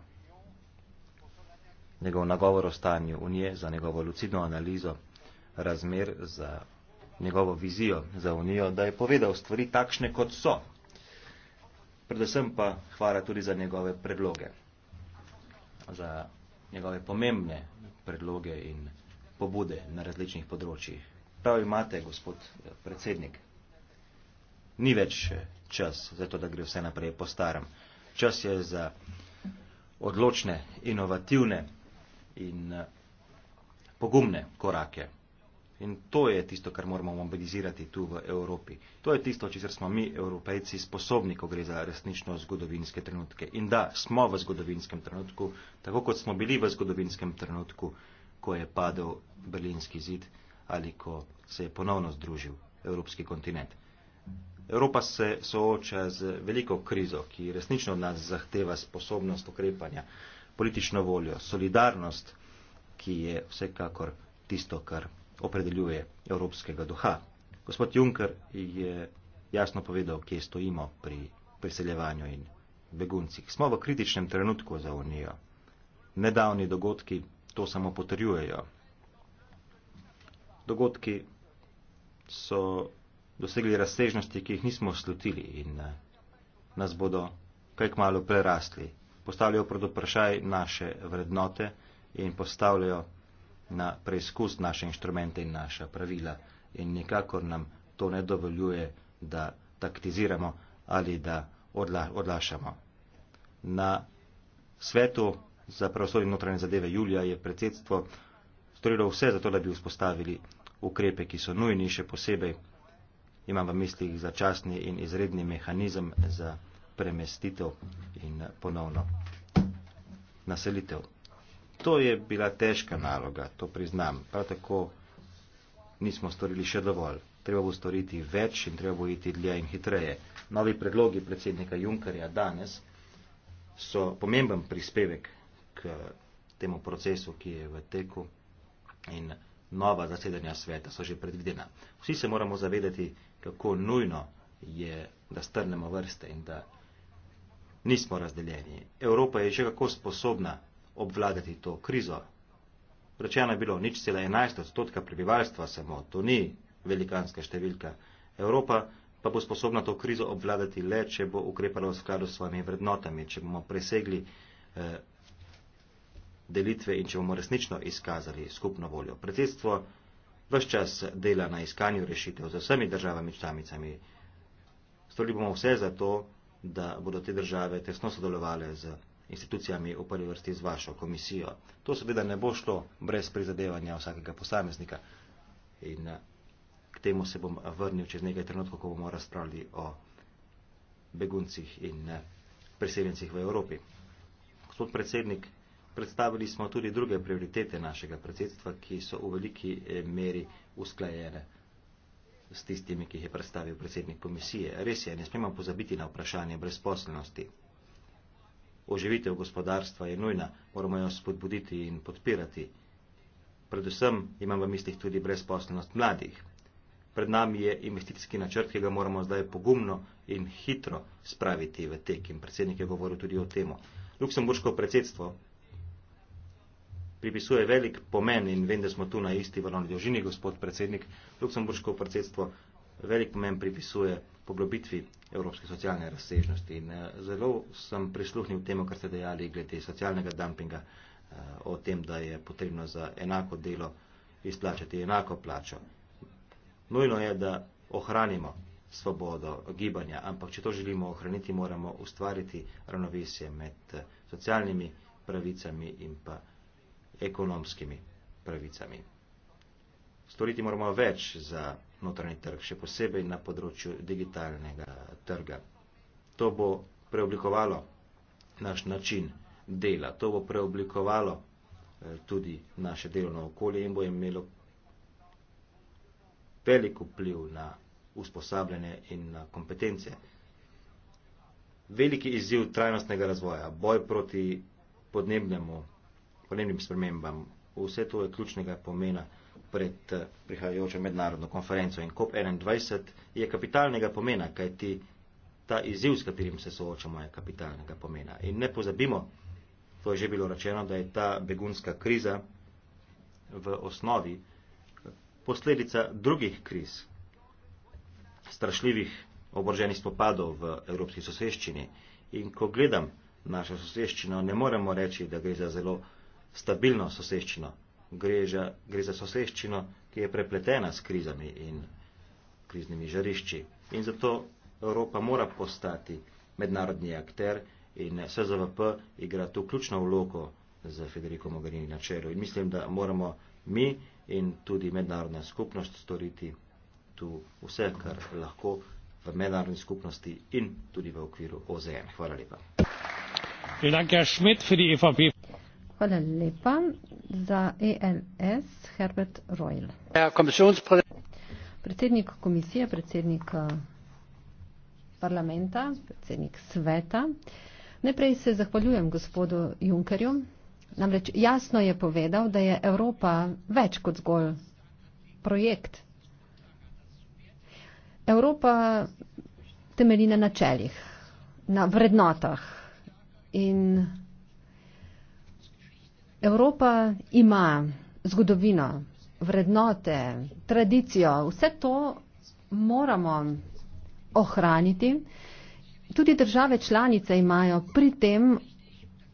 njegov nagovor o stanju Unije, za njegovo lucidno analizo razmer, za njegovo vizijo za Unijo, da je povedal stvari takšne, kot so. Predvsem pa hvala tudi za njegove predloge, za njegove pomembne predloge in pobude na različnih področjih. Prav imate, gospod predsednik ni več eh, čas za to, da gre vse naprej po starem. Čas je za odločne, inovativne in eh, pogumne korake. In to je tisto, kar moramo mobilizirati tu v Evropi. To je tisto, česar smo mi, evropejci, sposobni, ko gre za resnično zgodovinske trenutke. In da, smo v zgodovinskem trenutku, tako kot smo bili v zgodovinskem trenutku, ko je padel berlinski zid ali ko se je ponovno združil evropski kontinent. Evropa se sooča z veliko krizo, ki resnično od nas zahteva sposobnost ukrepanja, politično voljo, solidarnost, ki je vsekakor tisto, kar opredeljuje evropskega duha. Gospod Juncker je jasno povedal, kje stojimo pri priseljevanju in beguncih. Smo v kritičnem trenutku za Unijo. Nedavni dogodki to samo potrjujejo. Dogodki so dosegli razsežnosti, ki jih nismo slutili in eh, nas bodo kaj k malu prerastli. Postavljajo pred vprašaj naše vrednote in postavljajo na preizkus naše inštrumente in naša pravila in nikakor nam to ne dovoljuje, da taktiziramo ali da odla odlašamo. Na svetu za pravosodje in notranje zadeve Julija je predsedstvo storilo vse za to, da bi vzpostavili ukrepe, ki so nujni, še posebej imam v mislih začasni in izredni mehanizem za premestitev in ponovno naselitev. To je bila težka naloga, to priznam. Prav tako nismo storili še dovolj. Treba bo storiti več in treba bo iti dlje in hitreje. Novi predlogi predsednika Junkerja danes so pomemben prispevek k temu procesu, ki je v teku in nova zasedanja sveta so že predvidena. Vsi se moramo zavedati, kako nujno je, da strnemo vrste in da nismo razdeljeni. Evropa je že kako sposobna obvladati to krizo. Rečeno je bilo, nič cela 11 odstotka prebivalstva samo, to ni velikanska številka. Evropa pa bo sposobna to krizo obvladati le, če bo ukrepala v skladu s svojimi vrednotami, če bomo presegli eh, delitve in če bomo resnično izkazali skupno voljo. Predsedstvo vse čas dela na iskanju rešitev za vsemi državami članicami. Stoli bomo vse za to, da bodo te države tesno sodelovali z institucijami v prvi vrsti z vašo komisijo. To seveda ne bo šlo brez prizadevanja vsakega posameznika in eh, k temu se bom vrnil čez nekaj trenutkov, ko bomo razpravljali o beguncih in eh, priseljencih v Evropi. Gospod predsednik, Predstavili smo tudi druge prioritete našega predsedstva, ki so v veliki eh, meri usklajene s tistimi, ki jih je predstavil predsednik komisije. Res je, ne smemo pozabiti na vprašanje brezposelnosti. Oživitev gospodarstva je nujna, moramo jo spodbuditi in podpirati. Predvsem imam v mislih tudi brezposelnost mladih. Pred nami je investicijski načrt, ki ga moramo zdaj pogumno in hitro spraviti v tek. In predsednik je govoril tudi o temo. Luksemburško predsedstvo pripisuje velik pomen in vem, da smo tu na isti valovni dolžini, gospod predsednik, Luksemburško predsedstvo velik pomen pripisuje poglobitvi evropske socialne razsežnosti. In eh, zelo sem prisluhnil temu, kar ste dejali glede socialnega dumpinga, eh, o tem, da je potrebno za enako delo izplačati enako plačo. Nujno je, da ohranimo svobodo gibanja, ampak če to želimo ohraniti, moramo ustvariti ravnovesje med eh, socialnimi pravicami in pa ekonomskimi pravicami. Storiti moramo več za notranji trg, še posebej na področju digitalnega trga. To bo preoblikovalo naš način dela, to bo preoblikovalo eh, tudi naše delovno okolje in bo imelo velik vpliv na usposabljanje in na kompetence. Veliki izziv trajnostnega razvoja, boj proti podnebnemu podnebnim spremembam. Vse to je ključnega pomena pred eh, prihajajočo mednarodno konferenco in COP21 je kapitalnega pomena, kajti ta izziv, s katerim se soočamo, je kapitalnega pomena. In ne pozabimo, to je že bilo rečeno, da je ta begunska kriza v osnovi posledica drugih kriz, strašljivih oboroženih spopadov v evropski soseščini. In ko gledam našo soseščino, ne moremo reči, da gre za zelo stabilno soseščino. Gre, že, gre za soseščino, ki je prepletena s krizami in kriznimi žarišči. In zato Evropa mora postati mednarodni akter in SZVP igra tu ključno vlogo z Federico Mogherini na čelu. In mislim, da moramo mi in tudi mednarodna skupnost storiti tu vse, kar lahko v mednarodni skupnosti in tudi v okviru OZN. Hvala lepa. Danke, Herr Schmidt, für die EVP. Hvala lepa. Za ENS Herbert Royal. Ja, predsednik komisije, predsednik eh, parlamenta, predsednik sveta. Najprej se zahvaljujem gospodu Junkerju. Namreč jasno je povedal, da je Evropa več kot zgolj projekt. Evropa temelji na načeljih, na vrednotah in Evropa ima zgodovino, vrednote, tradicijo, vse to moramo ohraniti. Tudi države članice imajo pri tem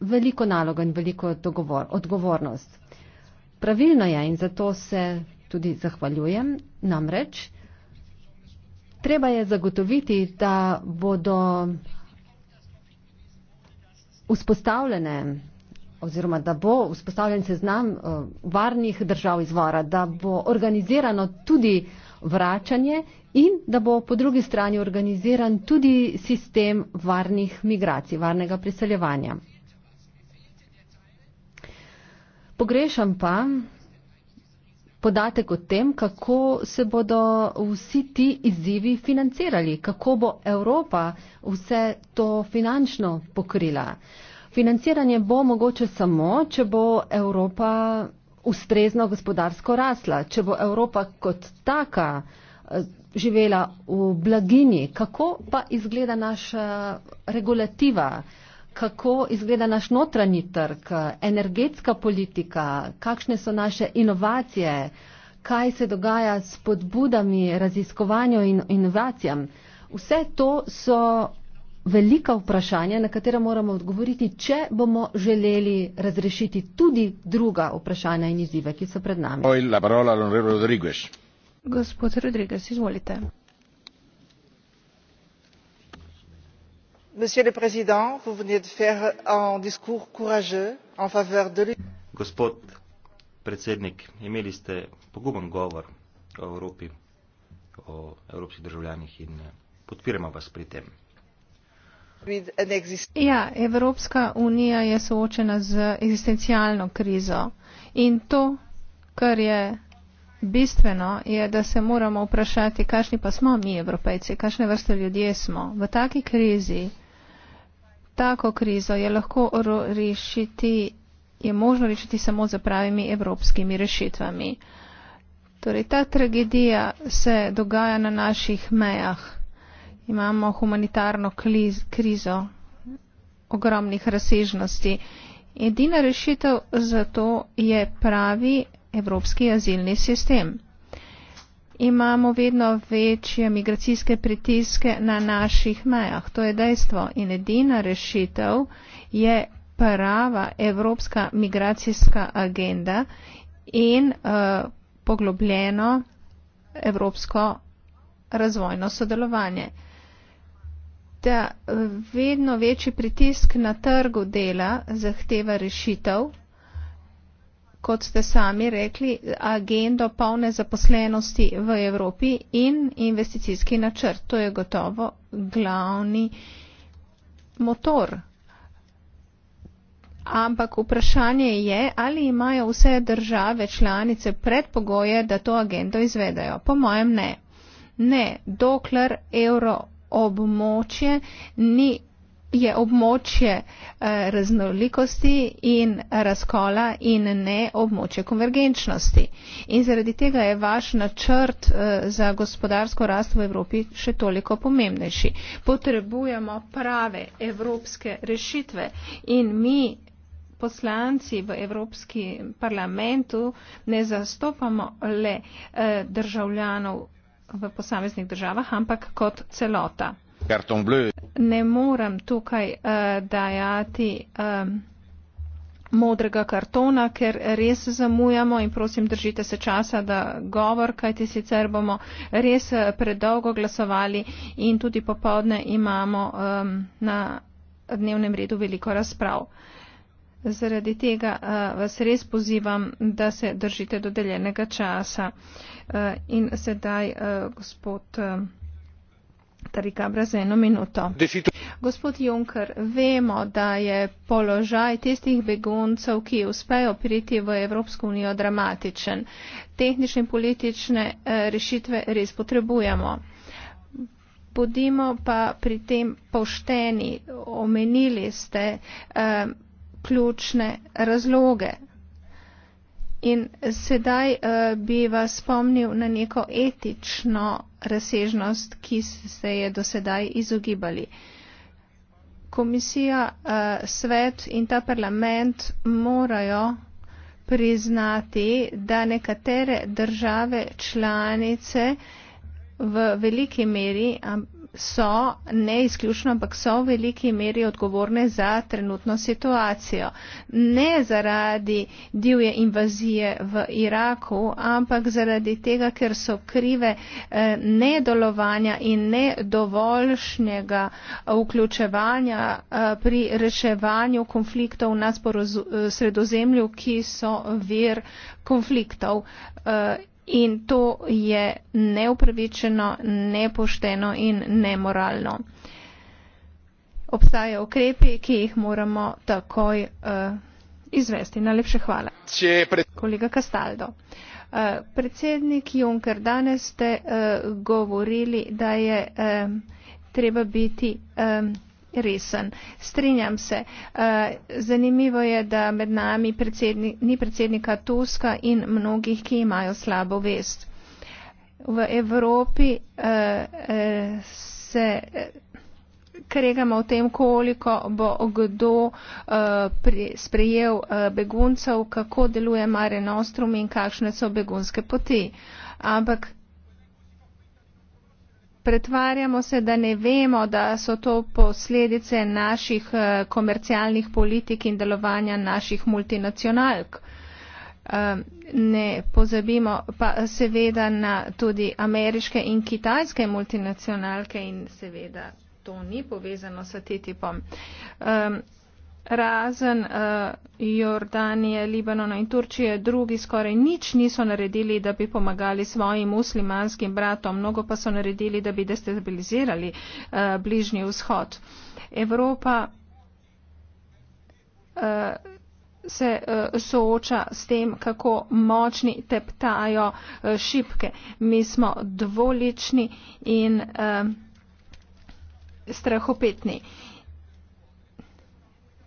veliko nalogo in veliko dogovor, odgovornost. Pravilno je in zato se tudi zahvaljujem, namreč treba je zagotoviti, da bodo vzpostavljene oziroma da bo vzpostavljen seznam uh, varnih držav izvora, da bo organizirano tudi vračanje in da bo po drugi strani organiziran tudi sistem varnih migracij, varnega priseljevanja. Pogrešam pa podatek o tem, kako se bodo vsi ti izzivi financirali, kako bo Evropa vse to finančno pokrila. Uh, financiranje bo mogoče samo, če bo Evropa ustrezno gospodarsko rasla, če bo Evropa kot taka eh, živela v blagini. Kako pa izgleda naša eh, regulativa, kako izgleda naš notranji trg, energetska politika, kakšne so naše inovacije, kaj se dogaja s podbudami raziskovanju in inovacijam. Vse to so velika vprašanja, na katera moramo odgovoriti, če bomo želeli razrešiti tudi druga vprašanja in izzive, ki so pred nami. Gospod Rodriguez, izvolite. E Gospod predsednik, imeli ste poguben govor o Evropi, o evropskih državljanih in eh, podpiramo vas pri tem. Ja, Evropska unija je soočena z eksistencialno krizo in to, kar je bistveno, je, da se moramo vprašati, kakšni pa smo mi, evropejci, kakšne vrste ljudje smo. V taki krizi, tako krizo je lahko rešiti, je možno rešiti samo z pravimi evropskimi rešitvami. Torej, ta tragedija se dogaja na naših mejah imamo humanitarno krizo ogromnih razsežnosti. Edina rešitev za to je pravi evropski azilni sistem. Imamo vedno večje migracijske pritiske na naših mejah, to je dejstvo. In edina rešitev je prava evropska migracijska agenda in uh, poglobljeno evropsko razvojno sodelovanje da eh, vedno večji pritisk na trgu dela zahteva rešitev, kot ste sami rekli, agendo polne zaposlenosti v Evropi in investicijski načrt. To je gotovo glavni motor. Ampak vprašanje je, ali imajo vse države članice predpogoje, da to agendo izvedajo. Po mojem ne. Ne, dokler euro območje ni, je območje eh, raznolikosti in razkola in ne območje konvergenčnosti. In zaradi tega je vaš načrt eh, za gospodarsko rast v Evropi še toliko pomembnejši. Potrebujemo prave evropske rešitve in mi poslanci v Evropski parlamentu ne zastopamo le eh, državljanov v posameznih državah, ampak kot celota. Ne morem tukaj uh, dajati um, modrega kartona, ker res zamujamo in prosim držite se časa, da govor, kajti sicer bomo res eh, predolgo glasovali in tudi popovdne imamo um, na dnevnem redu veliko razprav. Uh, Zaradi tega uh, vas res pozivam, da se držite dodeljenega časa. Uh, in sedaj, uh, gospod uh, Tarikabra, za eno minuto. Desito. Gospod Juncker, vemo, da je položaj tistih beguncev, ki uspejo priti v Evropsko unijo, dramatičen. Tehnične in politične uh, rešitve res potrebujemo. Bodimo pa pri tem pošteni. Omenili ste. Uh, ključne razloge. In sedaj eh, bi vas spomnil na neko etično razsežnost, ki ste je do sedaj izogibali. Komisija, eh, svet in ta parlament morajo priznati, da nekatere države članice v veliki meri, so ne izključno, ampak so v veliki meri odgovorne za trenutno situacijo. Ne zaradi divje invazije v Iraku, ampak zaradi tega, ker so krive eh, nedolovanja in nedovoljšnjega vključevanja eh, pri reševanju konfliktov na eh, sredozemlju, ki so vir konfliktov. In to je neupravičeno, nepošteno in nemoralno. Obstajajo ukrepi, ki jih moramo takoj uh, izvesti. Najlepše hvala. Pred... Kolega Kastaldo. Uh, eh, predsednik Juncker, danes ste uh, govorili, da je uh, treba biti. Uh, resen. Strinjam se. Eh, zanimivo je, da med nami predsednik, ni predsednika Tuska in mnogih, ki imajo slabo vest. V Evropi eh, eh, se kregamo o tem, koliko bo kdo sprejel beguncev, kako deluje Mare Nostrum in kakšne so begunske poti. Ampak pretvarjamo se, da ne vemo, da so to posledice naših eh, komercialnih politik in delovanja naših multinacionalk. Ehm, ne pozabimo pa seveda na tudi ameriške in kitajske multinacionalke in seveda to ni povezano s TTIP-om. Ehm, razen uh, Jordanije, Libanona in Turčije, drugi skoraj nič niso naredili, da bi pomagali svojim muslimanskim bratom, mnogo pa so naredili, da bi destabilizirali uh, bližnji vzhod. Evropa uh, se uh, sooča s tem, kako močni teptajo uh, šipke. Mi smo dvolični in uh, strahopetni. Uh,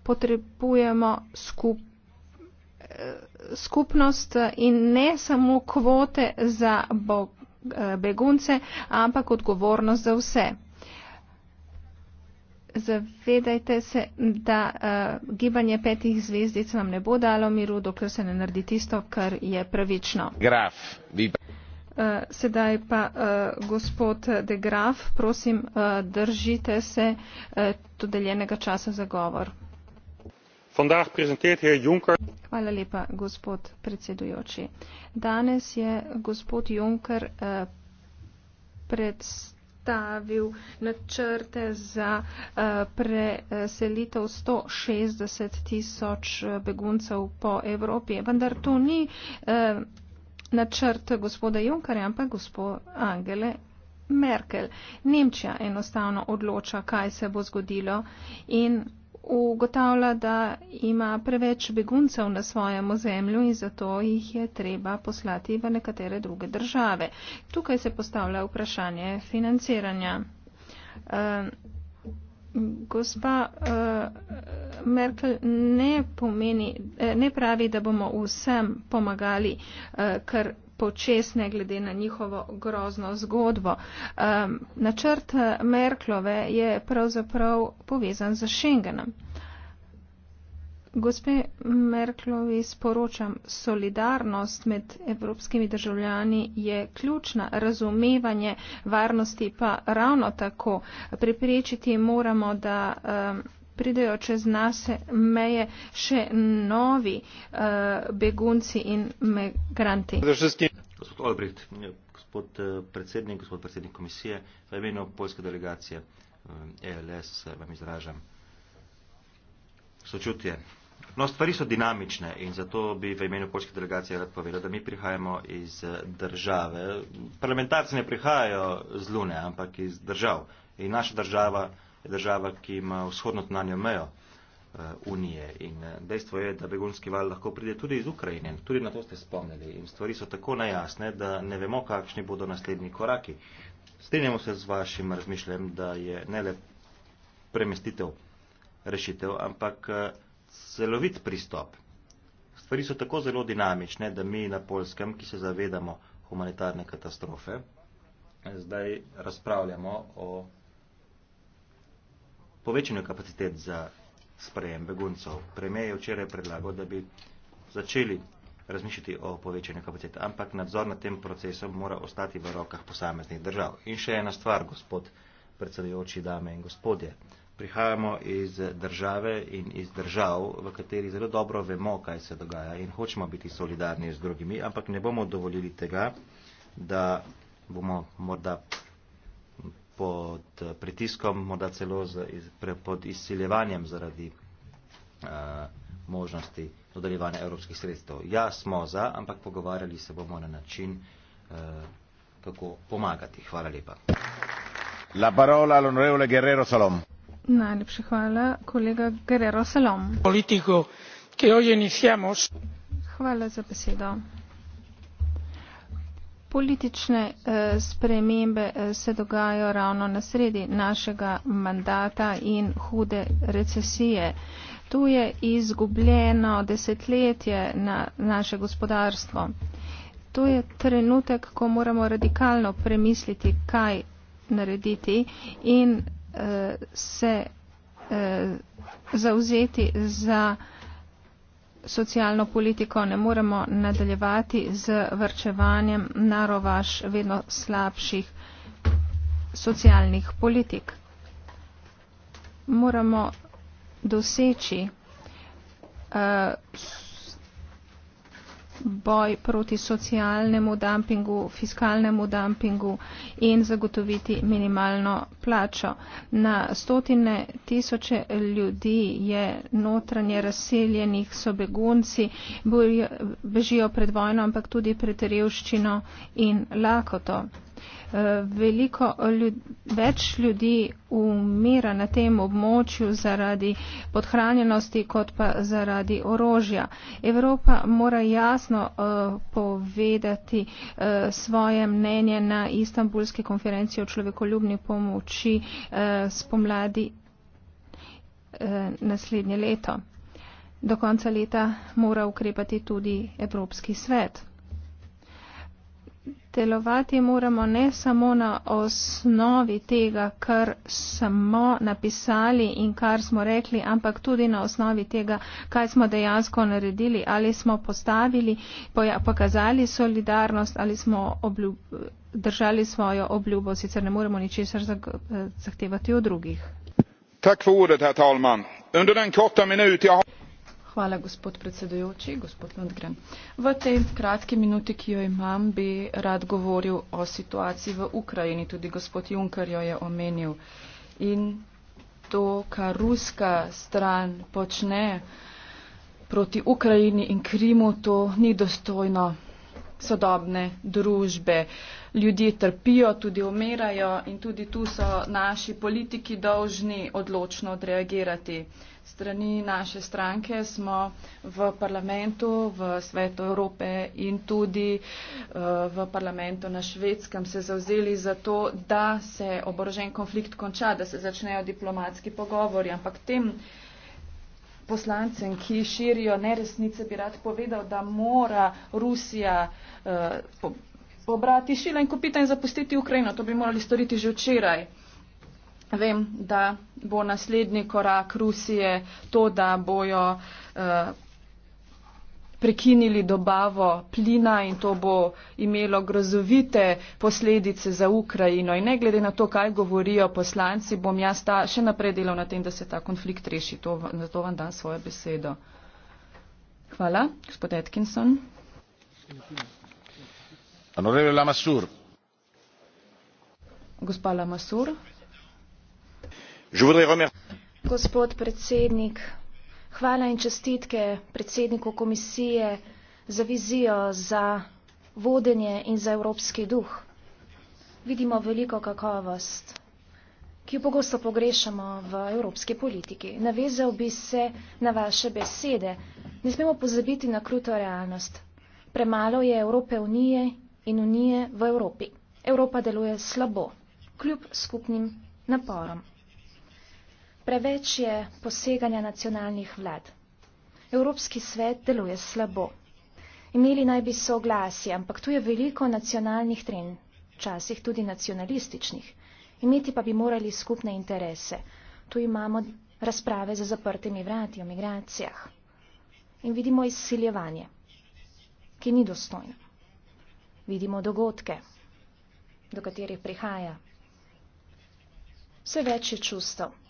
potrebujemo skup, eh, skupnost in ne samo kvote za eh, begunce, ampak odgovornost za vse. Zavedajte se, da uh, gibanje petih zvezdic vam ne bo dalo miru, dokler se ne naredi tisto, kar je pravično. Graf, vi... uh, sedaj pa uh, gospod De Graf, prosim, uh, držite se uh, dodeljenega časa za govor vandaag presenteert heer Juncker. Hvala lepa, gospod predsedujoči. Danes je gospod Juncker eh, predstavil načrte za eh, preselitev 160 tisoč eh, beguncev po Evropi. Vendar to ni načrt gospoda Junckerja, ampak gospod Angele. Merkel. Nemčija enostavno odloča, kaj se bo zgodilo in ugotavlja, da ima preveč beguncev na svojem ozemlju in zato jih je treba poslati v nekatere druge države. Tukaj se postavlja vprašanje financiranja. Uh, Gospa uh, Merkel ne, pomeni, eh, ne pravi, da bomo vsem pomagali, uh, eh, ker počesne glede na njihovo grozno zgodbo. Um, načrt eh, Merklove je pravzaprav povezan z Schengenom. Gospe Merklovi sporočam, solidarnost med evropskimi državljani je ključna, razumevanje varnosti pa ravno tako. Preprečiti moramo, da um, pridejo čez nase meje še novi uh, begunci in migranti. Gospod Olbricht, ja, gospod eh, predsednik, gospod predsednik komisije, v imenu poljske delegacije ELS eh, e vam izražam sočutje. No, stvari so dinamične in zato bi v imenu poljske delegacije rad povedal, da mi prihajamo iz države. Parlamentarci ne prihajajo z Lune, ampak iz držav. In naša država je država, ki ima vzhodno tnanjo mejo eh, unije in eh, dejstvo je, da begunski val lahko pride tudi iz Ukrajine. Tudi na to ste spomnili in stvari so tako najasne, da ne vemo, kakšni bodo naslednji koraki. Strinjamo se z vašim razmišljem, da je ne le premestitev rešitev, ampak eh, celovit pristop. Stvari so tako zelo dinamične, da mi na Polskem, ki se zavedamo humanitarne katastrofe, zdaj razpravljamo o povečanju kapacitet za sprejem beguncov. Premijer je včeraj predlagal, da bi začeli razmišljati o povečanju kapacitet, ampak nadzor nad tem procesom mora ostati v rokah posameznih držav. In še ena stvar, gospod predsedujoči, dame in gospodje. Prihajamo iz države in iz držav, v kateri zelo dobro vemo, kaj se dogaja in hočemo biti solidarni z drugimi, ampak ne bomo dovolili tega, da bomo morda pod pritiskom, morda celo z, pre, pod izsiljevanjem zaradi uh, možnosti dodeljevanja evropskih sredstev. Ja, smo za, ampak pogovarjali se bomo na način, uh, kako pomagati. Hvala lepa. La parola all'onorevole Guerrero Salom. Najlepša hvala, kolega Guerrero Salom. Politiko, ki jo iniciamos. Hvala za besedo. Politične eh, spremembe eh, se dogajajo ravno na sredi našega mandata in hude recesije. Tu je izgubljeno desetletje na naše gospodarstvo. To je trenutek, ko moramo radikalno premisliti, kaj narediti in eh, se eh, zauzeti za eh, socialno politiko, ne moremo nadaljevati z vrčevanjem na rovaš vedno slabših socialnih politik. Moramo doseči uh, boj proti socialnemu dampingu, fiskalnemu dampingu in zagotoviti minimalno plačo. Na stotine tisoče ljudi je notranje razseljenih, so begunci, bežijo pred vojno, ampak tudi pred revščino in lakoto. Veliko ljud, več ljudi umira na tem območju zaradi podhranjenosti, kot pa zaradi orožja. Evropa mora jasno uh, povedati uh, svoje mnenje na istambulski konferenci o človekoljubni pomoči uh, spomladi uh, naslednje leto. Do konca leta mora ukrepati tudi Evropski svet delovati moramo ne samo na osnovi tega, kar smo napisali in kar smo rekli, ampak tudi na osnovi tega, kaj smo dejansko naredili, ali smo postavili, pokazali solidarnost, ali smo obljub, držali svojo obljubo, sicer ne moremo ničesar zahtevati od drugih. Tak for ordet, herr talman. Under den korta minut jag har... Hvala, gospod predsedujoči, gospod Lundgren. V tej kratki minuti, ki jo imam, bi rad govoril o situaciji v Ukrajini. Tudi gospod Juncker jo je omenil. In to, kar ruska stran počne proti Ukrajini in Krimu, to ni dostojno sodobne družbe. Ljudje trpijo, tudi umirajo in tudi tu so naši politiki dolžni odločno odreagirati. Strani naše stranke smo v parlamentu, v svetu Evrope in tudi eh, v parlamentu na švedskem se zauzeli za to, da se oborožen konflikt konča, da se začnejo diplomatski pogovori, ampak tem poslancem, ki širijo neresnice, bi rad povedal, da mora Rusija uh, po, pobrati šila in kopita in zapustiti Ukrajino. To bi morali storiti že včeraj. Vem, da bo naslednji korak Rusije to, da bojo uh, prekinili dobavo plina in to bo imelo grozovite posledice za Ukrajino. In ne glede na to, kaj govorijo poslanci, bom jaz ta še naprej delal na tem, da se ta konflikt reši. To, na to vam dam svojo besedo. Hvala, gospod Atkinson. Honorable Lamassur. Gospa Lamassur. Gospod predsednik, Hvala in čestitke predsedniku komisije za vizijo, za vodenje in za evropski duh. Vidimo veliko kakovost, ki jo pogosto pogrešamo v evropski politiki. Navezal bi se na vaše besede. Ne smemo pozabiti na kruto realnost. Premalo je Evrope unije in unije v Evropi. Evropa deluje slabo, kljub skupnim naporom. Preveč je poseganja nacionalnih vlad. Evropski svet deluje slabo. Imeli naj bi soglasje, ampak tu je veliko nacionalnih tren, včasih tudi nacionalističnih. Imeti pa bi morali skupne interese. Tu imamo razprave za zaprtimi vrati o migracijah. In vidimo izsiljevanje, ki ni dostojno. Vidimo dogodke, do katerih prihaja. Vse več je čustev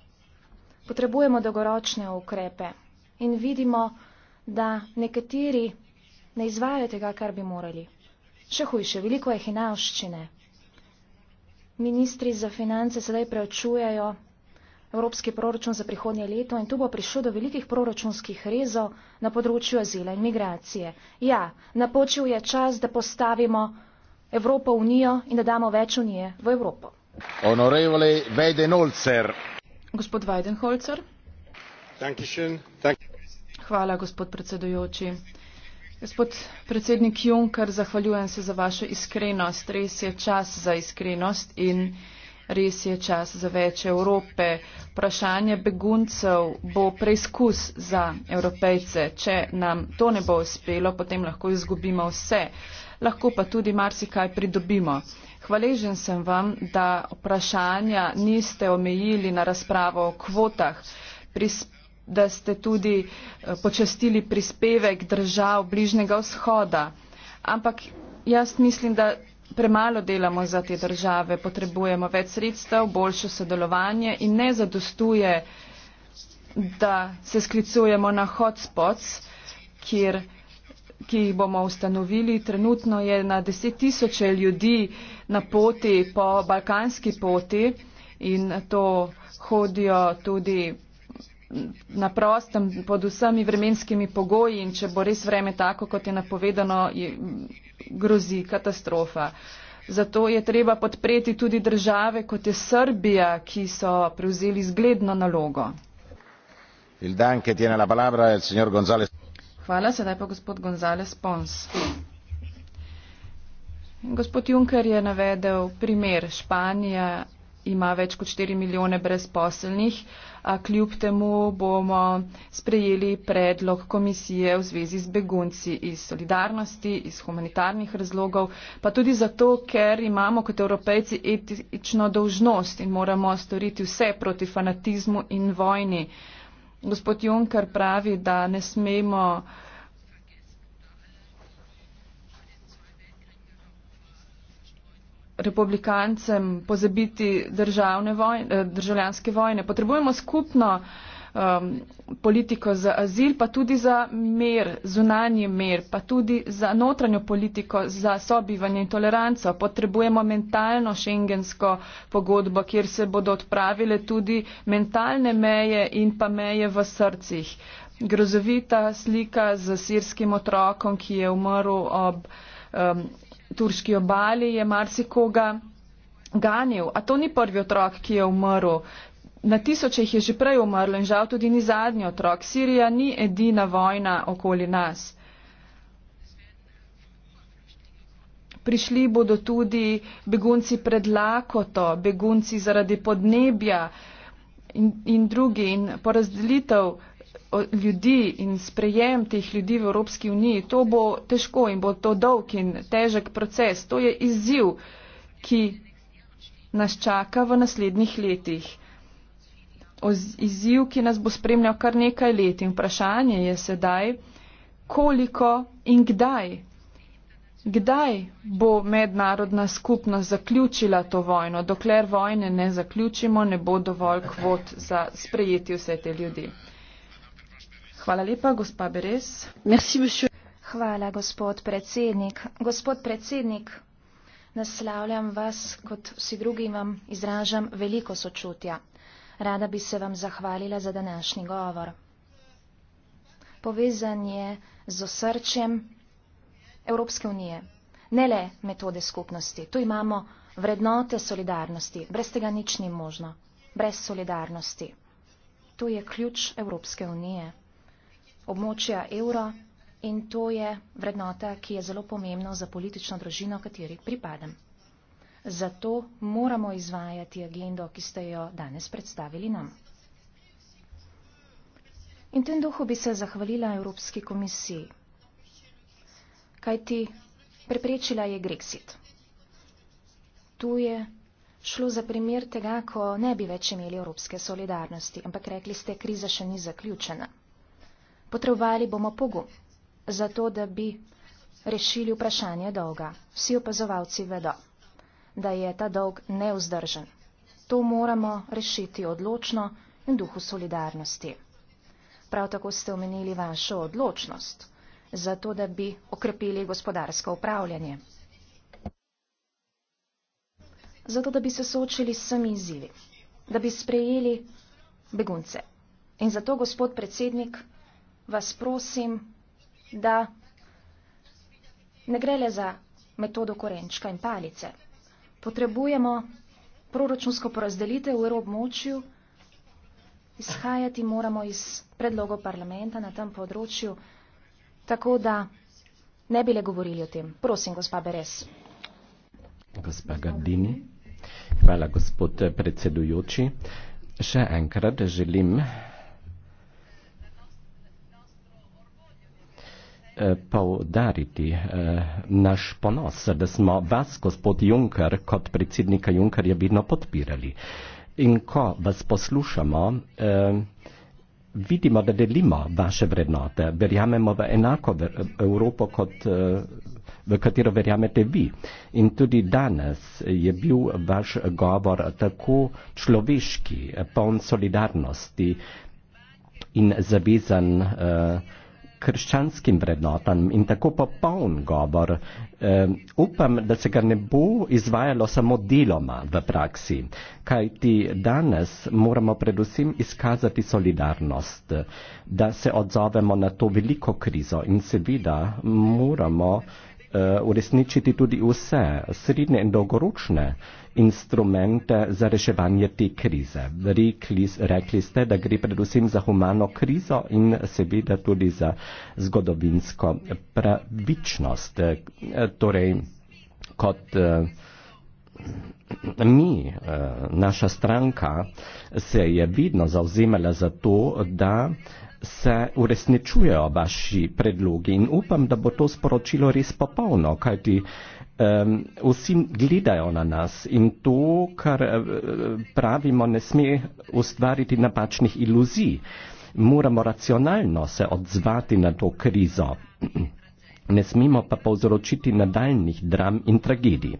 potrebujemo dolgoročne ukrepe in vidimo, da nekateri ne izvajajo tega, kar bi morali. Še hujše, veliko je hinavščine. Ministri za finance sedaj preočujejo evropski proračun za prihodnje leto in tu bo prišlo do velikih proračunskih rezov na področju azila in migracije. Ja, napočil je čas, da postavimo Evropo v Unijo in da damo več Unije v Evropo. Onorevole Vede Nolcer hvala gospod predsedujoči gospod predsednik juncker zahvaljujem se za vašo iskrenost res je čas za iskrenost in res je čas za več evrope vprašanje beguncev bo preizkus za evropejce če nam to ne bo uspelo potem lahko izgubimo vse lahko pa tudi marsikaj pridobimo. Hvaležen sem vam, da vprašanja niste omejili na razpravo o kvotah, da ste tudi eh, počastili prispevek držav bližnjega vzhoda. Ampak jaz mislim, da premalo delamo za te države, potrebujemo več sredstev, boljše sodelovanje in ne zadostuje, da se sklicujemo na hotspots, kjer ki jih bomo ustanovili. Trenutno je na deset tisoče ljudi na poti po balkanski poti in to hodijo tudi na prostem pod vsemi vremenskimi pogoji in če bo res vreme tako, kot je napovedano, je, grozi katastrofa. Zato je treba podpreti tudi države, kot je Srbija, ki so prevzeli zgledno nalogo. Il dan che tiene la palabra il signor González. Hvala, sedaj pa gospod Gonzales Pons. Gospod Juncker je navedel primer. Španija ima več kot 4 milijone brezposelnih, a kljub temu bomo sprejeli predlog komisije v zvezi z begunci iz solidarnosti, iz humanitarnih razlogov, pa tudi zato, ker imamo kot evropejci etično dolžnost in moramo storiti vse proti fanatizmu in vojni. Uh, Gospod Juncker pravi, da ne smemo republikancem pozabiti vojne, eh, državljanske vojne. Potrebujemo skupno um, politiko za azil, pa tudi za mer, zunanje mer, pa tudi za notranjo politiko, za sobivanje in toleranco. Potrebujemo mentalno šengensko pogodbo, kjer se bodo odpravile tudi mentalne meje in pa meje v srcih. Grozovita slika z sirskim otrokom, ki je umrl ob um, turški obali, je marsikoga ganil. A to ni prvi otrok, ki je umrl. Na tisoče jih je že prej umrlo in žal tudi ni zadnji otrok. Sirija ni edina vojna okoli nas. Prišli bodo tudi begunci pred lakoto, begunci zaradi podnebja in, in drugi. In porazdelitev ljudi in sprejem teh ljudi v Evropski uniji, to bo težko in bo to dolg in težek proces. To je izziv, ki nas čaka v naslednjih letih izziv, ki nas bo spremljal kar nekaj let. In vprašanje je sedaj, koliko in kdaj. Kdaj bo mednarodna skupnost zaključila to vojno? Dokler vojne ne zaključimo, ne bo dovolj kvot za sprejeti vse te ljudi. Hvala lepa, gospa Beres. Merci, Hvala, gospod predsednik. Gospod predsednik, naslavljam vas, kot vsi drugi vam izražam veliko sočutja. Rada bi se vam zahvalila za današnji govor. Povezan je z osrčjem Evropske unije, ne le metode skupnosti. Tu imamo vrednote solidarnosti, brez tega nič ni možno, brez solidarnosti. To je ključ Evropske unije, območja evro in to je vrednota, ki je zelo pomembna za politično družino, kateri pripadam. Zato moramo izvajati agendo, ki ste jo danes predstavili nam. In tem duhu bi se zahvalila Evropski komisiji, kajti preprečila je Grexit. Tu je šlo za primer tega, ko ne bi več imeli evropske solidarnosti, ampak rekli ste, kriza še ni zaključena. Potrebovali bomo pogum, zato da bi rešili vprašanje dolga. Vsi opazovalci vedo da je ta dolg neuzdržen. To moramo rešiti odločno in duhu solidarnosti. Prav tako ste omenili vašo odločnost, zato da bi okrepili gospodarsko upravljanje. Zato da bi se soočili s sami izzivi, da bi sprejeli begunce. In zato, gospod predsednik, vas prosim, da ne gre le za metodo korenčka in palice potrebujemo proračunsko porazdelitev v Evroobmočju, izhajati moramo iz predlogov parlamenta na tem področju, tako da ne bile govorili o tem. Prosim, gospa Beres. Gospa Gardini, hvala gospod predsedujoči. Še enkrat želim povdariti eh, naš ponos, da smo vas, gospod Juncker, kot predsednika Junckerja vidno podpirali. In ko vas poslušamo, eh, vidimo, da delimo vaše vrednote, verjamemo v enako Evropo, kot, eh, v katero verjamete vi. In tudi danes je bil vaš govor tako človeški, poln solidarnosti in zavezan. Uh, krščanskim vrednotam in tako popoln govor. Um, upam, da se ga ne bo izvajalo samo deloma v praksi, kaj ti danes moramo predvsem izkazati solidarnost, da se odzovemo na to veliko krizo in seveda moramo Eh, uresničiti tudi vse srednje in dolgoročne instrumente za reševanje te krize. Rekli, rekli ste, da gre predvsem za humano krizo in seveda tudi za zgodovinsko pravičnost. Eh, torej, kot eh, mi, naša stranka, se je vidno zauzemala za to, da se uresničujejo vaši predlogi in upam, da bo to sporočilo res popolno, kajti um, vsi gledajo na nas in to, kar eh, pravimo, ne sme ustvariti napačnih iluzij. Moramo racionalno se odzvati na to krizo. Ne smemo pa povzročiti nadaljnih dram in tragedij.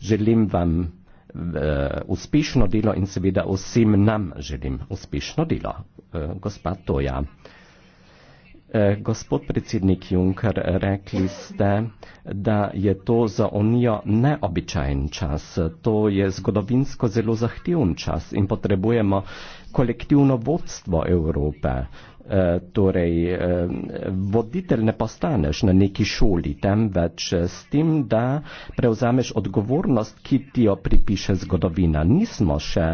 Želim vam uh, uspešno delo in seveda vsem nam želim uspešno delo. Uh, gospa Toja. Eh, gospod predsednik Juncker, rekli ste, da je to za Unijo neobičajen čas. To je zgodovinsko zelo zahtevn čas in potrebujemo kolektivno vodstvo Evrope. Uh, Eh, torej eh, voditelj ne postaneš na neki šoli, temveč eh, s tem, da prevzameš odgovornost, ki ti jo pripiše zgodovina. Nismo še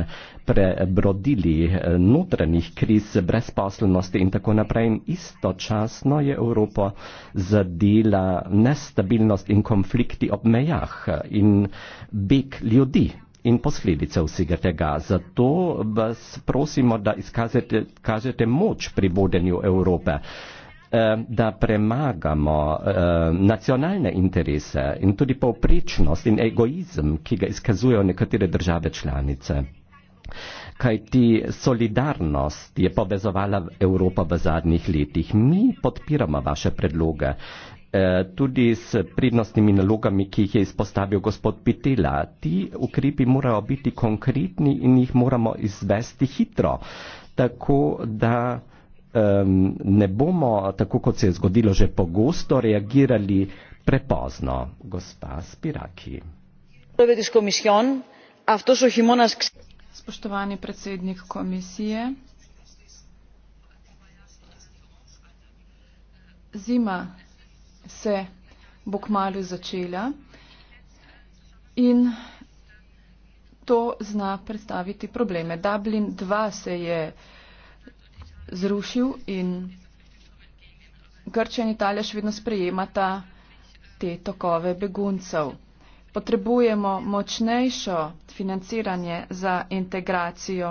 prebrodili notranjih kriz brezposlenosti in tako naprej. Istočasno je Evropo zadela nestabilnost in konflikti ob mejah in beg ljudi in posledice vsega tega. Zato vas prosimo, da izkažete moč pri vodenju Evrope, eh, da premagamo eh, nacionalne interese in tudi povprečnost in egoizem, ki ga izkazujejo nekatere države članice. Kaj ti solidarnost je povezovala Evropa v zadnjih letih? Mi podpiramo vaše predloge. Eh, tudi s pridnostnimi nalogami, ki jih je izpostavil gospod Pitela. Ti ukrepi morajo biti konkretni in jih moramo izvesti hitro, tako da um, ne bomo, tako kot se je zgodilo že pogosto, reagirali prepozno. Gospa Spiraki. Spoštovani predsednik komisije. Zima se bo kmalo začela in to zna predstaviti probleme. Dublin 2 se je zrušil in Grčija in Italija še vedno sprejemata te tokove beguncev. Potrebujemo močnejšo financiranje za integracijo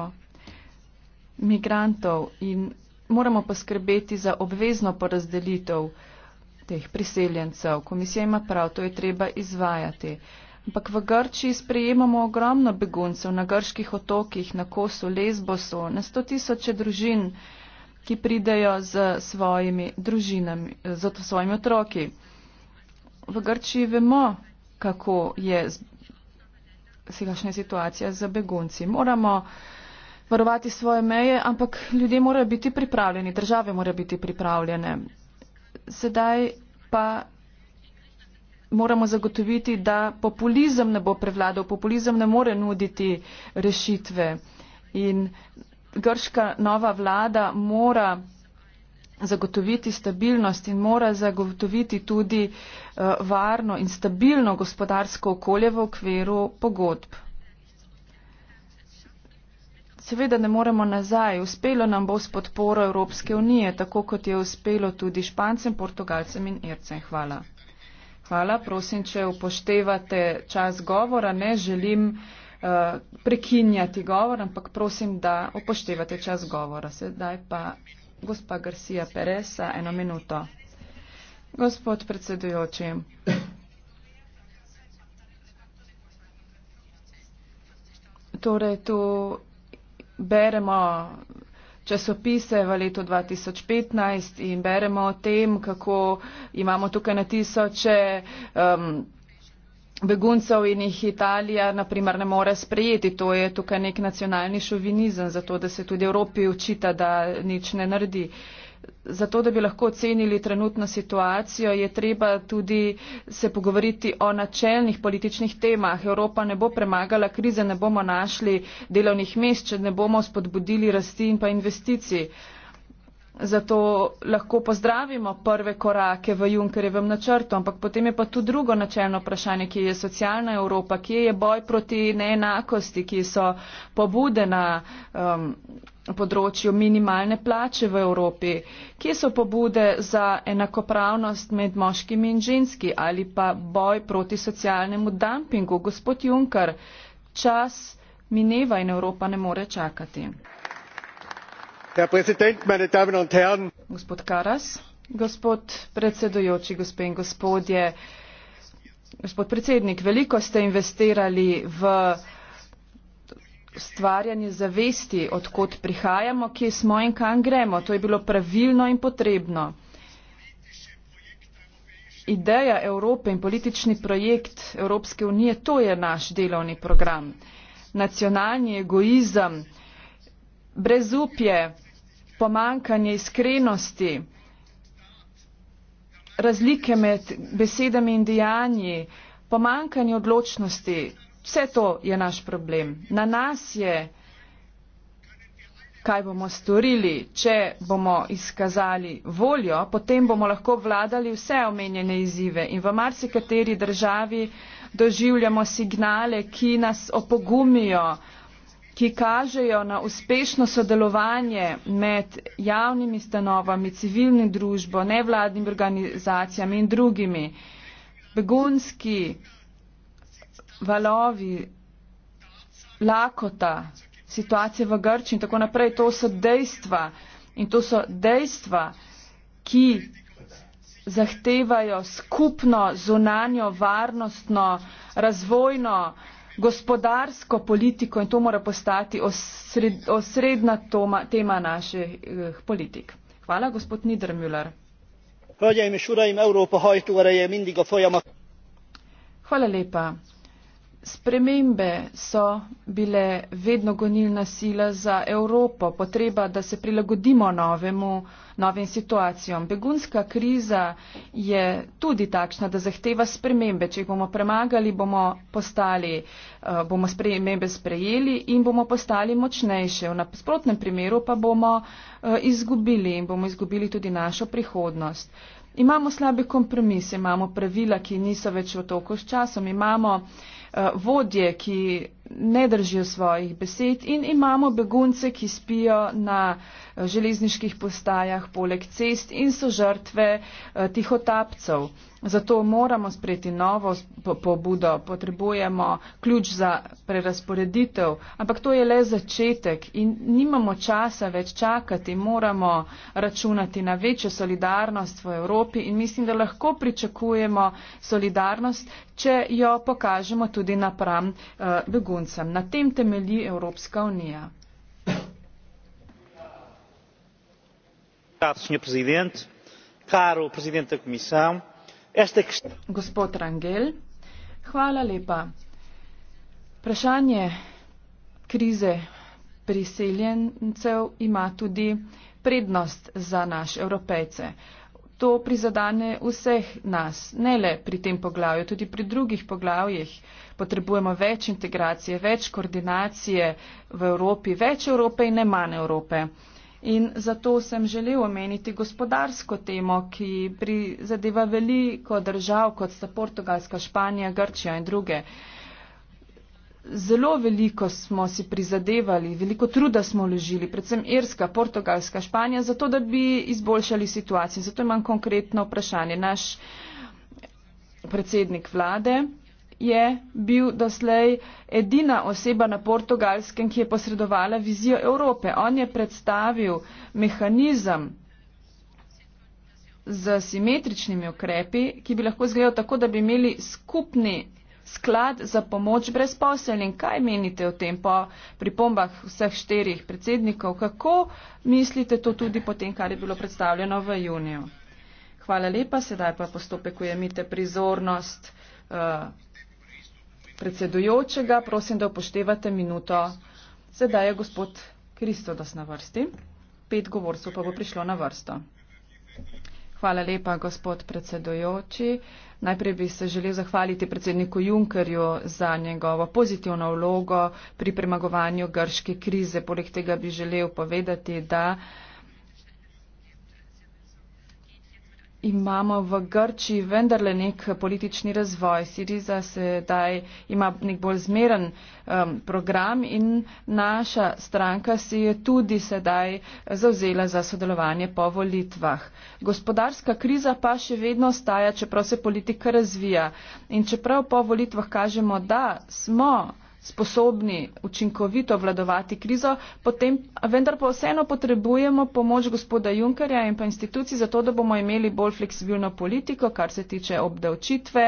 migrantov in moramo poskrbeti za obvezno porazdelitev teh priseljencev. Komisija ima prav, to je treba izvajati. Ampak v Grčiji sprejemamo ogromno beguncev na grških otokih, na Kosu, Lesbosu, na sto tisoče družin, ki pridejo z svojimi družinami, z svojimi otroki. V Grčiji vemo, kako je sikašna situacija za begunci. Moramo varovati svoje meje, ampak ljudje morajo biti pripravljeni, države morajo biti pripravljene sedaj pa moramo zagotoviti, da populizem ne bo prevladal. Populizem ne more nuditi rešitve. In grška nova vlada mora zagotoviti stabilnost in mora zagotoviti tudi uh, varno in stabilno gospodarsko okolje v okviru pogodb. Seveda ne moremo nazaj. Uspelo nam bo s podporo Evropske unije, tako kot je uspelo tudi Špancem, Portugalcem in Ircem. Hvala. Hvala. Prosim, če upoštevate čas govora, ne želim uh, prekinjati govor, ampak prosim, da upoštevate čas govora. Sedaj pa gospa Garcia Peresa, eno minuto. Gospod predsedujoči. Torej, tu beremo časopise v letu 2015 in beremo o tem, kako imamo tukaj na tisoče um, beguncev in jih Italija naprimer ne more sprejeti. To je tukaj nek nacionalni šovinizem, zato da se tudi Evropi očita, da nič ne naredi. Uh, zato, da bi lahko ocenili trenutno situacijo, je treba tudi se pogovoriti o načelnih političnih temah. Evropa ne bo premagala krize, ne bomo našli delovnih mest, če ne bomo spodbudili rasti in pa investicij. Uh, Zato lahko pozdravimo prve korake v Junkerjevem načrtu, ampak potem je pa tu drugo načelno vprašanje, kje je socialna Evropa, kje je boj proti neenakosti, ki so pobude na um, področju minimalne plače v Evropi, kje so pobude za enakopravnost med moškimi in ženski ali pa boj proti socialnemu dumpingu. Gospod Junker, čas mineva in Evropa ne more čakati herr präsident meine damen und herren gospod karas gospod predsedujoči gospe in gospodje gospod predsednik veliko ste investirali v ustvarjanje zavesti od kod prihajamo kje smo in kam gremo to je bilo pravilno in potrebno ideja evrope in politični projekt evropske unije to je naš delovni program nacionalni egoizem brezupje pomankanje iskrenosti, razlike med besedami in dejanji, pomankanje odločnosti, vse to je naš problem. Na nas je, kaj bomo storili, če bomo izkazali voljo, potem bomo lahko vladali vse omenjene izzive in v marsikateri državi doživljamo signale, ki nas opogumijo ki kažejo na uspešno sodelovanje med javnimi stanovami, civilnim družbo, nevladnimi organizacijami in drugimi. Begunski valovi, lakota, situacija v Grči in tako naprej, to so dejstva in to so dejstva, ki zahtevajo skupno zunanjo varnostno razvojno gospodarsko politiko in to mora postati osred, osredna toma, tema naših eh, politik. Hvala, gospod Niedermüller. Hvala lepa. Spremembe so bile vedno gonilna sila za Evropo, potreba, da se prilagodimo novemu novim situacijam. Begunska kriza je tudi takšna, da zahteva spremembe. Če jih bomo premagali, bomo, postali, eh, bomo spremembe sprejeli in bomo postali močnejše. V nasprotnem primeru pa bomo eh, izgubili in bomo izgubili tudi našo prihodnost. Imamo slabe kompromise, imamo pravila, ki niso več v toku s časom, imamo uh, vodje, ki ne držijo svojih besed in imamo begunce, ki spijo na uh, železniških postajah, poleg cest in so žrtve eh, tihotapcev. Zato moramo sprejeti novo pobudo, potrebujemo ključ za prerasporeditev, ampak to je le začetek in nimamo časa več čakati, moramo računati na večjo solidarnost v Evropi in mislim, da lahko pričakujemo solidarnost, če jo pokažemo tudi napram eh, beguncem. Na tem temelji Evropska unija. deputado senhor presidente caro presidente da comissão esta questão To prizadane vseh nas, ne le pri tem poglavju, tudi pri drugih poglavjih. Potrebujemo več integracije, več koordinacije v Evropi, več Evrope in ne manj Evrope. Uh, In zato sem želel omeniti gospodarsko temo, ki prizadeva veliko držav, kot sta Portugalska, Španija, Grčija in druge. Zelo veliko smo si prizadevali, veliko truda smo ložili, predvsem Irska, Portugalska, Španija, zato da bi izboljšali situacijo. Zato imam konkretno vprašanje. Naš predsednik vlade je bil doslej edina oseba na portugalskem, ki je posredovala vizijo Evrope. On je predstavil mehanizem z simetričnimi ukrepi, ki bi lahko izgledal tako, da bi imeli skupni sklad za pomoč brezposelnim. Kaj menite o tem po pripombah vseh štirih predsednikov? Kako mislite to tudi po tem, kar je bilo predstavljeno v juniju? Hvala lepa, sedaj pa postopekujemite prizornost. Uh, predsedujočega, prosim, da upoštevate minuto. Sedaj je gospod Kristodos na vrsti. Pet govorcev pa bo prišlo na vrsto. Hvala lepa, gospod predsedujoči. Najprej bi se želel zahvaliti predsedniku Junkerju za njegovo pozitivno vlogo pri premagovanju grške krize. Poleg tega bi želel povedati, da. imamo v Grči vendarle nek politični razvoj. Siriza sedaj ima nek bolj zmeren um, program in naša stranka se je tudi sedaj zauzela za sodelovanje po volitvah. Gospodarska kriza pa še vedno staja, čeprav se politika razvija. In čeprav po volitvah kažemo, da smo sposobni učinkovito vladovati krizo, potem vendar pa vseeno potrebujemo pomoč gospoda Junkerja in pa institucij za to, da bomo imeli bolj fleksibilno politiko, kar se tiče obdavčitve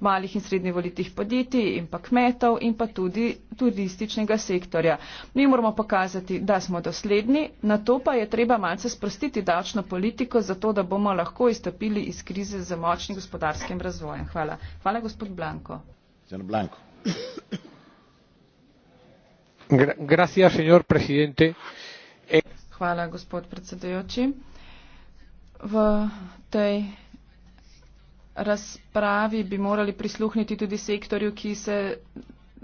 malih in srednjih volitih podjetij in pa kmetov in pa tudi turističnega sektorja. Mi moramo pokazati, da smo dosledni, na to pa je treba malce sprostiti davčno politiko, zato da bomo lahko izstopili iz krize z močnim gospodarskim razvojem. Hvala. Hvala, gospod Blanko. Blanko. Gracias, señor presidente. Eh, Hvala, gospod predsedujoči. V tej razpravi bi morali prisluhniti tudi sektorju, ki se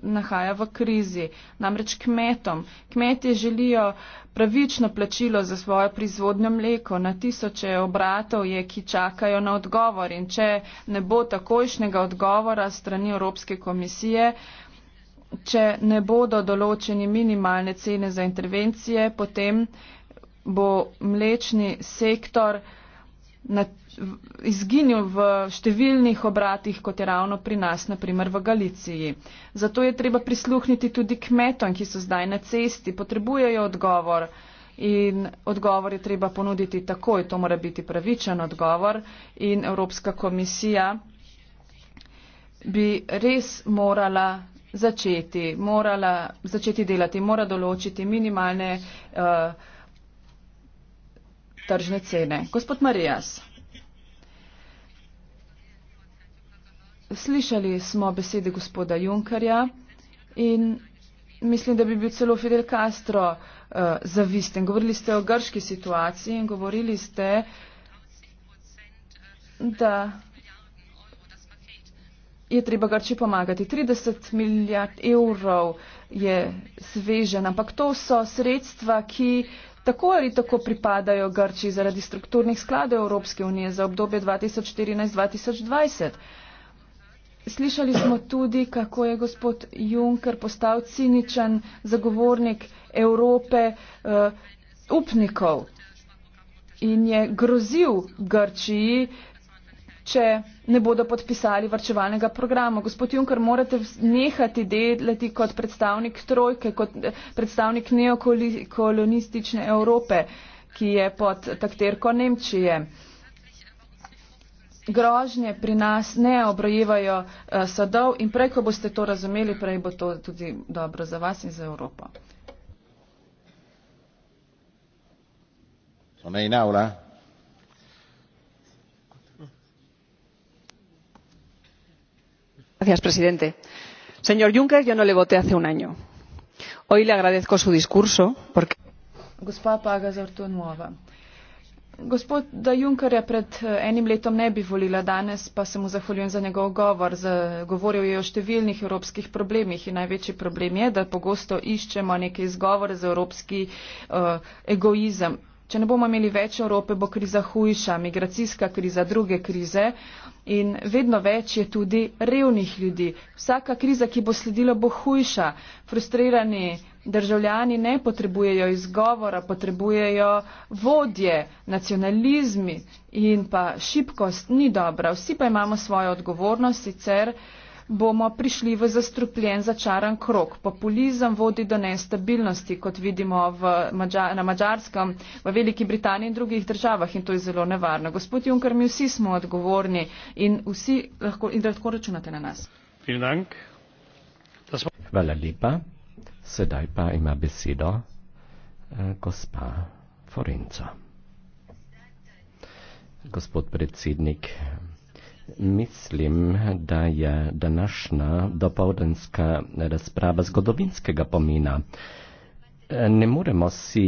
nahaja v krizi, namreč kmetom. Kmetje želijo pravično plačilo za svojo prizvodnjo mleko. Na tisoče obratov je, ki čakajo na odgovor in če ne bo takojšnjega odgovora strani Evropske komisije, če ne bodo določeni minimalne cene za intervencije, potem bo mlečni sektor na, izginil v številnih obratih, kot je ravno pri nas, naprimer v Galiciji. Zato je treba prisluhniti tudi kmetom, ki so zdaj na cesti, potrebujejo odgovor. In odgovor je treba ponuditi takoj, to mora biti pravičen odgovor. In Evropska komisija bi res morala začeti, morala začeti delati, mora določiti minimalne uh, tržne cene. Gospod Marijas, slišali smo besede gospoda Junkarja in mislim, da bi bil celo Fidel Castro uh, zavisten. Govorili ste o grški situaciji in govorili ste, da je treba Grči pomagati. 30 milijard evrov je svežen, ampak to so sredstva, ki tako ali tako pripadajo Grči zaradi strukturnih skladov Evropske unije za obdobje 2014-2020. Slišali smo tudi, kako je gospod Juncker postal ciničen zagovornik Evrope uh, upnikov in je grozil Grčiji, uh, če ne bodo podpisali varčevalnega programa. Gospod Juncker, morate nehati delati kot predstavnik trojke, kot eh, predstavnik neokolonistične Evrope, ki je pod takterko Nemčije. Grožnje pri nas ne obrojevajo eh, sadov in prej, ko boste to razumeli, prej bo to tudi dobro za vas in za Evropo. Sono in aula? señor presidente señor juncker yo no le voté hace un año. hoy le agradezco su discurso porque. Gospoda Junckerja pred eh, enim letom ne bi volila danes, pa se mu zahvaljujem za njegov govor. Govoril je o številnih evropskih problemih in največji problem je, da pogosto iščemo neke izgovore za evropski uh, egoizem. Če ne bomo imeli več Evrope, bo kriza hujša, migracijska kriza, druge krize in vedno več je tudi revnih ljudi. Vsaka kriza, ki bo sledila, bo hujša. Frustrirani državljani ne potrebujejo izgovora, potrebujejo vodje, nacionalizmi in pa šibkost ni dobra. Vsi pa imamo svojo odgovornost, sicer bomo prišli v zastrupljen začaran krok. Populizem vodi do nestabilnosti, kot vidimo v Mađa na Mačarskem, v Veliki Britaniji in drugih državah in to je zelo nevarno. Gospod Juncker, mi vsi smo odgovorni in vsi lahko, in lahko računate na nas. Hvala lepa. Sedaj pa ima besedo eh, gospa Forenca. Gospod predsednik. Mislim, da je današnja dopoldenska razprava zgodovinskega pomena. Ne moremo si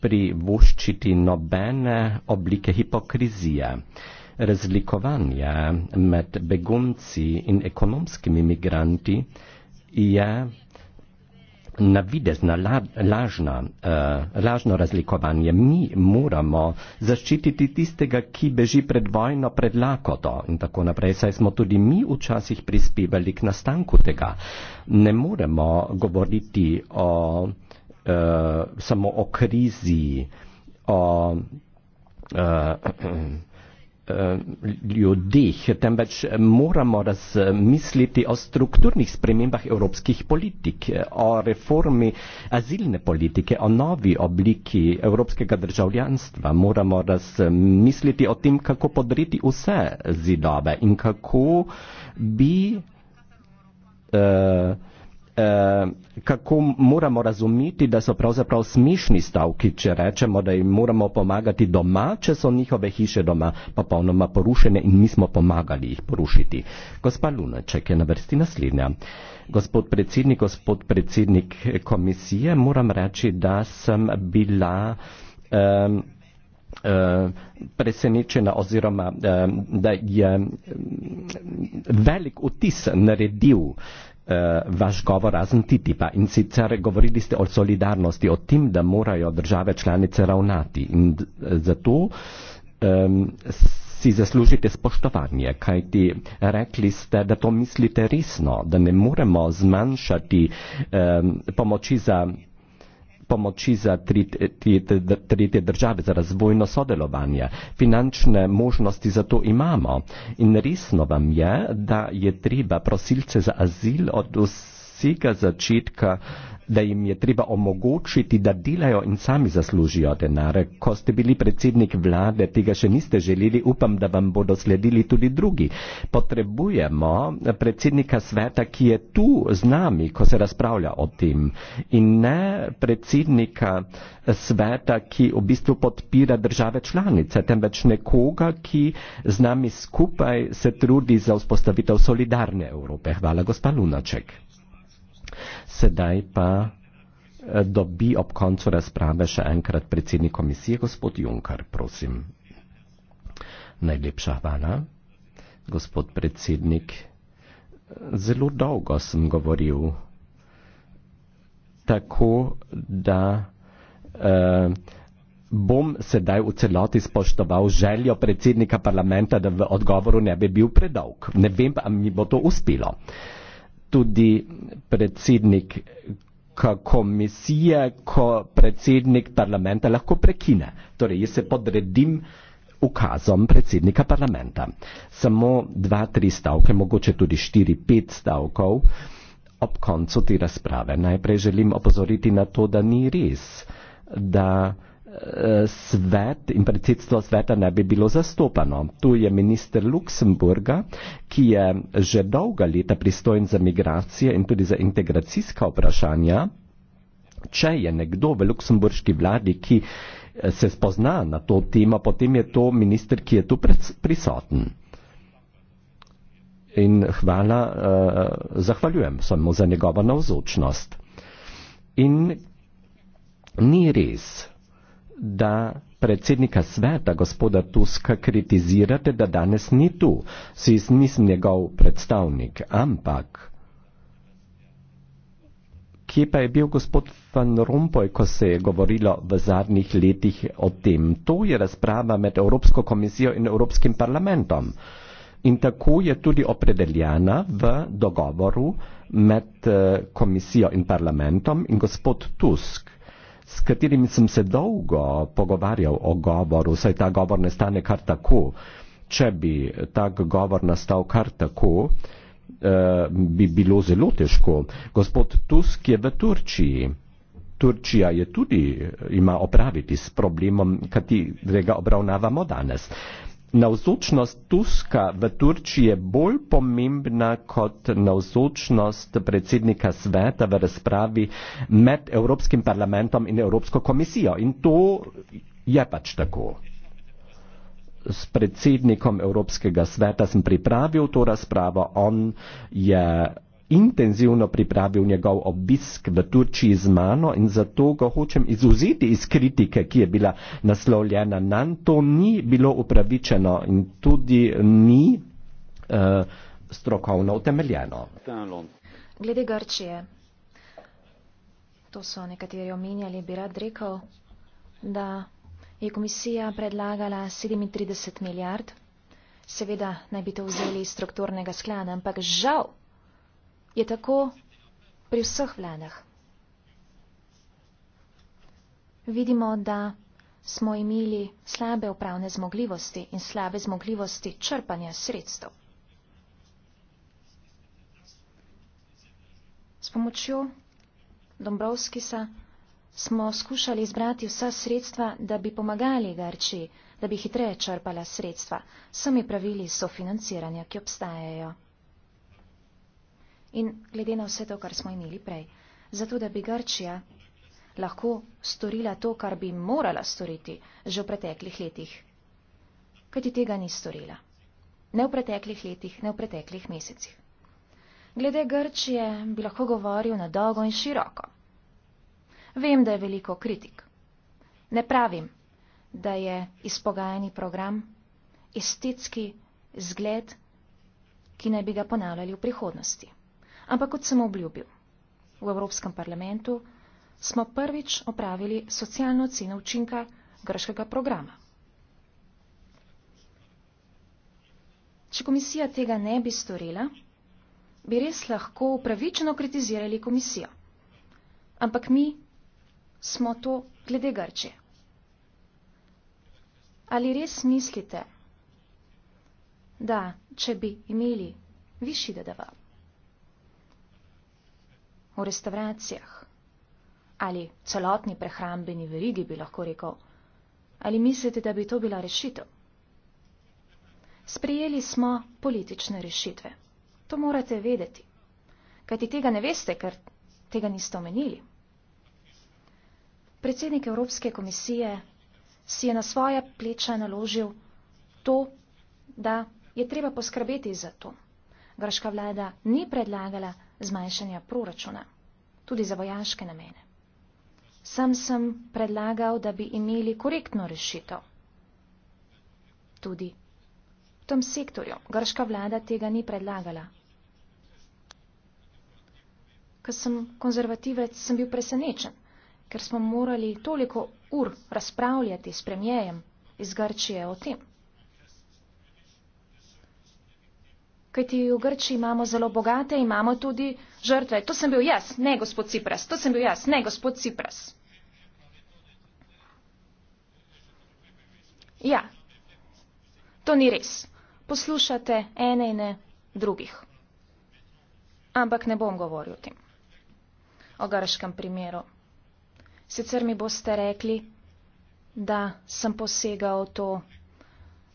privoščiti nobene oblike hipokrizije. Razlikovanje med begunci in ekonomskimi migranti je na videz, na la, lažna, uh, lažno razlikovanje. Mi moramo zaščititi tistega, ki beži pred vojno, pred lakoto in tako naprej. Saj smo tudi mi včasih prispevali k nastanku tega. Ne moremo govoriti o, uh, samo o krizi, o. Uh, Eh, ljudeh, temveč eh, moramo razmisliti o strukturnih spremembah evropskih politik, eh, o reformi azilne politike, o novi obliki evropskega državljanstva. Moramo razmisliti o tem, kako podriti vse zidove in kako bi uh, Eh, kako moramo razumeti, da so pravzaprav smišni stavki, če rečemo, da jim moramo pomagati doma, če so njihove hiše doma popolnoma porušene in nismo pomagali jih porušiti. Gospa Lunaček je na vrsti naslednja. Gospod predsednik, gospod predsednik eh, komisije, moram reči, da sem bila. Um, presenečena oziroma da je velik otis naredil Eh, vaš govor razen TTIP-a in sicer govorili ste o solidarnosti, o tem, da morajo države članice ravnati in eh, zato um, si zaslužite spoštovanje, kajti rekli ste, da to mislite resno, da ne moremo zmanjšati um, pomoči za pomoči za tretje države, za razvojno sodelovanje. Finančne možnosti za to imamo. In resno vam je, da je treba prosilce za azil od vsega začetka da jim je treba omogočiti, da delajo in sami zaslužijo denar. Ko ste bili predsednik vlade, tega še niste želeli, upam, da vam bodo sledili tudi drugi. Potrebujemo predsednika sveta, ki je tu z nami, ko se razpravlja o tem. In ne predsednika sveta, ki v bistvu podpira države članice, temveč nekoga, ki z nami skupaj se trudi za vzpostavitev solidarne Evrope. Hvala, gospa Lunaček. Sedaj pa eh, dobi ob koncu razprave še enkrat predsednik komisije, gospod Junkar, prosim. Najlepša hvala, gospod predsednik. Zelo dolgo sem govoril tako, da eh, bom sedaj v celoti spoštoval željo predsednika parlamenta, da v odgovoru ne bi bil predolg. Ne vem pa, mi bo to uspelo. Eh, tudi predsednik komisije, ko predsednik parlamenta lahko prekine. Torej, jaz se podredim ukazom predsednika parlamenta. Samo dva, tri stavke, mogoče tudi štiri, pet stavkov ob koncu te razprave. Najprej želim opozoriti na to, da ni res, da svet in predsedstvo sveta ne bi bilo zastopano. Tu je minister Luksemburga, ki je že dolga leta pristojen za migracije in tudi za integracijska vprašanja. Če je nekdo v luksemburški vladi, ki eh, se spozna na to temo, potem je to minister, ki je tu prisoten. In hvala, uh, zahvaljujem se mu za njegovo navzočnost. In ni res, da predsednika sveta, gospoda Tuska, kritizirate, da danes ni tu. Si nisem njegov predstavnik, ampak kje pa je bil gospod Van Rompuy, ko se je govorilo v zadnjih letih o tem? To je razprava med Evropsko komisijo in Evropskim parlamentom. In tako je tudi opredeljena v dogovoru med eh, komisijo in parlamentom in gospod Tusk s katerimi sem se dolgo pogovarjal o govoru, saj ta govor ne stane kar tako. Če bi tak govor nastal kar tako, eh, bi bilo zelo težko. Gospod Tusk je v Turčiji. Turčija je tudi, eh, ima opraviti s problemom, katerega obravnavamo danes navzočnost Tuska v Turčiji je bolj pomembna kot navzočnost predsednika sveta v razpravi med Evropskim parlamentom in Evropsko komisijo. In to je pač tako. S predsednikom Evropskega sveta sem pripravil to razpravo, on je intenzivno pripravil njegov obisk v Turčiji z mano in zato ga hočem izuzeti iz kritike, ki je bila naslovljena na to, ni bilo upravičeno in tudi ni uh, strokovno utemeljeno. Glede Grčije, to so nekateri omenjali, bi rad rekel, da je komisija predlagala 37 milijard. Seveda naj bi to vzeli iz strukturnega sklada, ampak žal je tako pri vseh vladah. Vidimo, da smo imeli slabe upravne zmogljivosti in slabe zmogljivosti črpanja sredstev. S pomočjo Dombrovskisa smo skušali izbrati vsa sredstva, da bi pomagali Grčiji, da bi hitreje črpala sredstva. Sami pravili so financiranja, ki obstajajo in glede na vse to, kar smo imeli prej, zato da bi Grčija lahko storila to, kar bi morala storiti že v preteklih letih. Kajti tega ni storila. Ne v preteklih letih, ne v preteklih mesecih. Glede Grčije bi lahko govoril na dolgo in široko. Vem, da je veliko kritik. Ne pravim, da je izpogajani program estetski zgled, ki naj bi ga ponavljali v prihodnosti. Ampak kot sem obljubil, v Evropskem parlamentu smo prvič opravili socialno oceno učinka grškega programa. Če komisija tega ne bi storila, bi res lahko upravičeno kritizirali komisijo. Ampak mi smo to glede Grče. Ali res mislite, da če bi imeli višji DDV, v restauracijah. Ali celotni prehrambeni verigi bi lahko rekel, ali mislite, da bi to bila rešitev? Sprijeli smo politične rešitve. To morate vedeti. Kaj ti tega ne veste, ker tega niste omenili? Predsednik Evropske komisije si je na svoje pleče naložil to, da je treba poskrbeti za to. Graška vlada ni predlagala, zmanjšanja proračuna, tudi za vojaške namene. Sam sem predlagal, da bi imeli korektno rešitev. Tudi v tem sektorju grška vlada tega ni predlagala. Ko sem konzervativec, sem bil presenečen, ker smo morali toliko ur razpravljati s premijejem iz Grčije o tem. Kaj ti v Grči imamo zelo bogate, imamo tudi žrtve. To sem bil jaz, ne gospod Cipras, to sem bil jaz, ne gospod Cipras. Ja, to ni res. Poslušate ene in ne drugih. Ampak ne bom govoril o tem, o grškem primeru. Sicer mi boste rekli, da sem posegal v to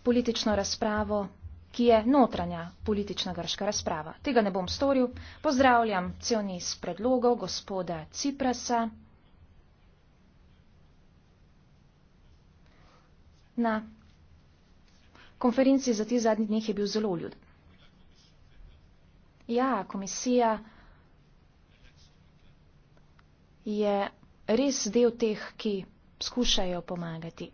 politično razpravo, ki je notranja politična grška razprava. Tega ne bom storil. Pozdravljam cel niz predlogov gospoda Ciprasa. Na konferenci za ti zadnji dneh je bil zelo ljud. Ja, komisija je res del teh, ki skušajo pomagati.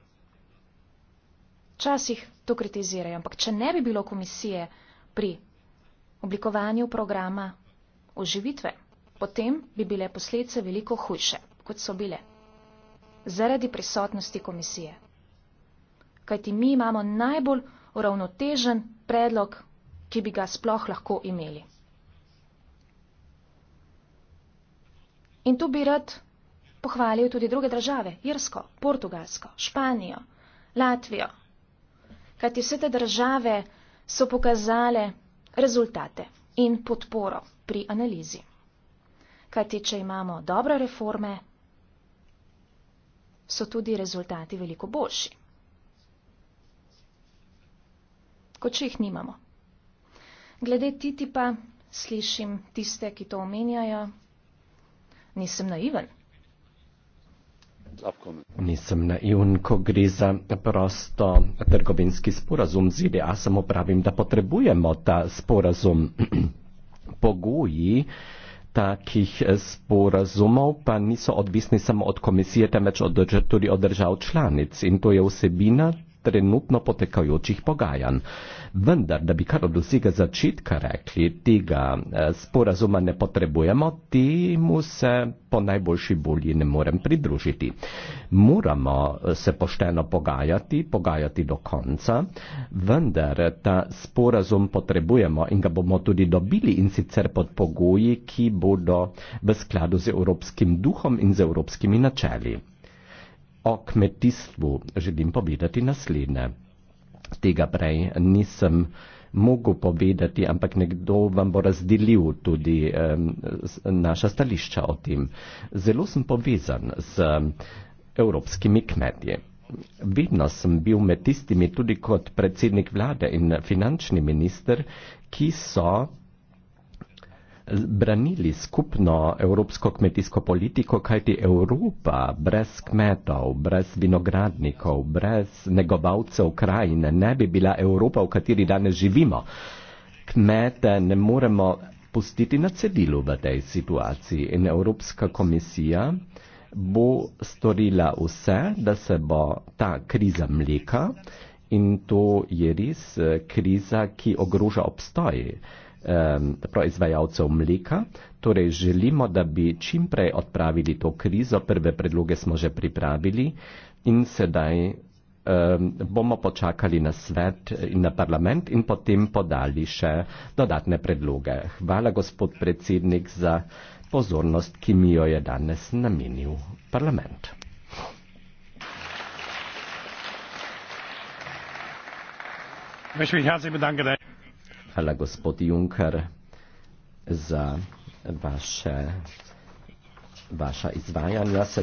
Včasih to kritizirajo. Ampak, če ne bi bilo komisije pri oblikovanju programa oživitve, potem bi bile posledice veliko hujše, kot so bile. Zaradi prisotnosti komisije. Kajti mi imamo najbolj uravnotežen predlog, ki bi ga sploh lahko imeli. In tu bi rad pohvalil tudi druge države, Irsko, Portugalsko, Španijo, Latvijo, kajti vse te države so pokazale rezultate in podporo pri analizi. Kajti, če imamo dobre reforme, so tudi rezultati veliko boljši. Kot če jih nimamo. Glede TTIP-a slišim tiste, ki to omenjajo. Nisem naiven abkommen. Nisem naivn, ko gre za prosto trgovinski sporazum z IDA, samo pravim, da potrebujemo ta sporazum. Pogoji takih sporazumov pa niso odvisni samo od komisije, temveč od, tudi od držav članic. In to je vsebina trenutno potekajočih pogajanj. Vendar, da bi kar od vsega začetka rekli, tega eh, sporazuma ne potrebujemo, temu se po najboljši bolji ne morem pridružiti. Moramo eh, se pošteno pogajati, pogajati do konca, vendar eh, ta sporazum potrebujemo in ga bomo tudi dobili in sicer pod pogoji, ki bodo v skladu z evropskim duhom in z evropskimi načeli. O kmetijstvu želim povedati naslednje. Tega prej nisem mogel povedati, ampak nekdo vam bo razdelil tudi eh, naša stališča o tem. Zelo sem povezan z evropskimi kmetji. Vedno sem bil med tistimi tudi kot predsednik vlade in finančni minister, ki so branili skupno evropsko kmetijsko politiko, kajti Evropa brez kmetov, brez vinogradnikov, brez negovalcev krajine ne bi bila Evropa, v kateri danes živimo. Kmete ne moremo pustiti na cedilu v tej situaciji in Evropska komisija bo storila vse, da se bo ta kriza mleka in to je res eh, kriza, ki ogroža obstoji prav izvajalcev mleka. Torej želimo, da bi čim prej odpravili to krizo, prve predloge smo že pripravili in sedaj bomo počakali na svet in na parlament in potem podali še dodatne predloge. Hvala gospod predsednik za pozornost, ki mi jo je danes namenil parlament. Ich möchte mich herzlich bedanken. Hvala, gospod Junker, za vaše, vaša izvajanja. Se